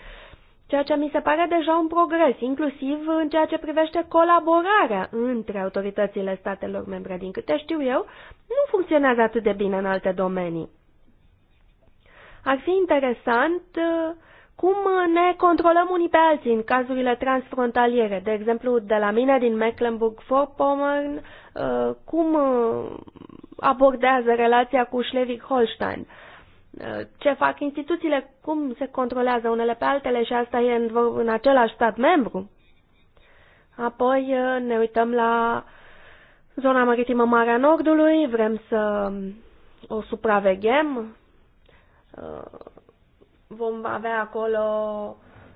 ceea ce mi se pare deja un progres, inclusiv în ceea ce privește colaborarea între autoritățile statelor membre. Din câte știu eu, nu funcționează atât de bine în alte domenii. Ar fi interesant uh, cum ne controlăm unii pe alții în cazurile transfrontaliere. De exemplu, de la mine din Mecklenburg-Vorpommern, uh, cum uh, abordează relația cu Schleswig-Holstein ce fac instituțiile, cum se controlează unele pe altele și asta e în, în același stat membru. Apoi uh, ne uităm la zona maritimă Marea Nordului, vrem să mm, o supraveghem. Uh, vom avea acolo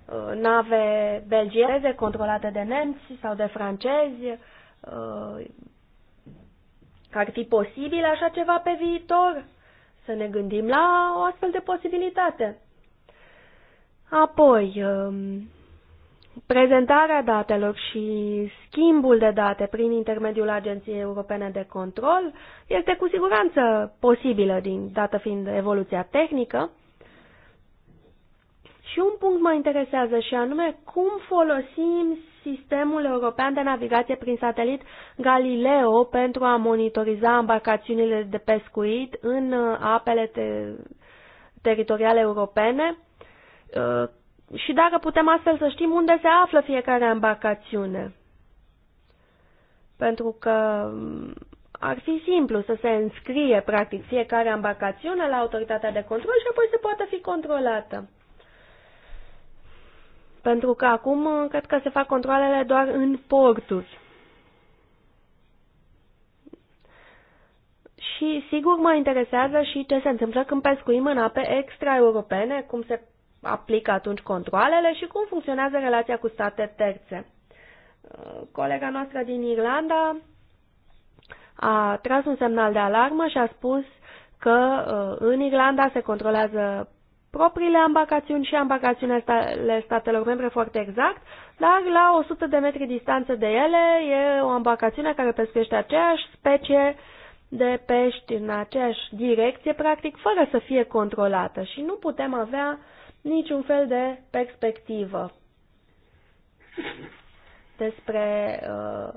uh, nave belgieze controlate de nemți sau de francezi. Ar fi posibil așa ceva pe viitor? să ne gândim la o astfel de posibilitate. Apoi, um, prezentarea datelor și schimbul de date prin intermediul Agenției Europene de Control este cu siguranță posibilă, din dată fiind evoluția tehnică. Și un punct mă interesează și anume cum folosim sistemul european de navigație prin satelit Galileo pentru a monitoriza embarcațiunile de pescuit în uh, apele te teritoriale europene uh, și dacă putem astfel să știm unde se află fiecare embarcațiune. Pentru că mm, ar fi simplu să se înscrie, practic, fiecare embarcațiune la autoritatea de control și apoi se poate fi controlată. Pentru că acum uh, cred că se fac controlele doar în porturi. Și sigur mă interesează și ce se întâmplă când pescuim în ape extraeuropene, cum se aplică atunci controlele și cum funcționează relația cu state terțe. Uh, colega noastră din Irlanda a tras un semnal de alarmă și a spus că uh, în Irlanda se controlează propriile ambarcațiuni și ambarcațiunile statelor membre foarte exact, dar la 100 de metri distanță de ele e o ambarcațiune care pescuiește aceeași specie de pești în aceeași direcție, practic, fără să fie controlată și nu putem avea niciun fel de perspectivă despre uh,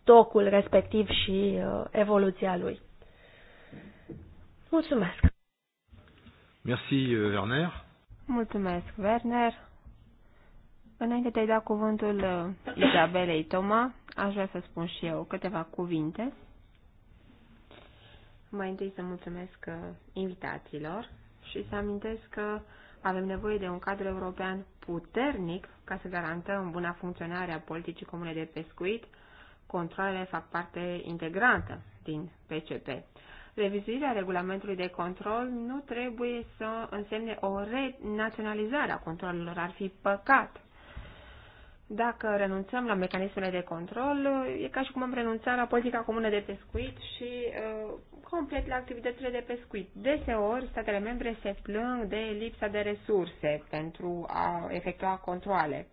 stocul respectiv și uh, evoluția lui. Mulțumesc! Merci, euh, Werner. Mulțumesc, Werner. Înainte de a-i da cuvântul uh, Isabelei Toma, aș vrea să spun și eu câteva cuvinte. Mai întâi să mulțumesc uh, invitațiilor și să amintesc că avem nevoie de un cadru european puternic ca să garantăm buna funcționare a politicii comune de pescuit. Controlele fac parte integrantă din PCP revizuirea regulamentului de control nu trebuie să însemne o renaționalizare a controlelor. Ar fi păcat. Dacă renunțăm la mecanismele de control, e ca și cum am renunțat la politica comună de pescuit și uh, complet la activitățile de pescuit. Deseori, statele membre se plâng de lipsa de resurse pentru a efectua controle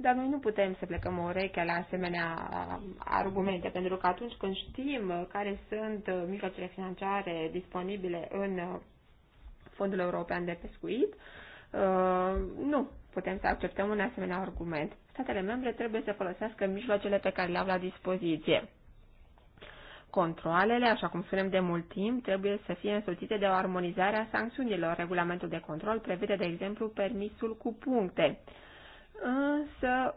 dar noi nu putem să plecăm oreche la asemenea um, argumente, pentru că atunci când știm uh, care sunt uh, mijloacele financiare disponibile în uh, Fondul European de Pescuit, nu putem să acceptăm un asemenea argument. Statele membre trebuie să folosească mijloacele pe care le au la dispoziție. Controlele, așa cum spunem de mult timp, trebuie să fie însoțite de o armonizare a sancțiunilor. Regulamentul de control prevede, de exemplu, permisul cu puncte. Uh, însă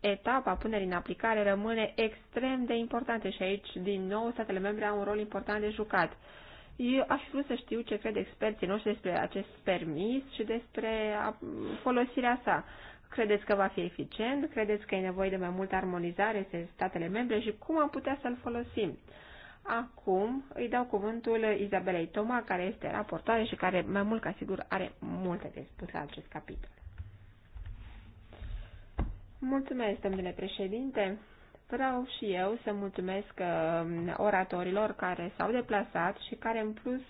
etapa punerii în aplicare rămâne extrem de importantă și aici, din nou, statele membre au un rol important de jucat. Eu aș vrea să știu ce cred experții noștri despre acest permis și despre folosirea sa. Credeți că va fi eficient? Credeți că e nevoie de mai multă armonizare între statele membre și cum am putea să-l folosim? Acum îi dau cuvântul Izabelei Toma, care este raportoare și care, mai mult ca sigur, are multe de spus la acest capitol. Mulțumesc, domnule președinte. Vreau și eu să mulțumesc um, oratorilor care s-au deplasat și care în plus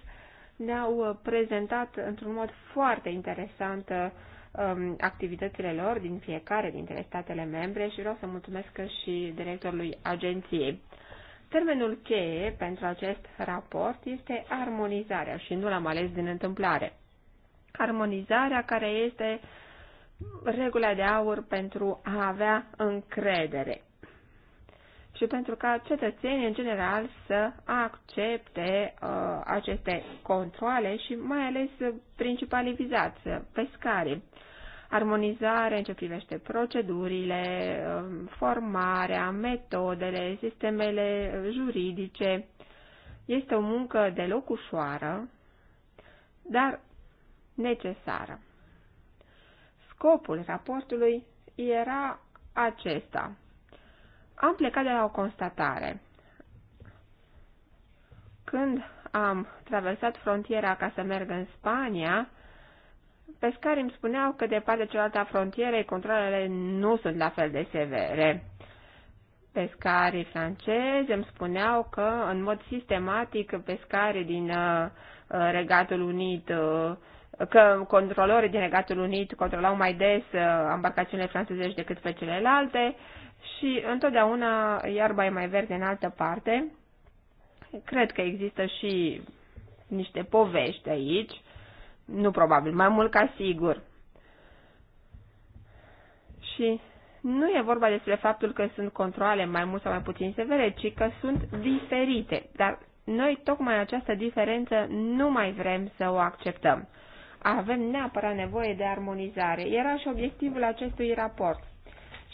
ne-au uh, prezentat într-un mod foarte interesant um, activitățile lor din fiecare dintre statele membre și vreau să mulțumesc și directorului agenției. Termenul cheie pentru acest raport este armonizarea și nu l-am ales din întâmplare. Armonizarea care este uh, regula de aur pentru a avea încredere și pentru ca cetățenii în general să accepte uh, aceste controle și mai ales principalii vizați, pescarii. Armonizare în ce privește procedurile, um, formarea, metodele, sistemele juridice. Este o muncă deloc ușoară, dar necesară. Scopul raportului era acesta. Am plecat de la o constatare. Când am traversat frontiera ca să merg în Spania, pescarii îmi spuneau că de partea cealaltă a frontierei controlele nu sunt la fel de severe. Pescarii francezi îmi spuneau că, în mod sistematic, pescarii din uh, Regatul Unit uh, că controlorii din Regatul Unit controlau mai des uh, embarcațiunile franceze decât pe celelalte și întotdeauna iarba e mai verde în altă parte. Cred că există și niște povești aici, nu probabil, mai mult ca sigur. Și nu e vorba despre faptul că sunt controle mai mult sau mai puțin severe, ci că sunt diferite. Dar noi tocmai această diferență nu mai vrem să o acceptăm. Avem neapărat nevoie de armonizare. Era și obiectivul acestui raport.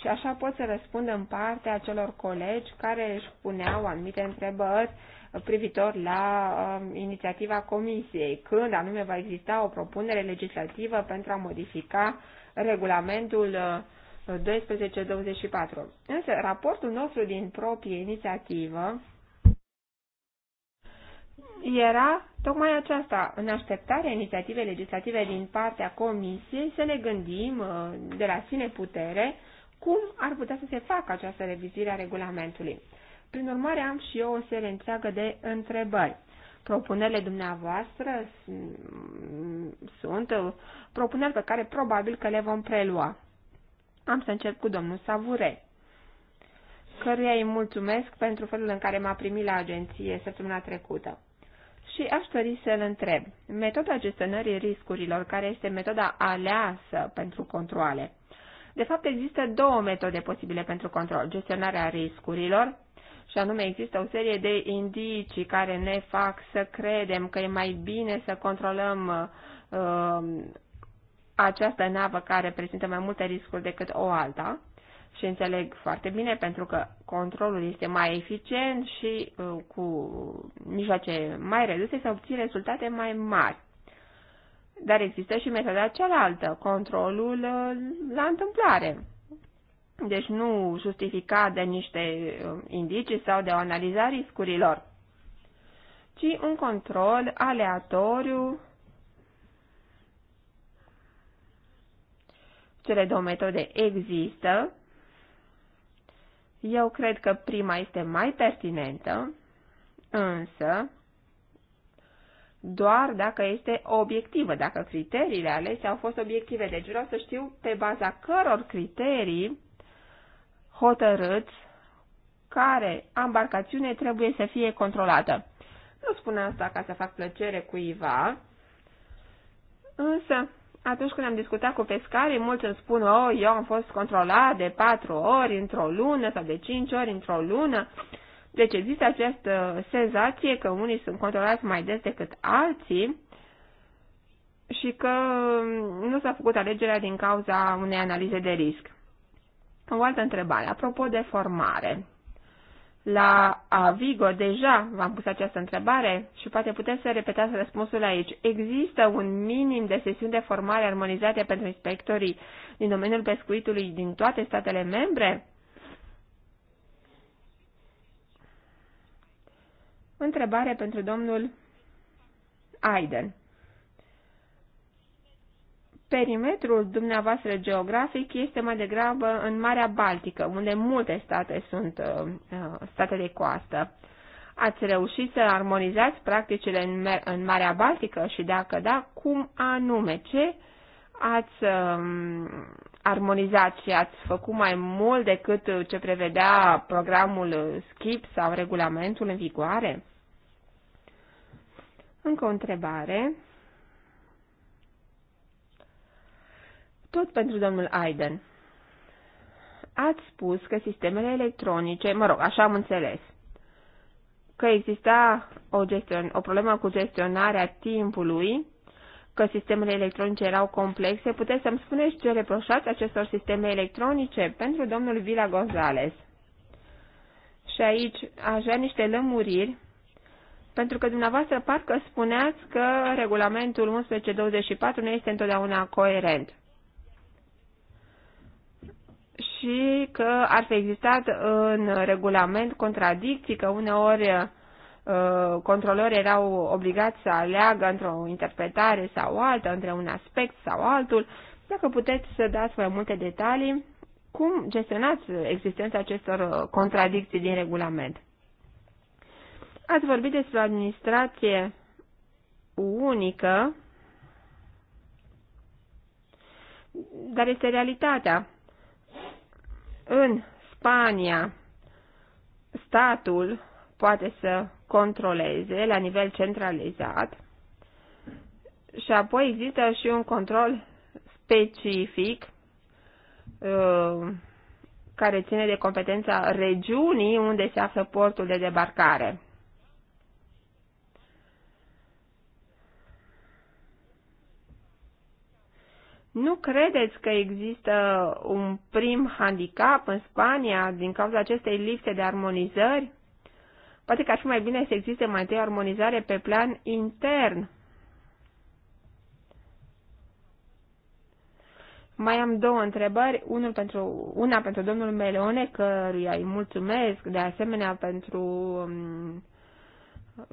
Și așa pot să răspund în parte acelor colegi care își puneau anumite întrebări privitor la uh, inițiativa Comisiei, când anume va exista o propunere legislativă pentru a modifica regulamentul uh, 1224. Însă, raportul nostru din proprie inițiativă era tocmai aceasta, în așteptarea inițiativei legislative din partea Comisiei, să ne gândim uh, de la sine putere cum ar putea să se facă această revizire a regulamentului. Prin urmare, am și eu o serie întreagă de întrebări. Propunerile dumneavoastră sunt uh, propuneri pe care probabil că le vom prelua. Am să încep cu domnul Savure, căruia îi mulțumesc pentru felul în care m-a primit la agenție săptămâna trecută și aș dori să-l întreb. Metoda gestionării riscurilor, care este metoda aleasă pentru controle. De fapt, există două metode posibile pentru control. Gestionarea riscurilor, și anume există o serie de indicii care ne fac să credem că e mai bine să controlăm uh, această navă care prezintă mai multe riscuri decât o alta și înțeleg foarte bine pentru că controlul este mai eficient și uh, cu mijloace mai reduse se obțin rezultate mai mari. Dar există și metoda cealaltă, controlul uh, la întâmplare. Deci nu justifica de niște uh, indicii sau de o analiză a riscurilor, ci un control aleatoriu cele două metode există, eu cred că prima este mai pertinentă, însă doar dacă este obiectivă, dacă criteriile alese au fost obiective. Deci vreau să știu pe baza căror criterii hotărâți care embarcațiune trebuie să fie controlată. Nu spun asta ca să fac plăcere cuiva, însă atunci când am discutat cu pescarii, mulți îmi spun, oh, eu am fost controlat de patru ori într-o lună sau de cinci ori într-o lună. Deci există această senzație că unii sunt controlați mai des decât alții și că nu s-a făcut alegerea din cauza unei analize de risc. O altă întrebare, apropo de formare. La Avigo deja v-am pus această întrebare și poate puteți să repetați răspunsul aici. Există un minim de sesiuni de formare armonizate pentru inspectorii din domeniul pescuitului din toate statele membre? Întrebare pentru domnul Aiden perimetrul dumneavoastră geografic este mai degrabă în Marea Baltică, unde multe state sunt uh, uh state de coastă. Ați reușit să armonizați practicile în, în Marea Baltică și dacă da, cum anume? Ce ați uh, armonizat și ați făcut mai mult decât ce prevedea programul SKIP sau regulamentul în vigoare? Încă o întrebare. Tot pentru domnul Aiden. Ați spus că sistemele electronice, mă rog, așa am înțeles, că exista o, gestion, o problemă cu gestionarea timpului, că sistemele electronice erau complexe. Puteți să-mi spuneți ce reproșați acestor sisteme electronice pentru domnul Vila Gonzales? Și aici aș vrea niște lămuriri, pentru că dumneavoastră parcă spuneați că regulamentul 1124 nu este întotdeauna coerent și că ar fi existat în regulament contradicții, că uneori uh, controlorii erau obligați să aleagă într-o interpretare sau alta, între un aspect sau altul. Dacă puteți să dați mai multe detalii, cum gestionați existența acestor uh, contradicții din regulament? Ați vorbit despre o administrație unică, dar este realitatea. În Spania, statul poate să controleze la nivel centralizat și apoi există și un control specific uh, care ține de competența regiunii unde se află portul de debarcare. Nu credeți că există un prim handicap în Spania din cauza acestei lipse de armonizări? Poate că ar fi mai bine să existe mai întâi armonizare pe plan intern. Mai am două întrebări, unul pentru, una pentru domnul Meleone, căruia îi mulțumesc, de asemenea pentru um,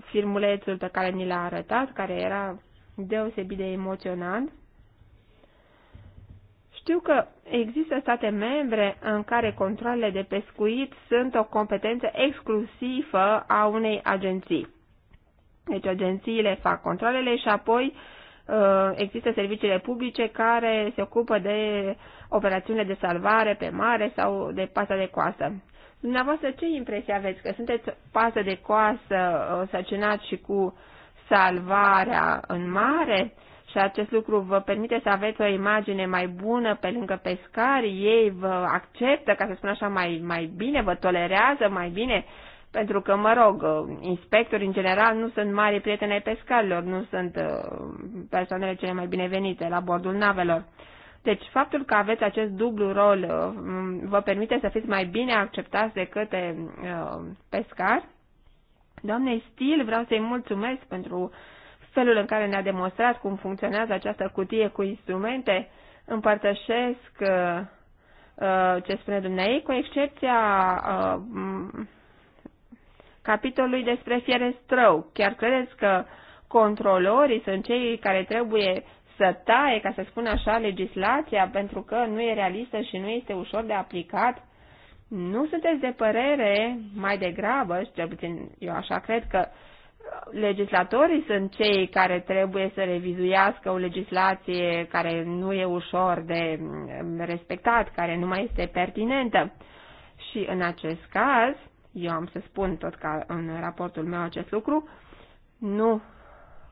filmulețul pe care ni l-a arătat, care era deosebit de emoționant. Știu că există state membre în care controlele de pescuit sunt o competență exclusivă a unei agenții. Deci agențiile fac controlele și apoi uh, există serviciile publice care se ocupă de operațiunile de salvare pe mare sau de pasă de coasă. Dumneavoastră, ce impresie aveți? Că sunteți pasă de coasă uh, săcinat și cu salvarea în mare? și acest lucru vă permite să aveți o imagine mai bună pe lângă pescari, ei vă acceptă, ca să spun așa, mai, mai bine, vă tolerează mai bine, pentru că, mă rog, inspectori în general nu sunt mari prieteni ai pescarilor, nu sunt uh, persoanele cele mai binevenite la bordul navelor. Deci faptul că aveți acest dublu rol uh, vă permite să fiți mai bine acceptați de către uh, pescari. Doamnei Stil, vreau să-i mulțumesc pentru uh, felul în care ne-a demonstrat cum funcționează această cutie cu instrumente, împărtășesc uh, uh, ce spune dumneavoastră, cu excepția uh, capitolului despre fierestrău. Chiar credeți că controlorii sunt cei care trebuie să taie, ca să spun așa, legislația pentru că nu e realistă și nu este ușor de aplicat? Nu sunteți de părere mai degrabă, și cel puțin eu așa cred că legislatorii sunt cei care trebuie să revizuiască o legislație care nu e ușor de respectat, care nu mai este pertinentă. Și în acest caz, eu am să spun tot ca în raportul meu acest lucru, nu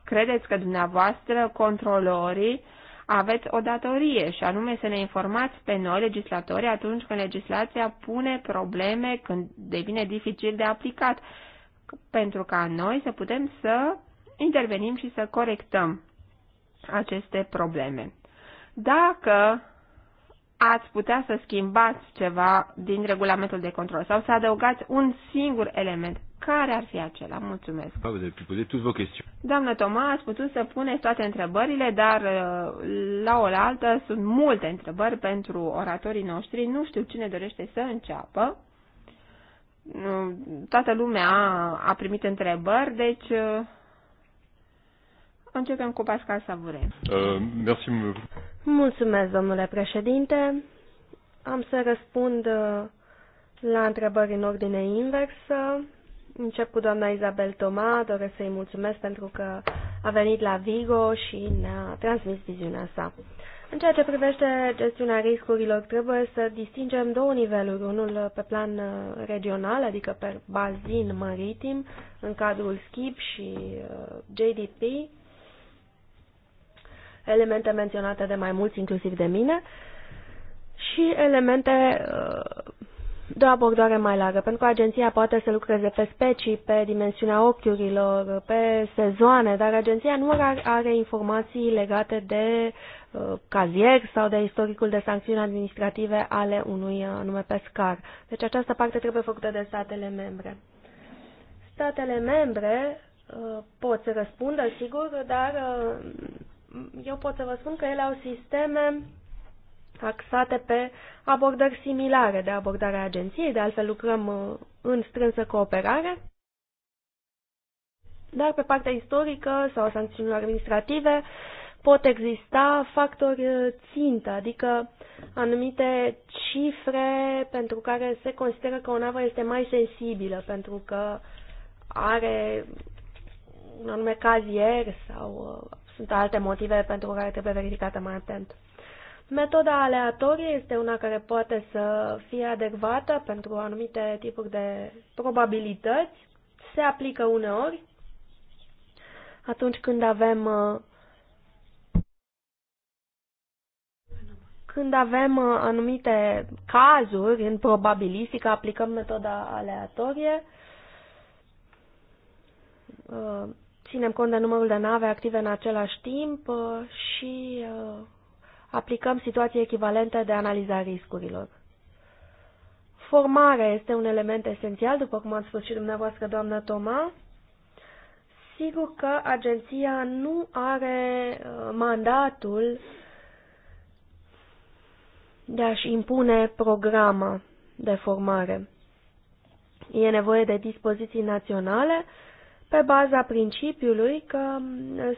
credeți că dumneavoastră, controlorii, aveți o datorie și anume să ne informați pe noi, legislatorii, atunci când legislația pune probleme, când devine dificil de aplicat pentru ca noi să putem să intervenim și să corectăm aceste probleme. Dacă ați putea să schimbați ceva din regulamentul de control sau să adăugați un singur element. Care ar fi acela? Mulțumesc. Ah, Doamnă Toma, ați putut să puneți toate întrebările, dar uh, la oaltă sunt multe întrebări pentru oratorii noștri. Nu știu cine dorește să înceapă toată lumea a primit întrebări, deci uh, începem cu Pascal Savure. Uh, Mulțumesc, domnule președinte. Am să răspund uh, la întrebări în ordine inversă. Încep cu doamna Isabel Toma, doresc să-i mulțumesc pentru că a venit la Vigo și ne-a transmis viziunea sa. În ceea ce privește gestiunea riscurilor, trebuie să distingem două niveluri. Unul pe plan uh, regional, adică pe bazin maritim, în cadrul SCIP și JDP, uh, elemente menționate de mai mulți, inclusiv de mine, și elemente uh, de abordare mai largă, pentru că agenția poate să lucreze pe specii, pe dimensiunea ochiurilor, pe sezoane, dar agenția nu are, are informații legate de Uh, cazier sau de istoricul de sancțiuni administrative ale unui uh, anume pescar. Deci această parte trebuie făcută de statele membre. Statele membre uh, pot să răspundă, sigur, dar eu pot să vă spun că ele au sisteme axate pe abordări similare de abordarea agenției, de altfel lucrăm în strânsă cooperare. Dar pe partea istorică sau sancțiunilor administrative, pot exista factori uh, țintă, adică anumite cifre pentru care se consideră că o navă este mai sensibilă, pentru că are un anume cazier sau uh, sunt alte motive pentru care trebuie verificată mai atent. Metoda aleatorie este una care poate să fie adecvată pentru anumite tipuri de probabilități. Se aplică uneori atunci când avem uh, când avem uh, anumite cazuri în probabilistică, aplicăm metoda aleatorie, uh, ținem cont de numărul de nave active în același timp uh, și aplicăm situații echivalente de analiza riscurilor. Formarea este un element esențial, după cum ați spus și dumneavoastră, doamnă Toma. Sigur că agenția nu are mandatul uh, de a-și impune programa de formare. E nevoie de dispoziții naționale pe baza principiului că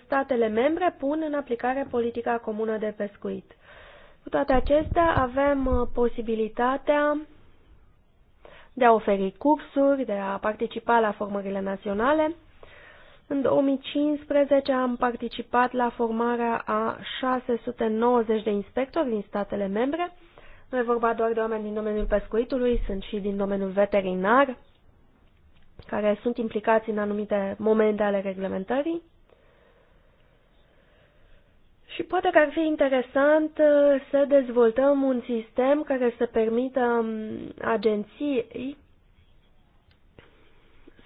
statele membre pun în aplicare politica comună de pescuit. Cu toate acestea, avem uh, posibilitatea de a oferi cursuri, de a participa la formările naționale în 2015 am participat la formarea a 690 de inspectori din statele membre. Nu e vorba doar de oameni din domeniul pescuitului, sunt și din domeniul veterinar, care sunt implicați în anumite momente ale reglementării. Și poate că ar fi interesant uh, să dezvoltăm un sistem care să permită um, agenției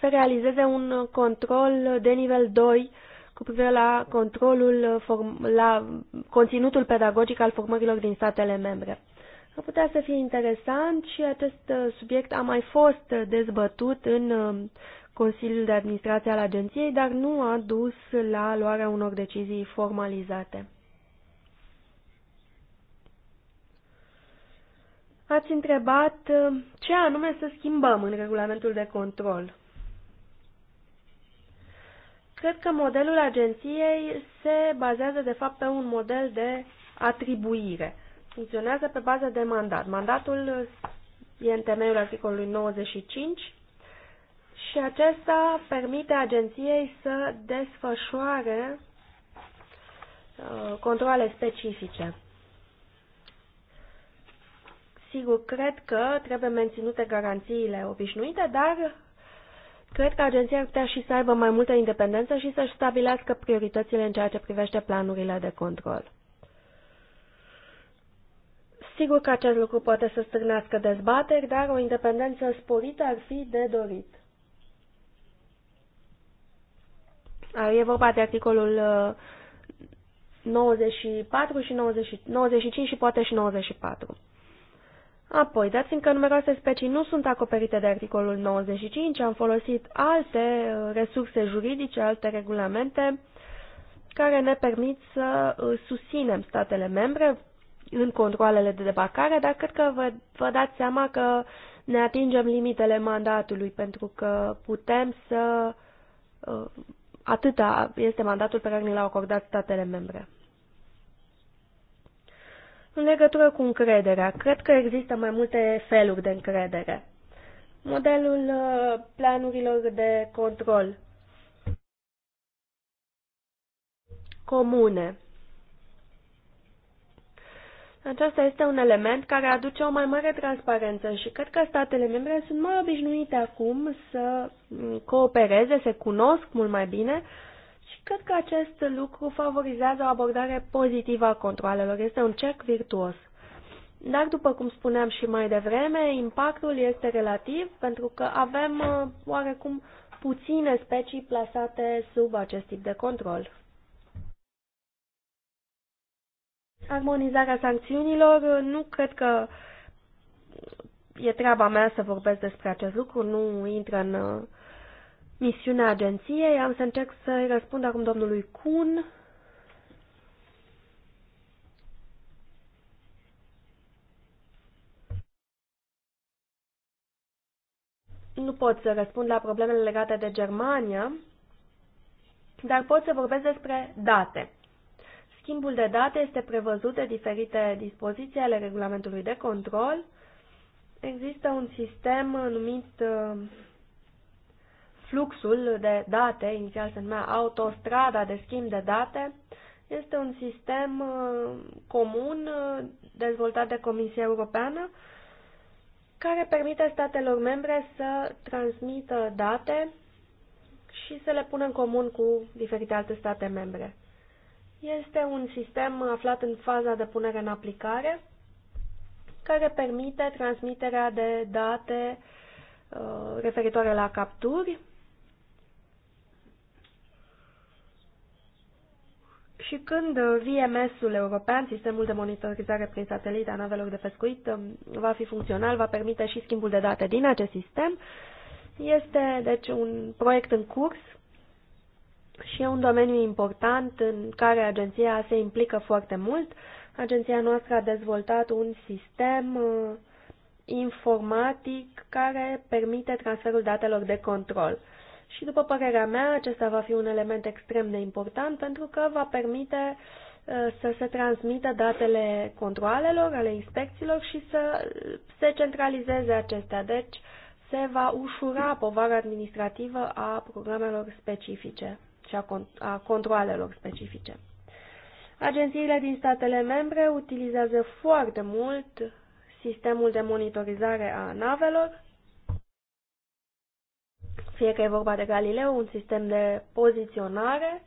să realizeze un control de nivel 2 cu privire la controlul, uh, la conținutul pedagogic al formărilor din statele membre. Ar putea să fie interesant și acest uh, subiect a mai fost dezbătut în uh, Consiliul de Administrație al Agenției, dar nu a dus la luarea unor decizii formalizate. Ați întrebat ce anume să schimbăm în regulamentul de control. Cred că modelul agenției se bazează de fapt pe un model de atribuire. Funcționează pe bază de mandat. Mandatul e în temeiul articolului 95 și acesta permite agenției să desfășoare uh, controle specifice. Sigur, cred că trebuie menținute garanțiile obișnuite, dar Cred că agenția ar putea și să aibă mai multă independență și să-și stabilească prioritățile în ceea ce privește planurile de control. Sigur că acest lucru poate să strânească dezbateri, dar o independență sporită ar fi de dorit. E vorba de articolul 94 uh, și 90, 95 și poate și 94. Apoi, dat fiindcă numeroase specii nu sunt acoperite de articolul 95, am folosit alte uh, resurse juridice, alte regulamente care ne permit să uh, susținem statele membre în controlele de debacare, dar cred că vă, vă dați seama că ne atingem limitele mandatului, pentru că putem să... Uh, atâta este mandatul pe care ni l-au acordat statele membre. În legătură cu încrederea, cred că există mai multe feluri de încredere. Modelul uh, planurilor de control comune. Acesta este un element care aduce o mai mare transparență și cred că statele membre sunt mai obișnuite acum să coopereze, se cunosc mult mai bine și deci, cred că acest lucru favorizează o abordare pozitivă a controalelor. Este un cerc virtuos. Dar, după cum spuneam și mai devreme, impactul este relativ pentru că avem uh, oarecum puține specii plasate sub acest tip de control. Armonizarea sancțiunilor, uh, nu cred că e treaba mea să vorbesc despre acest lucru, nu intră în uh, misiunea agenției. Am să încerc să-i răspund acum domnului Kuhn. Nu pot să răspund la problemele legate de Germania, dar pot să vorbesc despre date. Schimbul de date este prevăzut de diferite dispoziții ale regulamentului de control. Există un sistem numit uh, fluxul de date, inițial se numea autostrada de schimb de date, este un sistem uh, comun uh, dezvoltat de Comisia Europeană care permite statelor membre să transmită date și să le pună în comun cu diferite alte state membre. Este un sistem aflat în faza de punere în aplicare care permite transmiterea de date uh, referitoare la capturi Și când VMS-ul european, sistemul de monitorizare prin satelit a navelor de pescuit, um, va fi funcțional, va permite și schimbul de date din acest sistem. Este, deci, un proiect în curs și e un domeniu important în care agenția se implică foarte mult. Agenția noastră a dezvoltat un sistem uh, informatic care permite transferul datelor de control. Și după părerea mea, acesta va fi un element extrem de important pentru că va permite uh, să se transmită datele controalelor, ale inspecțiilor și să se centralizeze acestea. Deci se va ușura povara administrativă a programelor specifice și a, controalelor specifice. Agențiile din statele membre utilizează foarte mult sistemul de monitorizare a navelor fie că e vorba de Galileo, un sistem de poziționare,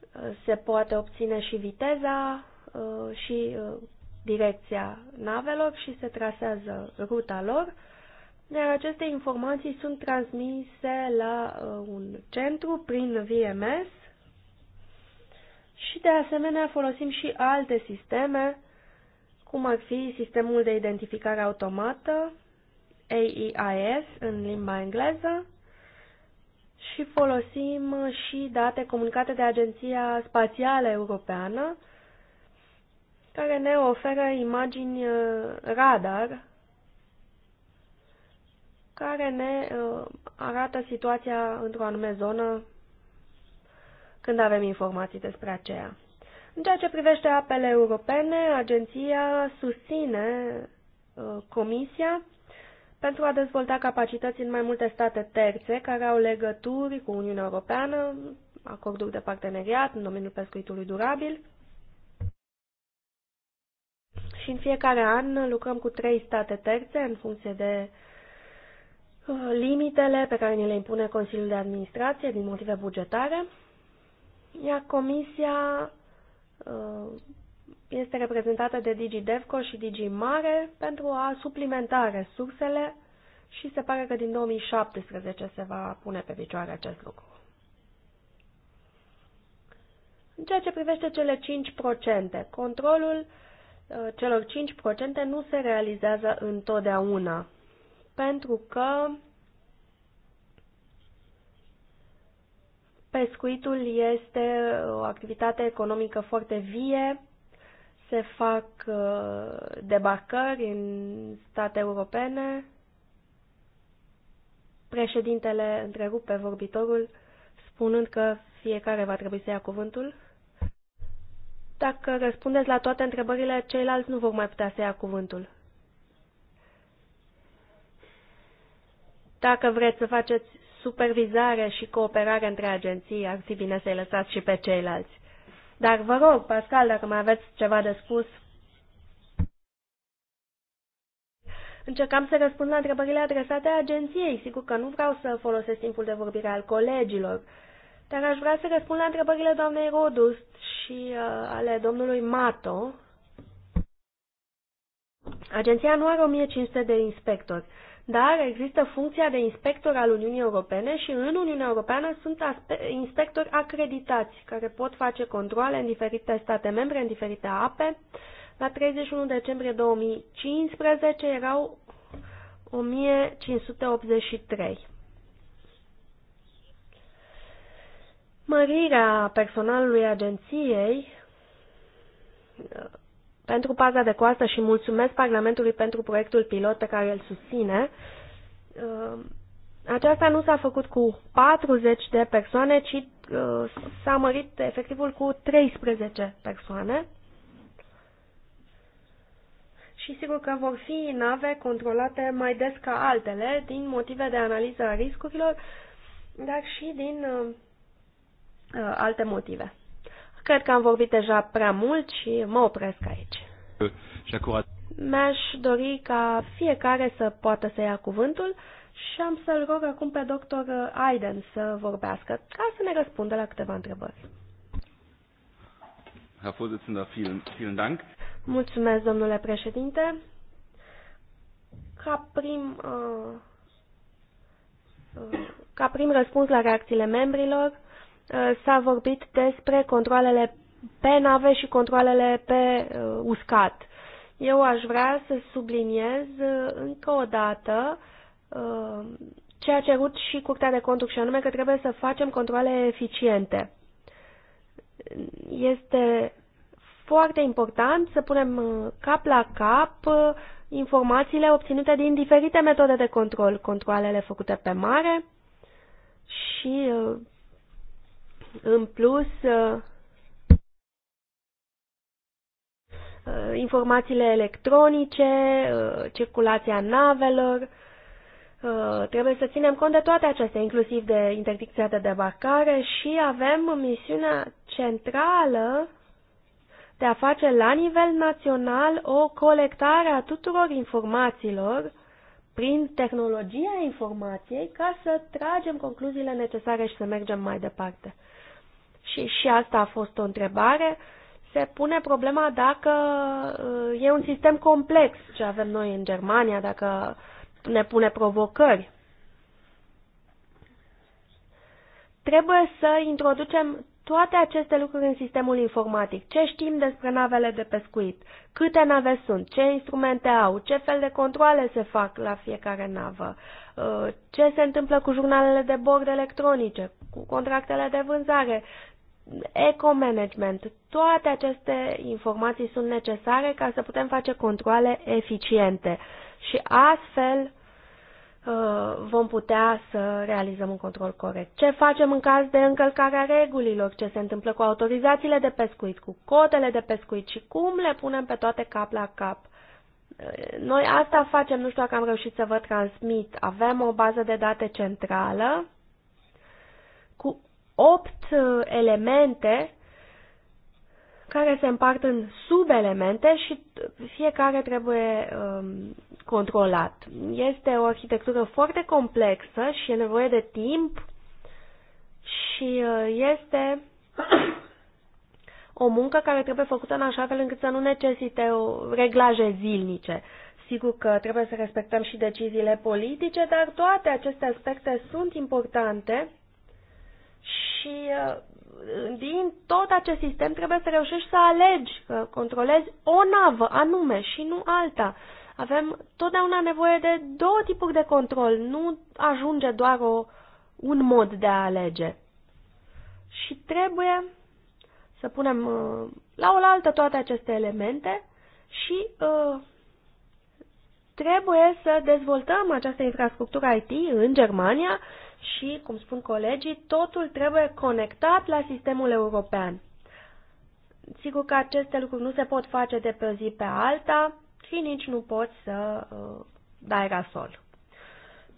uh, se poate obține și viteza uh, și uh, direcția navelor și se trasează ruta lor, iar aceste informații sunt transmise la un centru prin VMS și de asemenea folosim și alte sisteme, cum ar fi sistemul de identificare automată, AEIS în limba engleză și folosim și date comunicate de Agenția Spațială Europeană, care ne oferă imagini uh, radar care ne uh, arată situația într-o anume zonă când avem informații despre aceea. În ceea ce privește apele europene, agenția susține uh, Comisia pentru a dezvolta capacități în mai multe state terțe care au legături cu Uniunea Europeană, acorduri de parteneriat în domeniul pescuitului durabil. Și în fiecare an lucrăm cu trei state terțe în funcție de uh, limitele pe care ni le impune Consiliul de Administrație din motive bugetare, iar Comisia uh, este reprezentată de DigiDevco și DigiMare pentru a suplimenta resursele și se pare că din 2017 se va pune pe picioare acest lucru. În ceea ce privește cele 5%, controlul uh, celor 5% nu se realizează întotdeauna, pentru că pescuitul este uh, o activitate economică foarte vie se fac uh, debarcări în state europene. Președintele întrerupe vorbitorul spunând că fiecare va trebui să ia cuvântul. Dacă răspundeți la toate întrebările, ceilalți nu vor mai putea să ia cuvântul. Dacă vreți să faceți supervizare și cooperare între agenții, ar fi bine să-i lăsați și pe ceilalți. Dar vă rog, Pascal, dacă mai aveți ceva de spus. Încercam să răspund la întrebările adresate agenției. Sigur că nu vreau să folosesc timpul de vorbire al colegilor, dar aș vrea să răspund la întrebările doamnei Rodust și uh, ale domnului Mato. Agenția nu are 1500 de inspectori dar există funcția de inspector al Uniunii Europene și în Uniunea Europeană sunt inspectori acreditați care pot face controle în diferite state membre, în diferite ape. La 31 decembrie 2015 erau 1583. Mărirea personalului agenției pentru paza de coastă și mulțumesc Parlamentului pentru proiectul pilot pe care îl susține. Uh, aceasta nu s-a făcut cu 40 de persoane, ci uh, s-a mărit efectivul cu 13 persoane. Și sigur că vor fi nave controlate mai des ca altele, din motive de analiză a riscurilor, dar și din uh, alte motive. Cred că am vorbit deja prea mult și mă opresc aici. Mi-aș dori ca fiecare să poată să ia cuvântul și am să-l rog acum pe doctor Aiden să vorbească, ca să ne răspundă la câteva întrebări. Mulțumesc, domnule președinte. Ca prim, uh, uh, ca prim răspuns la reacțiile membrilor, Uh, s-a vorbit despre controlele pe nave și controlele pe uh, uscat. Eu aș vrea să subliniez uh, încă o dată ce a cerut și Curtea de Conturi, și anume că trebuie să facem controle eficiente. Este foarte important să punem cap la cap informațiile obținute din diferite metode de control, controlele făcute pe mare și în plus, uh, informațiile electronice, uh, circulația navelor, uh, trebuie să ținem cont de toate acestea, inclusiv de interdicția de debarcare și avem misiunea centrală de a face la nivel național o colectare a tuturor informațiilor prin tehnologia informației ca să tragem concluziile necesare și să mergem mai departe și, și asta a fost o întrebare, se pune problema dacă uh, e un sistem complex ce avem noi în Germania, dacă ne pune provocări. Trebuie să introducem toate aceste lucruri în sistemul informatic. Ce știm despre navele de pescuit? Câte nave sunt? Ce instrumente au? Ce fel de controle se fac la fiecare navă? Uh, ce se întâmplă cu jurnalele de bord electronice? Cu contractele de vânzare? eco-management. Toate aceste informații sunt necesare ca să putem face controle eficiente și astfel uh, vom putea să realizăm un control corect. Ce facem în caz de încălcarea regulilor? Ce se întâmplă cu autorizațiile de pescuit, cu cotele de pescuit și cum le punem pe toate cap la cap? Uh, noi asta facem, nu știu dacă am reușit să vă transmit. Avem o bază de date centrală cu opt uh, elemente care se împart în subelemente și fiecare trebuie um, controlat. Este o arhitectură foarte complexă și e nevoie de timp și uh, este o muncă care trebuie făcută în așa fel încât să nu necesite o reglaje zilnice. Sigur că trebuie să respectăm și deciziile politice, dar toate aceste aspecte sunt importante și uh, din tot acest sistem trebuie să reușești să alegi, să controlezi o navă anume și nu alta. Avem totdeauna nevoie de două tipuri de control, nu ajunge doar o, un mod de a alege. Și trebuie să punem uh, la oaltă toate aceste elemente și uh, trebuie să dezvoltăm această infrastructură IT în Germania și, cum spun colegii, totul trebuie conectat la sistemul european. Sigur că aceste lucruri nu se pot face de pe o zi pe alta și nici nu poți să uh, dai rasol.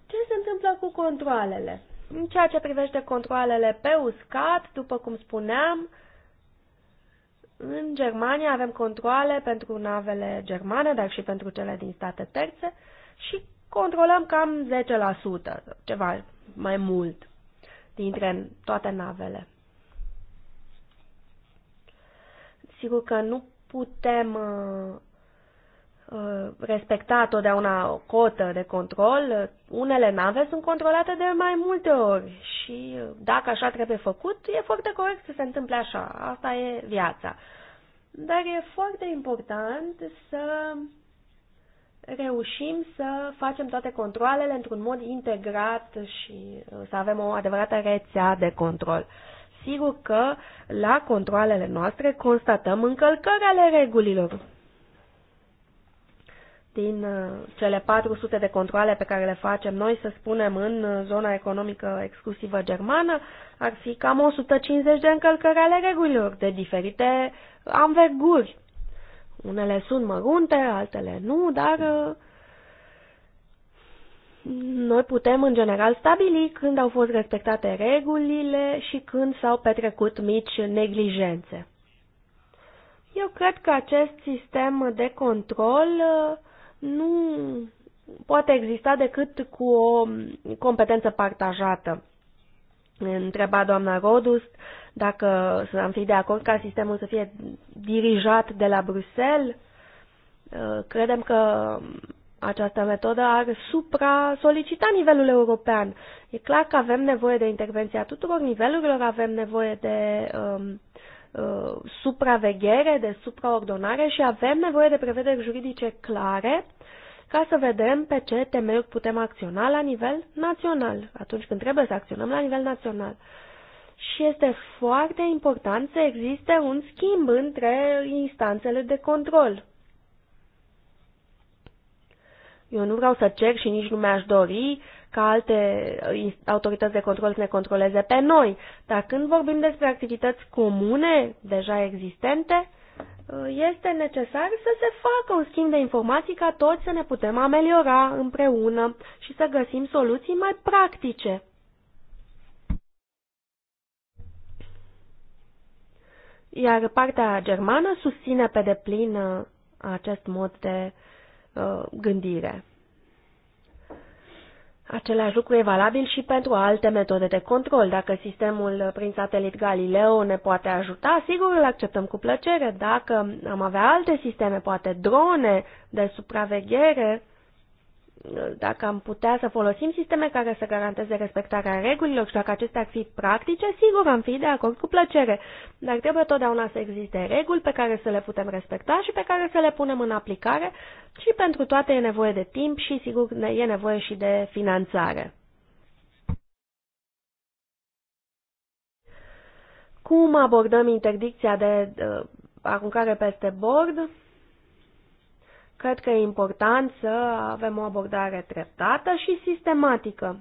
Ce se întâmplă cu controlele? În ceea ce privește controlele pe uscat, după cum spuneam, în Germania avem controle pentru navele germane, dar și pentru cele din state terțe și controlăm cam 10%, ceva mai mult dintre toate navele. Sigur că nu putem uh, uh, respecta totdeauna o cotă de control. Unele nave sunt controlate de mai multe ori și dacă așa trebuie făcut, e foarte corect să se întâmple așa. Asta e viața. Dar e foarte important să reușim să facem toate controlele într-un mod integrat și uh, să avem o adevărată rețea de control. Sigur că la controlele noastre constatăm încălcări ale regulilor. Din uh, cele 400 de controle pe care le facem noi, să spunem, în uh, zona economică exclusivă germană, ar fi cam 150 de încălcări ale regulilor de diferite anverguri unele sunt mărunte, altele nu, dar uh, noi putem în general stabili când au fost respectate regulile și când s-au petrecut mici neglijențe. Eu cred că acest sistem de control uh, nu poate exista decât cu o competență partajată întreba doamna Rodust dacă am fi de acord ca sistemul să fie dirijat de la Bruxelles. Uh, credem că această metodă ar supra-solicita nivelul european. E clar că avem nevoie de intervenția tuturor nivelurilor, avem nevoie de um, uh, supraveghere, de supraordonare și avem nevoie de prevederi juridice clare uh, ca să vedem pe ce temeiuri putem acționa la nivel național, atunci când trebuie să acționăm la nivel național. Și este foarte important să existe un schimb între instanțele de control. Eu nu vreau să cer și nici nu mi-aș dori ca alte autorități de control să ne controleze pe noi, dar când vorbim despre activități comune, deja existente, este necesar să se facă un schimb de informații ca toți să ne putem ameliora împreună și să găsim soluții mai practice. Iar partea germană susține pe deplin uh, acest mod de uh, gândire. Același lucru e valabil și pentru alte metode de control. Dacă sistemul prin satelit Galileo ne poate ajuta, sigur îl acceptăm cu plăcere. Dacă am avea alte sisteme, poate drone de supraveghere, dacă am putea să folosim sisteme care să garanteze respectarea regulilor și dacă acestea ar fi practice, sigur am fi de acord cu plăcere. Dar trebuie totdeauna să existe reguli pe care să le putem respecta și pe care să le punem în aplicare și pentru toate e nevoie de timp și sigur e nevoie și de finanțare. Cum abordăm interdicția de uh, aruncare peste bord? Cred că e important să avem o abordare treptată și sistematică.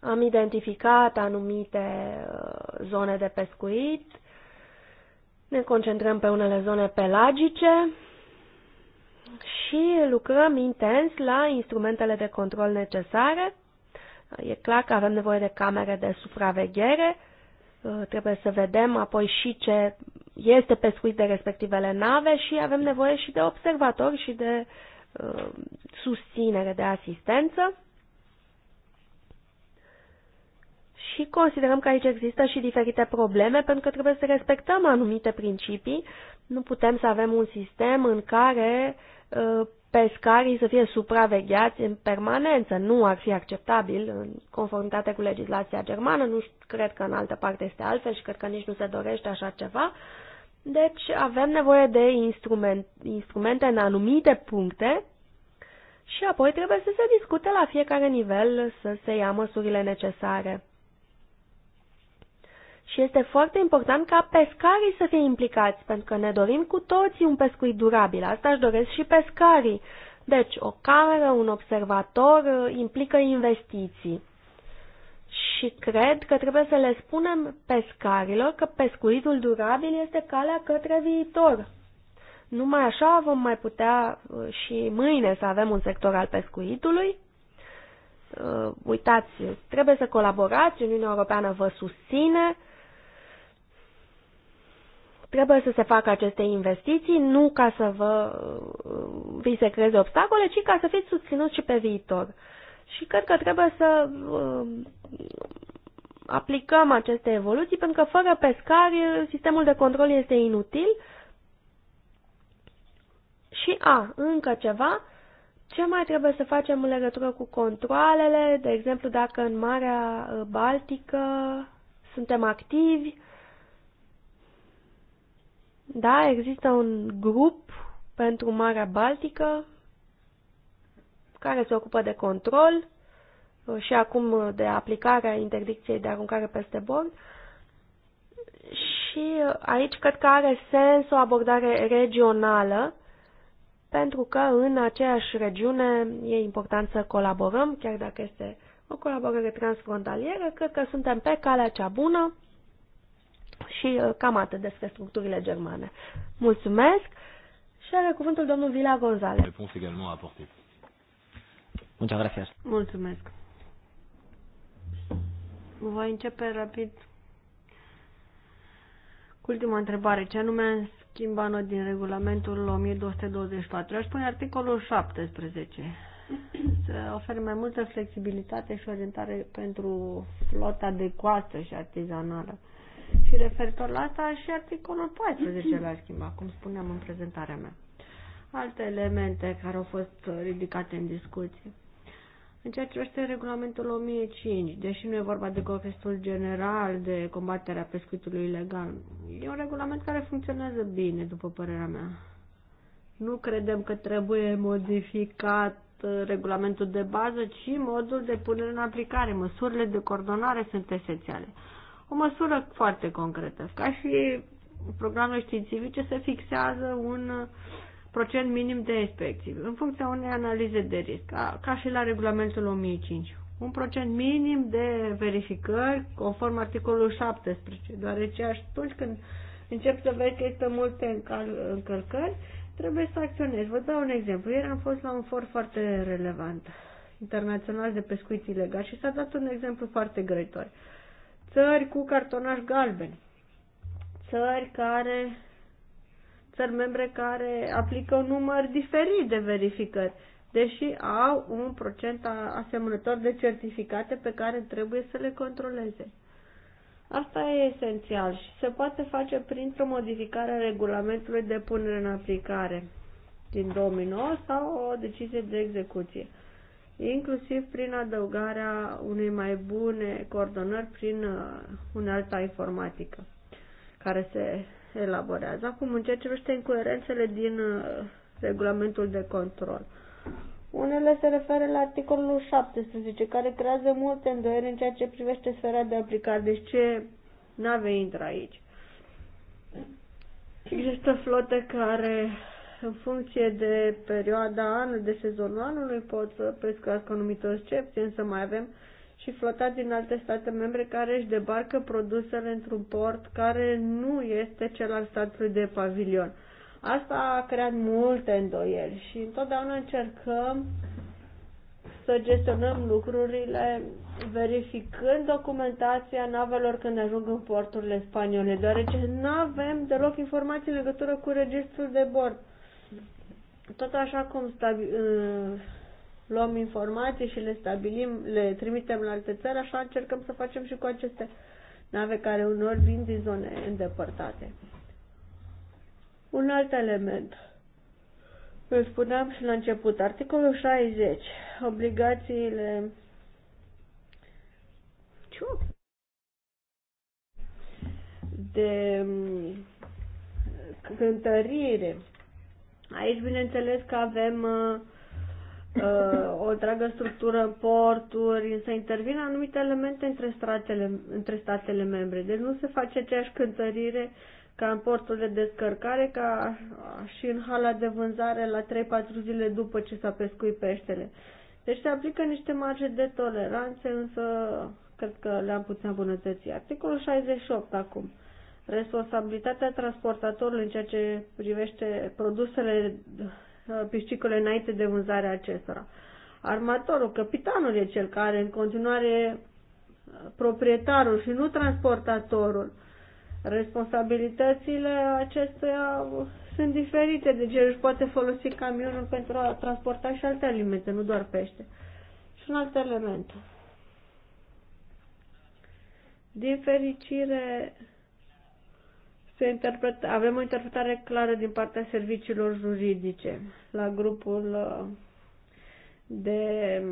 Am identificat anumite uh, zone de pescuit, ne concentrăm pe unele zone pelagice și lucrăm intens la instrumentele de control necesare. E clar că avem nevoie de camere de supraveghere, uh, trebuie să vedem apoi și ce este pescuit de respectivele nave și avem nevoie și de observatori și de uh, susținere, de asistență. Și considerăm că aici există și diferite probleme, pentru că trebuie să respectăm anumite principii. Nu putem să avem un sistem în care uh, pescarii să fie supravegheați în permanență. Nu ar fi acceptabil în conformitate cu legislația germană, nu cred că în altă parte este altfel și cred că nici nu se dorește așa ceva. Deci avem nevoie de instrument, instrumente în anumite puncte și apoi trebuie să se discute la fiecare nivel să se ia măsurile necesare. Și este foarte important ca pescarii să fie implicați, pentru că ne dorim cu toții un pescuit durabil. Asta își doresc și pescarii. Deci, o cameră, un observator implică investiții și cred că trebuie să le spunem pescarilor că pescuitul durabil este calea către viitor. Numai așa vom mai putea uh, și mâine să avem un sector al pescuitului. Uh, uitați, trebuie să colaborați, Uniunea Europeană vă susține, trebuie să se facă aceste investiții, nu ca să vă uh, vi se creeze obstacole, ci ca să fiți susținuți și pe viitor. Și cred că trebuie să uh, aplicăm aceste evoluții, pentru că fără pescari sistemul de control este inutil. Și a, încă ceva, ce mai trebuie să facem în legătură cu controlele, de exemplu dacă în Marea uh, Baltică suntem activi, da, există un grup pentru Marea Baltică, care se ocupă de control uh, și acum uh, de aplicarea interdicției de aruncare peste bord. Și uh, aici cred că are sens o abordare regională, pentru că în aceeași regiune e important să colaborăm, chiar dacă este o colaborare transfrontalieră, cred că suntem pe calea cea bună și cam atât despre structurile germane. Mulțumesc și are cuvântul domnul Vila Gonzalez. Muchas gracias. Mulțumesc. Voi începe rapid cu ultima întrebare. Ce anume schimba noi din regulamentul 1224? Aș spune articolul 17. Să ofere mai multă flexibilitate și orientare pentru flota de coastă și artizanală. Și referitor la asta și articolul 14 l-a schimbat, cum spuneam în prezentarea mea. Alte elemente care au fost ridicate în discuție. În ceea ce privește regulamentul 1005, deși nu e vorba de confestul general de combaterea pescuitului ilegal, e un regulament care funcționează bine, după părerea mea. Nu credem că trebuie modificat uh, regulamentul de bază, ci modul de punere în aplicare. Măsurile de coordonare sunt esențiale. O măsură foarte concretă, ca și programul științifice, se fixează un uh, procent minim de inspecții, în funcția unei analize de risc, ca și la regulamentul 1005. Un procent minim de verificări, conform articolul 17, deoarece atunci când încep să vezi că este multe încălcări, trebuie să acționezi. Vă dau un exemplu. Ieri am fost la un for foarte relevant internațional de pescuit ilegal și s-a dat un exemplu foarte grăitor. Țări cu cartonaș galben, țări care țări membre care aplică un număr diferit de verificări, deși au un procent asemănător de certificate pe care trebuie să le controleze. Asta e esențial și se poate face printr-o modificare a regulamentului de punere în aplicare din 2009 sau o decizie de execuție, inclusiv prin adăugarea unei mai bune coordonări prin uh, unealta informatică care se elaborează. Acum, în ceea ce privește incoerențele din uh, regulamentul de control. Unele se referă la articolul 17, care creează multe îndoieli în ceea ce privește sfera de aplicare. Deci ce nave intră aici? Există flote care, în funcție de perioada anului, de sezonul anului, pot să pescuiască anumite excepții, însă mai avem și flotați din alte state membre care își debarcă produsele într-un port care nu este cel al statului de pavilion. Asta a creat multe îndoieli și întotdeauna încercăm să gestionăm lucrurile verificând documentația navelor când ajung în porturile spaniole, deoarece nu avem deloc informații în legătură cu registrul de bord. Tot așa cum stabi- luăm informații și le stabilim, le trimitem la alte țări, așa încercăm să facem și cu aceste nave care uneori vin din zone îndepărtate. Un alt element. Îl spuneam și la început, articolul 60, obligațiile... Ce? De mm, cântărire. Aici, bineînțeles, că avem uh, Uh, o întreagă structură, porturi, să intervină anumite elemente între, stratele, între statele membre. Deci nu se face aceeași cântărire ca în portul de descărcare, ca și în hala de vânzare la 3-4 zile după ce s-a pescuit peștele. Deci se aplică niște marge de toleranțe, însă cred că le-am putea îmbunătăți. Articolul 68 acum. Responsabilitatea transportatorului în ceea ce privește produsele Uh, piscicole înainte de vânzarea acestora. Armatorul, capitanul e cel care în continuare uh, proprietarul și nu transportatorul. Responsabilitățile acestuia sunt diferite, deci el își poate folosi camionul pentru a transporta și alte alimente, nu doar pește. Și un alt element. Din fericire, se interpret, avem o interpretare clară din partea serviciilor juridice la grupul uh, de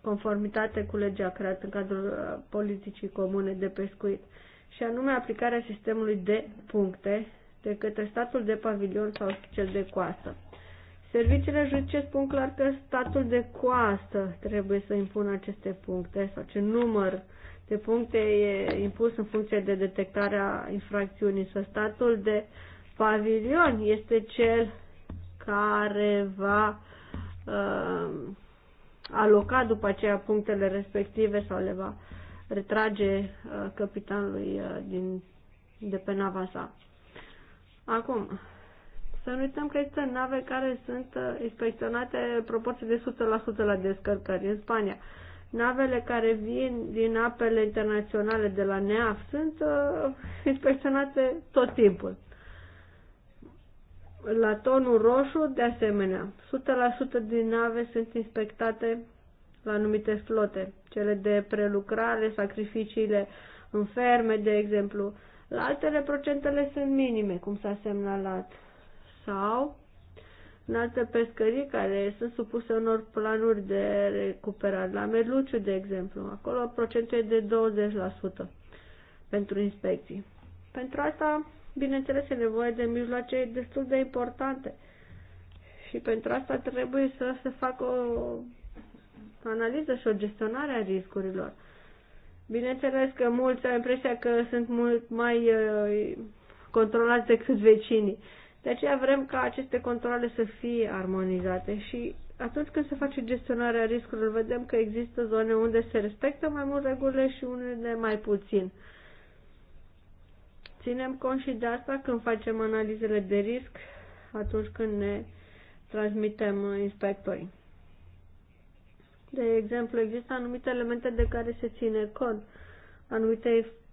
conformitate cu legea creată în cadrul uh, politicii comune de pescuit și anume aplicarea sistemului de puncte de către statul de pavilion sau cel de coastă. Serviciile juridice spun clar că statul de coastă trebuie să impună aceste puncte sau ce număr uh, de puncte e impus în funcție de detectarea infracțiunii. Să statul de pavilion este cel care va uh, aloca după aceea punctele respective sau le va retrage uh, capitanului uh, din, de pe nava sa. Acum, să nu uităm că există nave care sunt uh, inspecționate proporție de 100% la descărcări în Spania. Uh, Navele care vin din apele internaționale de la NEAF sunt uh, inspecționate tot timpul. La tonul roșu, de asemenea, 100% din nave sunt inspectate la anumite flote, cele de prelucrare, sacrificiile în ferme, de exemplu. La altele, procentele sunt minime, cum s-a semnalat. Sau în alte pescării care sunt supuse unor planuri de recuperare. La Merluciu, de exemplu, acolo procentul e de 20% pentru inspecții. Pentru asta, bineînțeles, e nevoie de mijloace destul de importante. Și pentru asta trebuie să se facă o analiză și o gestionare a riscurilor. Bineînțeles că mulți au impresia că sunt mult mai uh, controlați decât vecinii. De aceea vrem ca aceste controle să fie armonizate și atunci când se face gestionarea riscurilor, vedem că există zone unde se respectă mai mult regulile și unele mai puțin. Ținem cont și de asta când facem analizele de risc atunci când ne transmitem inspectorii. De exemplu, există anumite elemente de care se ține cont, anumite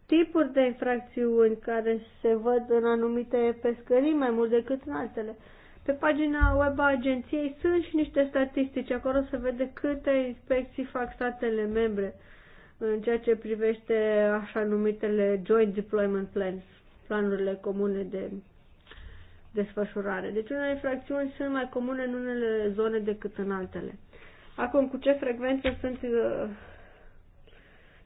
tipuri de infracțiuni care se văd în anumite pescării mai mult decât în altele. Pe pagina web a agenției sunt și niște statistici, acolo se vede câte inspecții fac statele membre în ceea ce privește așa numitele Joint Deployment Plans, planurile comune de desfășurare. Deci unele infracțiuni sunt mai comune în unele zone decât în altele. Acum, cu ce frecvență sunt uh,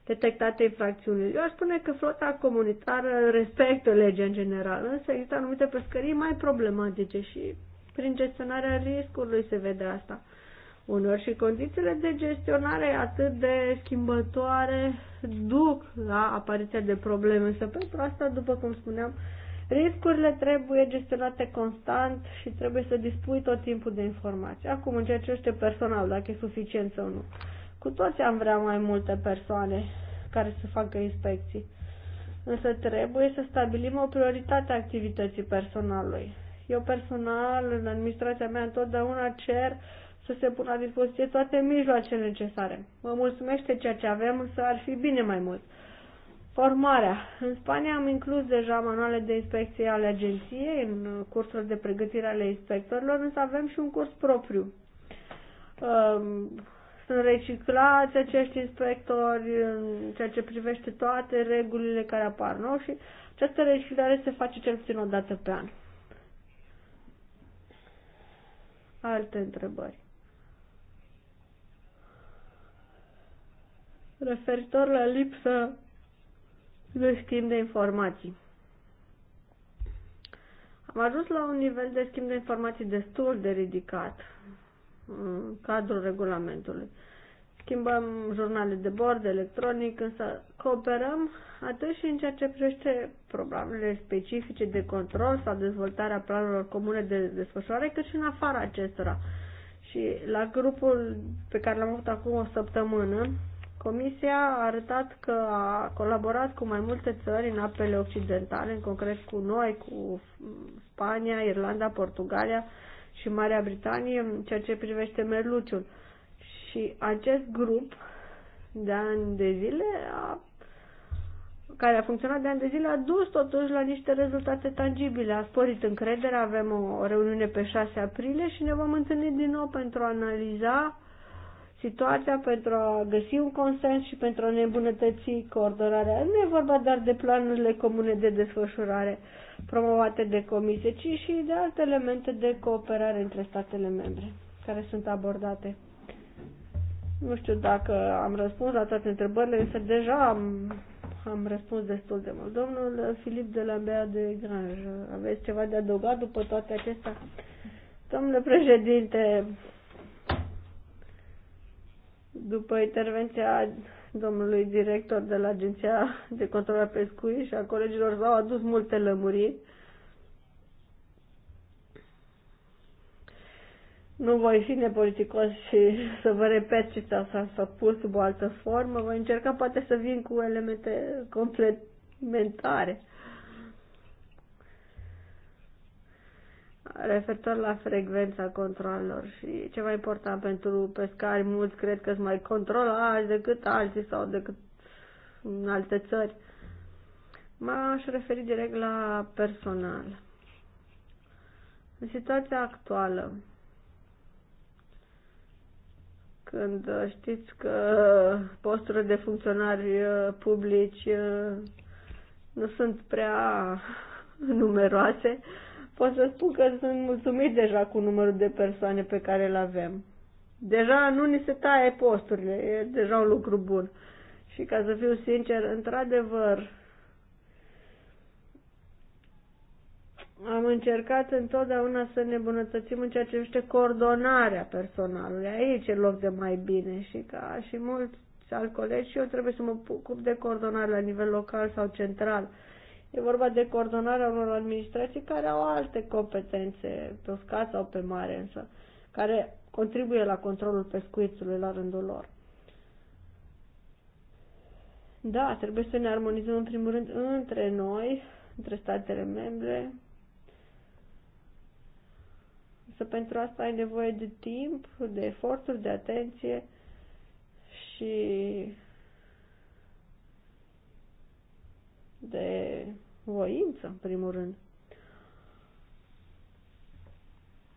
detectate infracțiunile. Eu aș spune că flota comunitară respectă legea în general, însă există anumite pescării mai problematice și prin gestionarea riscului se vede asta. Unor și condițiile de gestionare atât de schimbătoare duc la apariția de probleme, însă pentru asta, după cum spuneam, riscurile trebuie gestionate constant și trebuie să dispui tot timpul de informații. Acum, în ceea ce este personal, dacă e suficient sau nu. Cu toți am vrea mai multe persoane care să facă inspecții. Însă trebuie să stabilim o prioritate a activității personalului. Eu personal, în administrația mea, întotdeauna cer să se pună la dispoziție toate mijloacele necesare. Mă mulțumește ceea ce avem, însă ar fi bine mai mult. Formarea. În Spania am inclus deja manuale de inspecție ale agenției în cursurile de pregătire ale inspectorilor, însă avem și un curs propriu sunt reciclați acești inspectori în ceea ce privește toate regulile care apar nou și această reciclare se face cel puțin o dată pe an. Alte întrebări. Referitor la lipsă de schimb de informații. Am ajuns la un nivel de schimb de informații destul de ridicat cadrul regulamentului. Schimbăm jurnale de bord electronic, însă cooperăm atât și în ceea ce privește problemele specifice de control sau dezvoltarea planurilor comune de desfășurare, cât și în afara acestora. Și la grupul pe care l-am avut acum o săptămână, Comisia a arătat că a colaborat cu mai multe țări în apele occidentale, în concret cu noi, cu Spania, Irlanda, Portugalia, și Marea Britanie în ceea ce privește merluciul. Și acest grup de ani de zile a, care a funcționat de ani de zile a dus totuși la niște rezultate tangibile. A sporit încrederea, avem o, o reuniune pe 6 aprilie și ne vom întâlni din nou pentru a analiza situația, pentru a găsi un consens și pentru a ne îmbunătăți coordonarea. Nu e vorba doar de planurile comune de desfășurare promovate de comisie, ci și de alte elemente de cooperare între statele membre care sunt abordate. Nu știu dacă am răspuns la toate întrebările, însă deja am, am răspuns destul de mult. Domnul Filip de la Bea de Granj, aveți ceva de adăugat după toate acestea? Domnule președinte, după intervenția domnului director de la Agenția de Control al Pescuit și a colegilor s-au adus multe lămuriri. Nu voi fi nepoliticos și să vă repet ce s-a spus sub o altă formă. Voi încerca poate să vin cu elemente complementare. referitor la frecvența controlelor și ceva important pentru pescari, mulți cred că sunt mai controlați decât alții sau decât în alte țări. M-aș referi direct la personal. În situația actuală, când știți că posturile de funcționari uh, publici uh, nu sunt prea numeroase, uh, pot să spun că sunt mulțumit deja cu numărul de persoane pe care îl avem. Deja nu ni se taie posturile, e deja un lucru bun. Și ca să fiu sincer, într-adevăr, am încercat întotdeauna să ne bunătățim în ceea ce este coordonarea personalului. Aici e loc de mai bine și ca și mulți alți colegi și eu trebuie să mă ocup de coordonare la nivel local sau central E vorba de coordonarea unor administrații care au alte competențe pe uscat sau pe mare, însă, care contribuie la controlul pescuitului la rândul lor. Da, trebuie să ne armonizăm în primul rând între noi, între statele membre. Să pentru asta ai nevoie de timp, de eforturi, de atenție și de voință, în primul rând.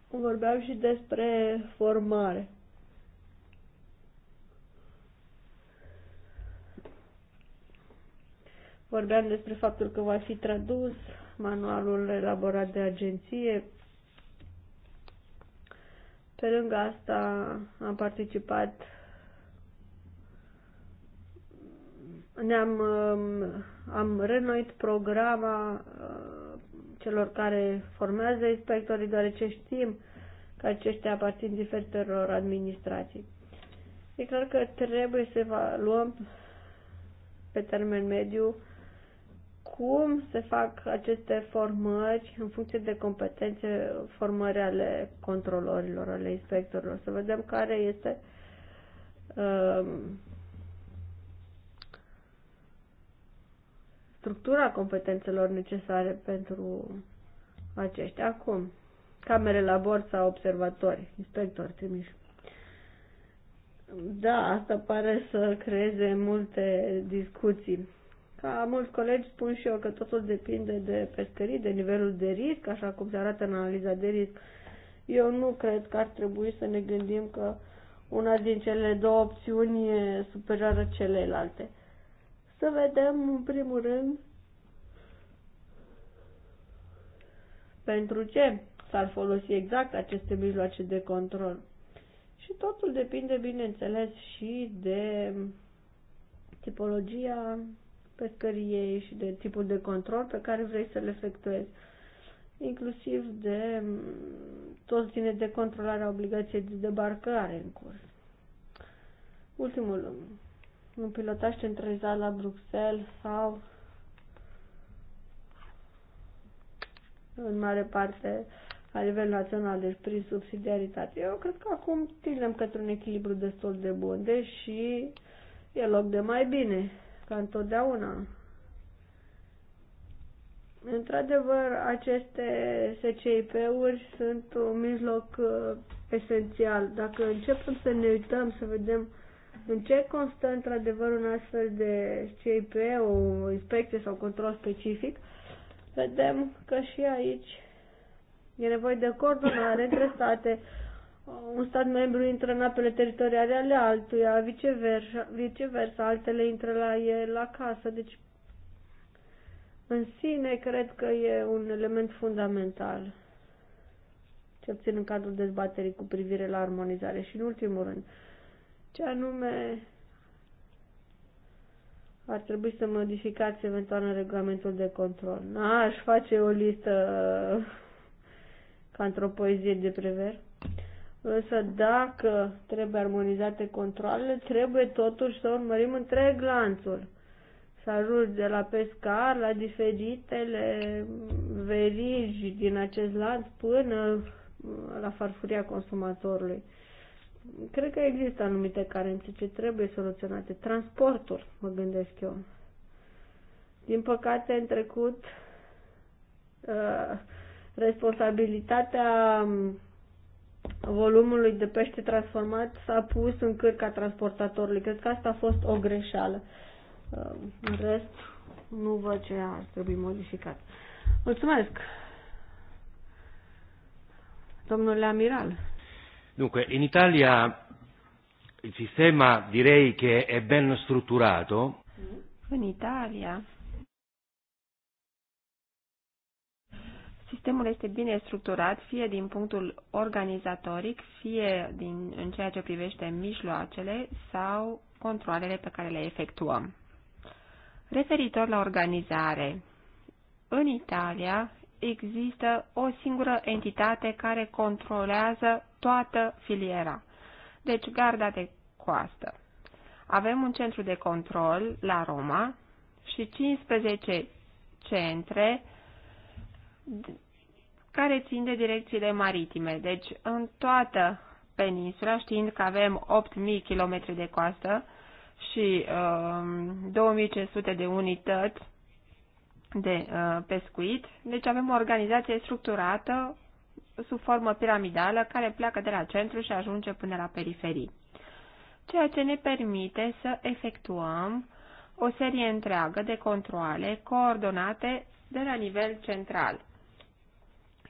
Vorbeam și despre formare. Vorbeam despre faptul că va fi tradus manualul elaborat de agenție. Pe lângă asta am participat ne-am um, am renoit programa uh, celor care formează inspectorii, deoarece știm că aceștia aparțin diferitelor administrații. E clar că trebuie să evaluăm pe termen mediu cum se fac aceste formări în funcție de competențe, formări ale controlorilor, ale inspectorilor, să vedem care este um, structura competențelor necesare pentru aceștia. Acum, camere la bord sau observatori, inspectori trimiși. Da, asta pare să creeze multe discuții. Ca mulți colegi spun și eu că totul depinde de pescării, de nivelul de risc, așa cum se arată în analiza de risc. Eu nu cred că ar trebui să ne gândim că una din cele două opțiuni e superioară celelalte. Să vedem, în primul rând, pentru ce s-ar folosi exact aceste mijloace de control. Și totul depinde, bineînțeles, și de tipologia pescăriei și de tipul de control pe care vrei să-l efectuezi. Inclusiv de tot ține de controlarea obligației de debarcare în curs. Ultimul un pilotaj centralizat la Bruxelles sau în mare parte la nivel național, deci prin subsidiaritate. Eu cred că acum tindem către un echilibru destul de bun, deși e loc de mai bine, ca întotdeauna. Într-adevăr, aceste SCIP-uri sunt un mijloc uh, esențial. Dacă începem să ne uităm, să vedem uh, în ce constă într-adevăr un astfel de CIP, o inspecție sau control specific, vedem că și aici e nevoie de coordonare între state, un stat membru intră în apele teritoriale ale altuia, viceversa, viceversa altele intră la el la casă. Deci, în sine, cred că e un element fundamental, cel puțin în cadrul dezbaterii cu privire la armonizare. Și, în ultimul rând, ce anume ar trebui să modificați eventual în regulamentul de control. N-aș face o listă ca într-o poezie de prever. Însă dacă trebuie armonizate controlele, trebuie totuși să urmărim întreg lanțul. Să ajungi de la pescar la diferitele verigi din acest lanț până la farfuria consumatorului. Cred că există anumite carențe ce trebuie soluționate. Transportul, mă gândesc eu. Din păcate, în trecut, uh, responsabilitatea um, volumului de pește transformat s-a pus în cârca transportatorului. Cred că asta a fost o greșeală. Uh, în rest, nu văd ce ar trebui modificat. Mulțumesc! Domnule Amiral! Dunque, in Italia il sistema direi che è ben strutturato. In Italia sistemul este bine structurat, fie din punctul organizatoric, fie din, în ceea ce privește mijloacele sau controlele pe care le efectuăm. Referitor la organizare, în Italia există o singură entitate care controlează toată filiera, deci garda de coastă. Avem un centru de control la Roma și 15 centre care țin de direcțiile maritime, deci în toată peninsula, știind că avem 8.000 km de coastă și uh, um, 2500 de unități de uh, pescuit, deci avem o organizație structurată sub formă piramidală care pleacă de la centru și ajunge până la periferii, ceea ce ne permite să efectuăm o serie întreagă de controle coordonate de la nivel central.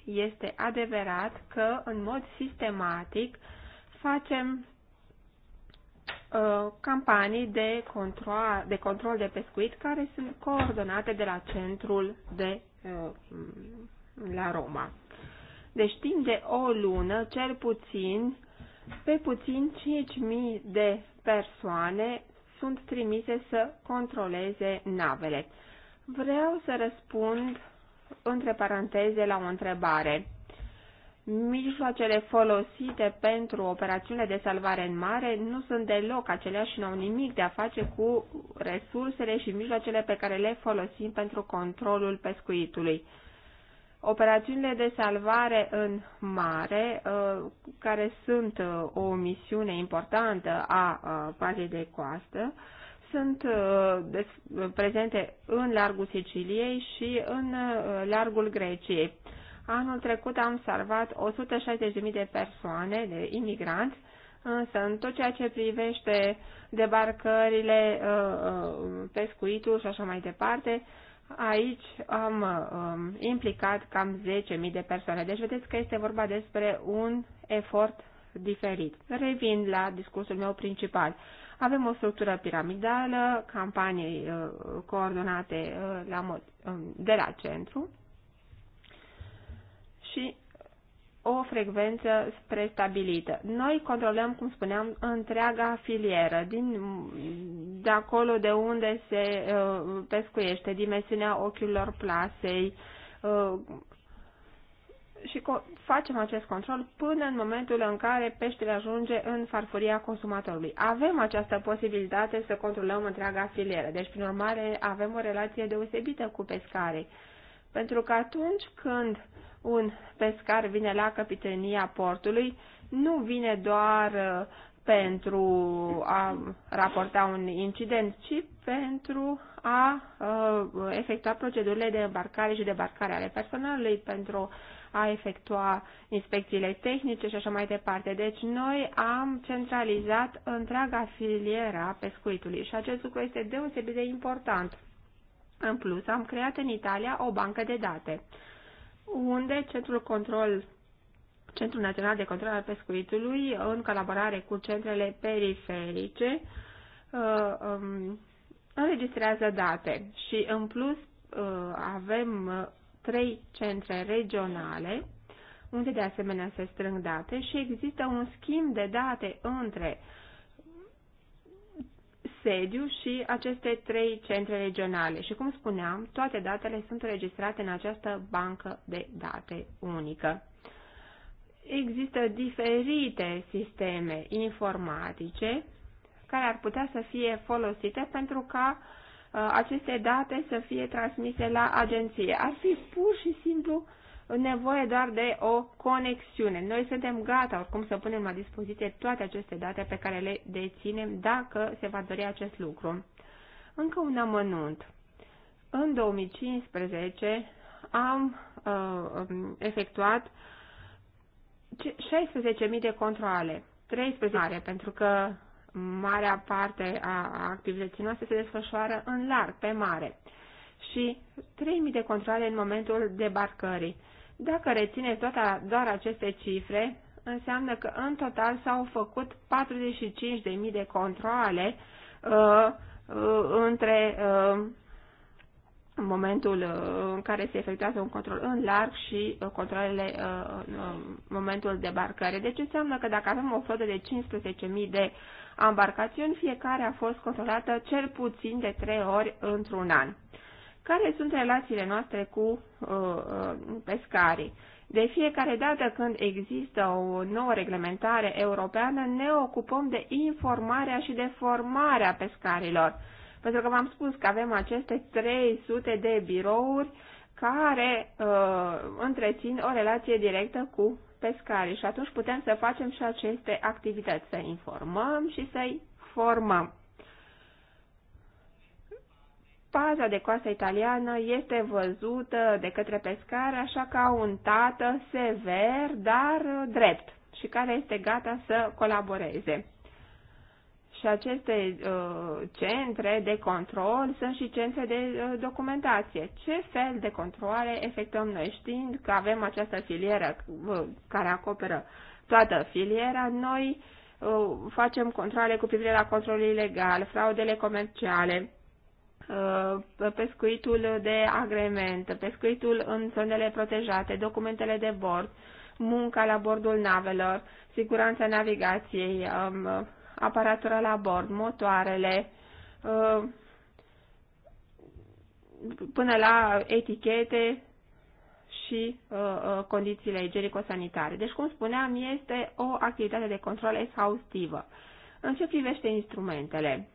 Este adevărat că, în mod sistematic, facem uh, campanii de control, de control de pescuit care sunt coordonate de la centrul de uh, la Roma. Deci timp de o lună, cel puțin, pe puțin 5.000 de persoane sunt trimise să controleze navele. Vreau să răspund între paranteze la o întrebare. Mijloacele folosite pentru operațiunile de salvare în mare nu sunt deloc aceleași și n-au nimic de a face cu resursele și mijloacele pe care le folosim pentru controlul pescuitului. Operațiunile de salvare în mare, uh, care sunt uh, o misiune importantă a uh, pazei de coastă, sunt prezente în largul Siciliei și în largul Greciei. Anul trecut am salvat 160.000 de persoane, de imigranți, însă în tot ceea ce privește debarcările, pescuitul și așa mai departe, Aici am um, implicat cam 10.000 de persoane. Deci vedeți că este vorba despre un efort diferit. Revin la discursul meu principal. Avem o structură piramidală, campanii uh, coordonate uh, la mod, um, de la centru și o frecvență prestabilită. Noi controlăm, cum spuneam, întreaga filieră, din, de acolo de unde se uh, pescuiește, dimensiunea ochiilor plasei uh, și facem acest control până în momentul în care peștele ajunge în farfuria consumatorului. Avem această posibilitate să controlăm întreaga filieră, deci, prin urmare, avem o relație deosebită cu pescare, pentru că atunci când uh, un pescar vine la capitania portului, nu vine doar uh, pentru a raporta un incident, ci pentru a uh, efectua procedurile de îmbarcare și debarcare ale personalului, pentru a efectua inspecțiile tehnice și așa mai departe. Deci noi am centralizat întreaga filiera pescuitului și acest lucru este deosebit de important. În plus, am creat în Italia o bancă de date unde Centrul Control Centrul Național de Control al Pescuitului, în colaborare cu centrele periferice, uh, um, înregistrează date și, în plus, uh, avem uh, trei centre regionale, unde de asemenea se strâng date și există un schimb de date între uh, sediu și aceste trei centre regionale. Și cum spuneam, toate datele sunt registrate în această bancă de date unică. Există diferite sisteme informatice care ar putea să fie folosite pentru ca uh, aceste date să fie transmise la agenție. Ar fi pur și simplu uh, nevoie doar de o conexiune. Noi suntem gata oricum să punem la dispoziție toate aceste date pe care le deținem dacă se va dori acest lucru. Încă un amănunt. În 2015 am uh, um, efectuat 16.000 de controle, 13 mare, pentru că marea parte a activității noastre se desfășoară în larg, pe mare, și 3.000 de controle în momentul debarcării. Dacă rețineți toată, doar aceste cifre, înseamnă că în total s-au făcut 45.000 de controle uh, uh, între uh, momentul uh, în care se efectuează un control în larg și uh, controlele uh, în uh, momentul debarcării. Deci înseamnă că dacă avem o flotă de 15.000 de embarcațiuni, fiecare a fost controlată cel puțin de 3 ori într-un an care sunt relațiile noastre cu uh, uh, pescarii. De fiecare dată când există o nouă reglementare europeană, ne ocupăm de informarea și de formarea pescarilor. Pentru că v-am spus că avem aceste 300 de birouri care uh, întrețin o relație directă cu pescarii și atunci putem să facem și aceste activități, să informăm și să-i formăm. Faza de coastă italiană este văzută de către pescare așa ca un tată sever, dar uh, drept și care este gata să colaboreze. Și aceste uh, centre de control sunt și centre de uh, documentație. Ce fel de controle efectuăm noi? Știind că avem această filieră uh, care acoperă toată filiera, noi uh, facem controle cu privire la controlul ilegal, fraudele comerciale, Uh, pescuitul de agrement, pescuitul în zonele protejate, documentele de bord, munca la bordul navelor, siguranța navigației, um, aparatura la bord, motoarele, uh, până la etichete și uh, condițiile igienico-sanitare. Deci, cum spuneam, este o activitate de control exhaustivă. În ce privește instrumentele?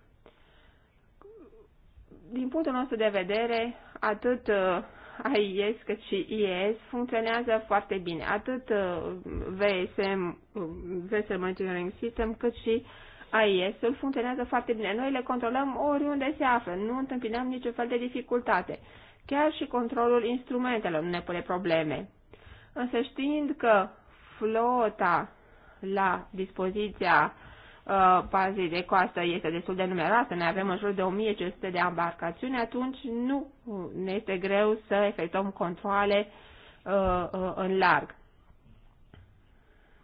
din punctul nostru de vedere, atât uh, AIS cât și IES funcționează foarte bine, atât uh, VSM, uh, Vessel Monitoring System, cât și AIS-ul funcționează foarte bine. Noi le controlăm oriunde se află, nu întâmpinăm niciun fel de dificultate. Chiar și controlul instrumentelor nu ne pune probleme. Însă știind că flota la dispoziția Uh, pazii de coastă este destul de numeroasă, ne avem în jur de 1500 de embarcațiuni, atunci nu ne este greu să efectuăm controle uh, uh, în larg.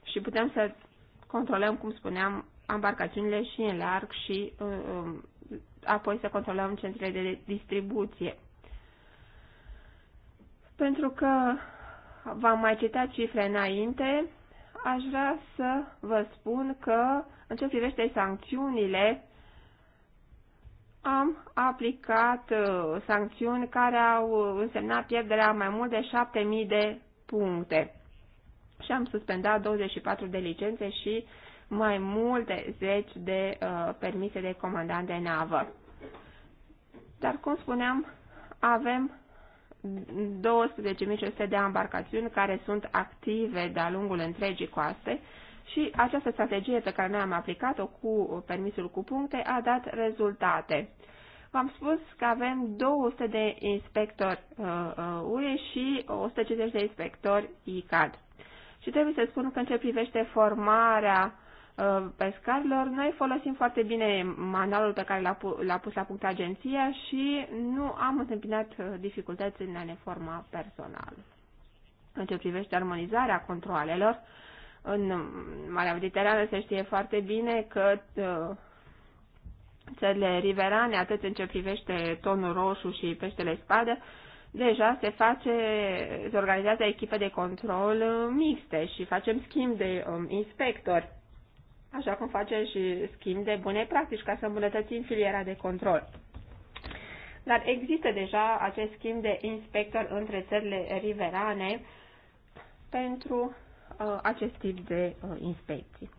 Și putem să controlăm, cum spuneam, embarcațiunile și în larg și um, apoi să controlăm centrele de distribuție. Pentru că v-am mai citat cifre înainte, aș vrea să vă spun că în ce privește sancțiunile, am aplicat uh, sancțiuni care au uh, însemnat pierderea mai mult de 7.000 de puncte și am suspendat 24 de licențe și mai multe zeci de uh, permise de comandant de navă. Dar, cum spuneam, avem 12.600 de embarcațiuni care sunt active de-a lungul întregii coaste și această strategie pe care noi am aplicat-o cu permisul cu puncte a dat rezultate. V-am spus că avem 200 de inspectori UE uh, uh, și 150 de inspectori ICAD. Și trebuie să spun că în ce privește formarea uh, pescarilor, noi folosim foarte bine manualul pe care l-a pus la punct agenția și nu am întâmpinat dificultăți în a ne forma personal. În ce privește armonizarea controalelor, în Marea Mediterană se știe foarte bine că uh, țările riverane, atât în ce privește tonul roșu și peștele spadă, deja se face, se organizează echipe de control uh, mixte și facem schimb de um, inspectori, așa cum facem și schimb de bune practici ca să îmbunătățim filiera de control. Dar există deja acest schimb de inspector între țările riverane pentru Uh, acest tip de uh, inspecții.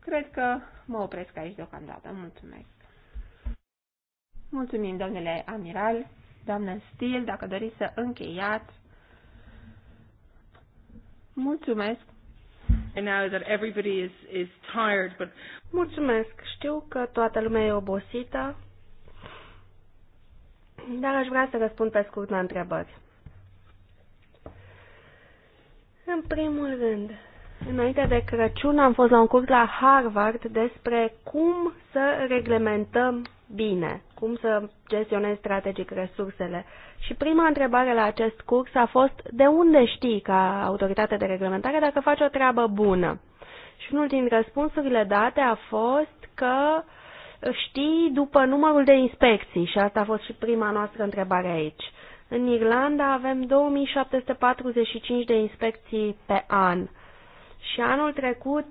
Cred că mă opresc aici deocamdată. Mulțumesc. Mulțumim, domnule amiral, doamnă Stil, dacă doriți să încheiați. Mulțumesc. And now that everybody is, is tired, but... Mulțumesc. Știu că toată lumea e obosită, dar aș vrea să răspund pe scurt la întrebări. În primul rând, înainte de Crăciun am fost la un curs la Harvard despre cum să reglementăm bine, cum să gestionezi strategic resursele. Și prima întrebare la acest curs a fost de unde știi ca autoritate de reglementare dacă faci o treabă bună? Și unul din răspunsurile date a fost că știi după numărul de inspecții și asta a fost și prima noastră întrebare aici. În Irlanda avem 2745 de inspecții pe an și anul trecut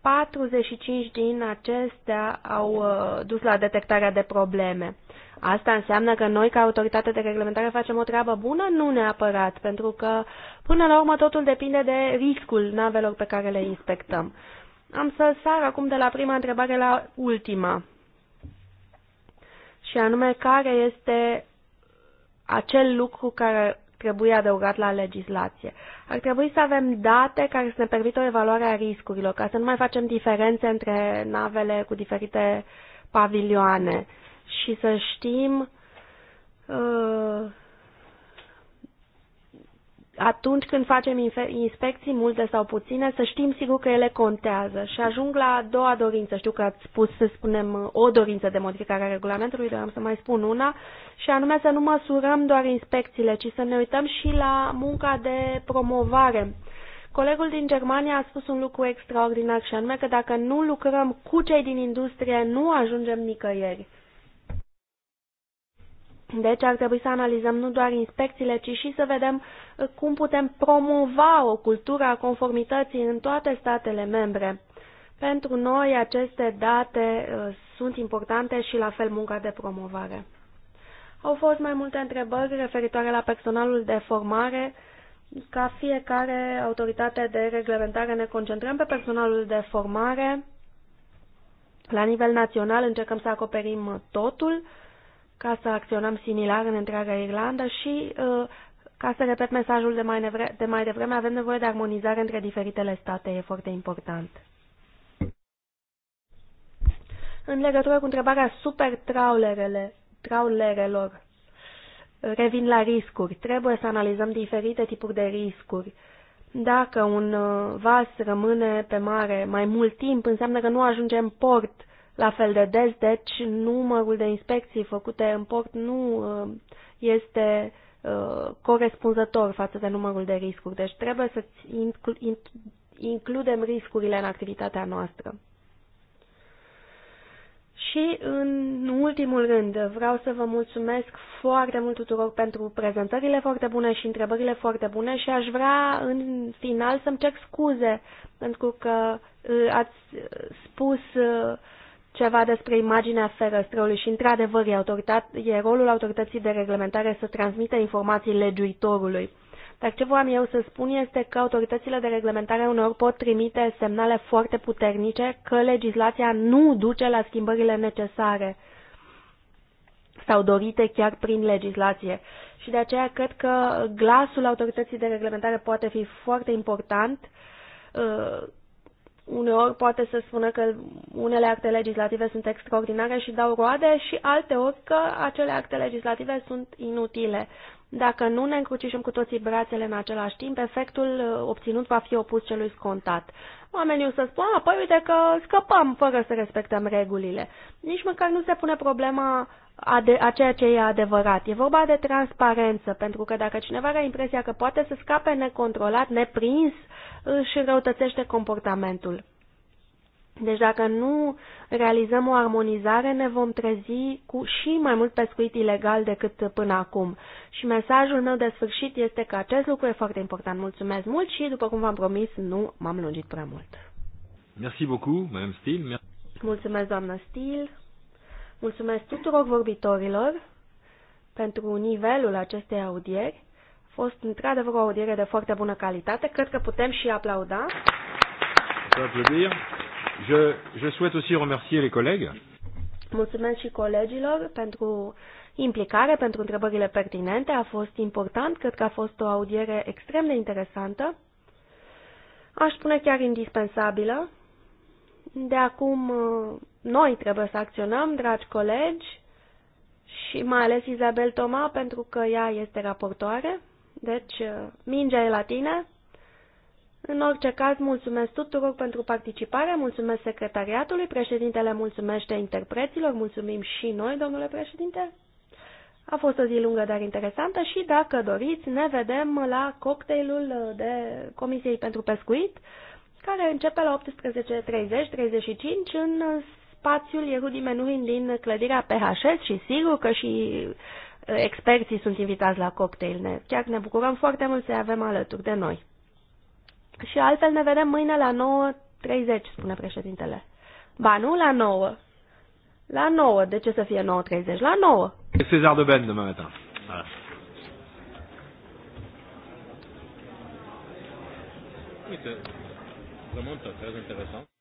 45 din acestea au dus la detectarea de probleme. Asta înseamnă că noi, ca autoritate de reglementare, facem o treabă bună? Nu neapărat, pentru că, până la urmă, totul depinde de riscul navelor pe care le inspectăm. Am să sar acum de la prima întrebare la ultima, și anume care este acel lucru care trebuie adăugat la legislație. Ar trebui să avem date care să ne permită o evaluare a riscurilor, ca să nu mai facem diferențe între navele cu diferite pavilioane și să știm uh, atunci când facem inspecții, multe sau puține, să știm sigur că ele contează. Și ajung la a doua dorință. Știu că ați spus să spunem o dorință de modificare a regulamentului, dar am să mai spun una, și anume să nu măsurăm doar inspecțiile, ci să ne uităm și la munca de promovare. Colegul din Germania a spus un lucru extraordinar și anume că dacă nu lucrăm cu cei din industrie, nu ajungem nicăieri. Deci ar trebui să analizăm nu doar inspecțiile, ci și să vedem uh, cum putem promova o cultură a conformității în toate statele membre. Pentru noi aceste date uh, sunt importante și la fel munca de promovare. Au fost mai multe întrebări referitoare la personalul de formare. Ca fiecare autoritate de reglementare ne concentrăm pe personalul de formare. La nivel național încercăm să acoperim totul ca să acționăm similar în întreaga Irlanda și, uh, ca să repet mesajul de mai, nevre, de mai devreme, avem nevoie de armonizare între diferitele state, e foarte important. În legătură cu întrebarea super traulerele, traulerelor, revin la riscuri. Trebuie să analizăm diferite tipuri de riscuri. Dacă un uh, vas rămâne pe mare mai mult timp, înseamnă că nu ajunge în port la fel de des, deci numărul de inspecții făcute în port nu uh, este uh, corespunzător față de numărul de riscuri. Deci trebuie să includem riscurile în activitatea noastră. Și în ultimul rând, vreau să vă mulțumesc foarte mult tuturor pentru prezentările foarte bune și întrebările foarte bune și aș vrea în final să-mi cer scuze pentru că uh, ați spus ceva despre imaginea ferăstrăului și, într-adevăr, e, e rolul autorității de reglementare să transmită informații legiuitorului. Dar ce voiam eu să spun este că autoritățile de reglementare uneori pot trimite semnale foarte puternice că legislația nu duce la schimbările necesare sau dorite chiar prin legislație. Și de aceea cred că glasul autorității de reglementare poate fi foarte important uh, uneori poate să spună că unele acte legislative sunt extraordinare și dau roade și alteori că acele acte legislative sunt inutile. Dacă nu ne încrucișăm cu toții brațele în același timp, efectul uh, obținut va fi opus celui scontat. Oamenii o să spună, apoi uite că scăpăm fără să respectăm regulile. Nici măcar nu se pune problema a ceea ce e adevărat. E vorba de transparență, pentru că dacă cineva are impresia că poate să scape necontrolat, neprins, uh, își răutățește comportamentul. Deci dacă nu realizăm o armonizare, ne vom trezi cu și mai mult pescuit ilegal decât până acum. Și mesajul meu de sfârșit este că acest lucru e foarte important. Mulțumesc mult și, după cum v-am promis, nu m-am lungit prea mult. Merci beaucoup, Madame Steele. Mulțumesc, doamnă Stil. Mulțumesc tuturor vorbitorilor pentru nivelul acestei audieri fost într-adevăr o audiere de foarte bună calitate. Cred că putem și aplauda. Je, je souhaite aussi remercier les collègues. Mulțumesc și colegilor pentru implicare, pentru întrebările pertinente. A fost important, cred că a fost o audiere extrem de interesantă. Aș spune chiar indispensabilă. De acum uh, noi trebuie să acționăm, dragi colegi, și mai ales Izabel Toma, pentru că ea este raportoare. Deci, uh, mingea e la tine. În orice caz, mulțumesc tuturor pentru participare, mulțumesc secretariatului, președintele mulțumește interpreților, mulțumim și noi, domnule președinte. A fost o zi lungă, dar interesantă și, dacă doriți, ne vedem la cocktailul uh, de Comisiei pentru Pescuit, care începe la 18.30-35 în uh, spațiul Ierudimenuin din clădirea PHS și sigur că și experții sunt invitați la cocktail. Ne, chiar ne bucurăm foarte mult să-i avem alături de noi. Și altfel ne vedem mâine la 9.30, spune președintele. Ba nu, la 9. La 9. De ce să fie 9.30? La 9. Este César de bende, mă metam. Uite, remontă, foarte interesant.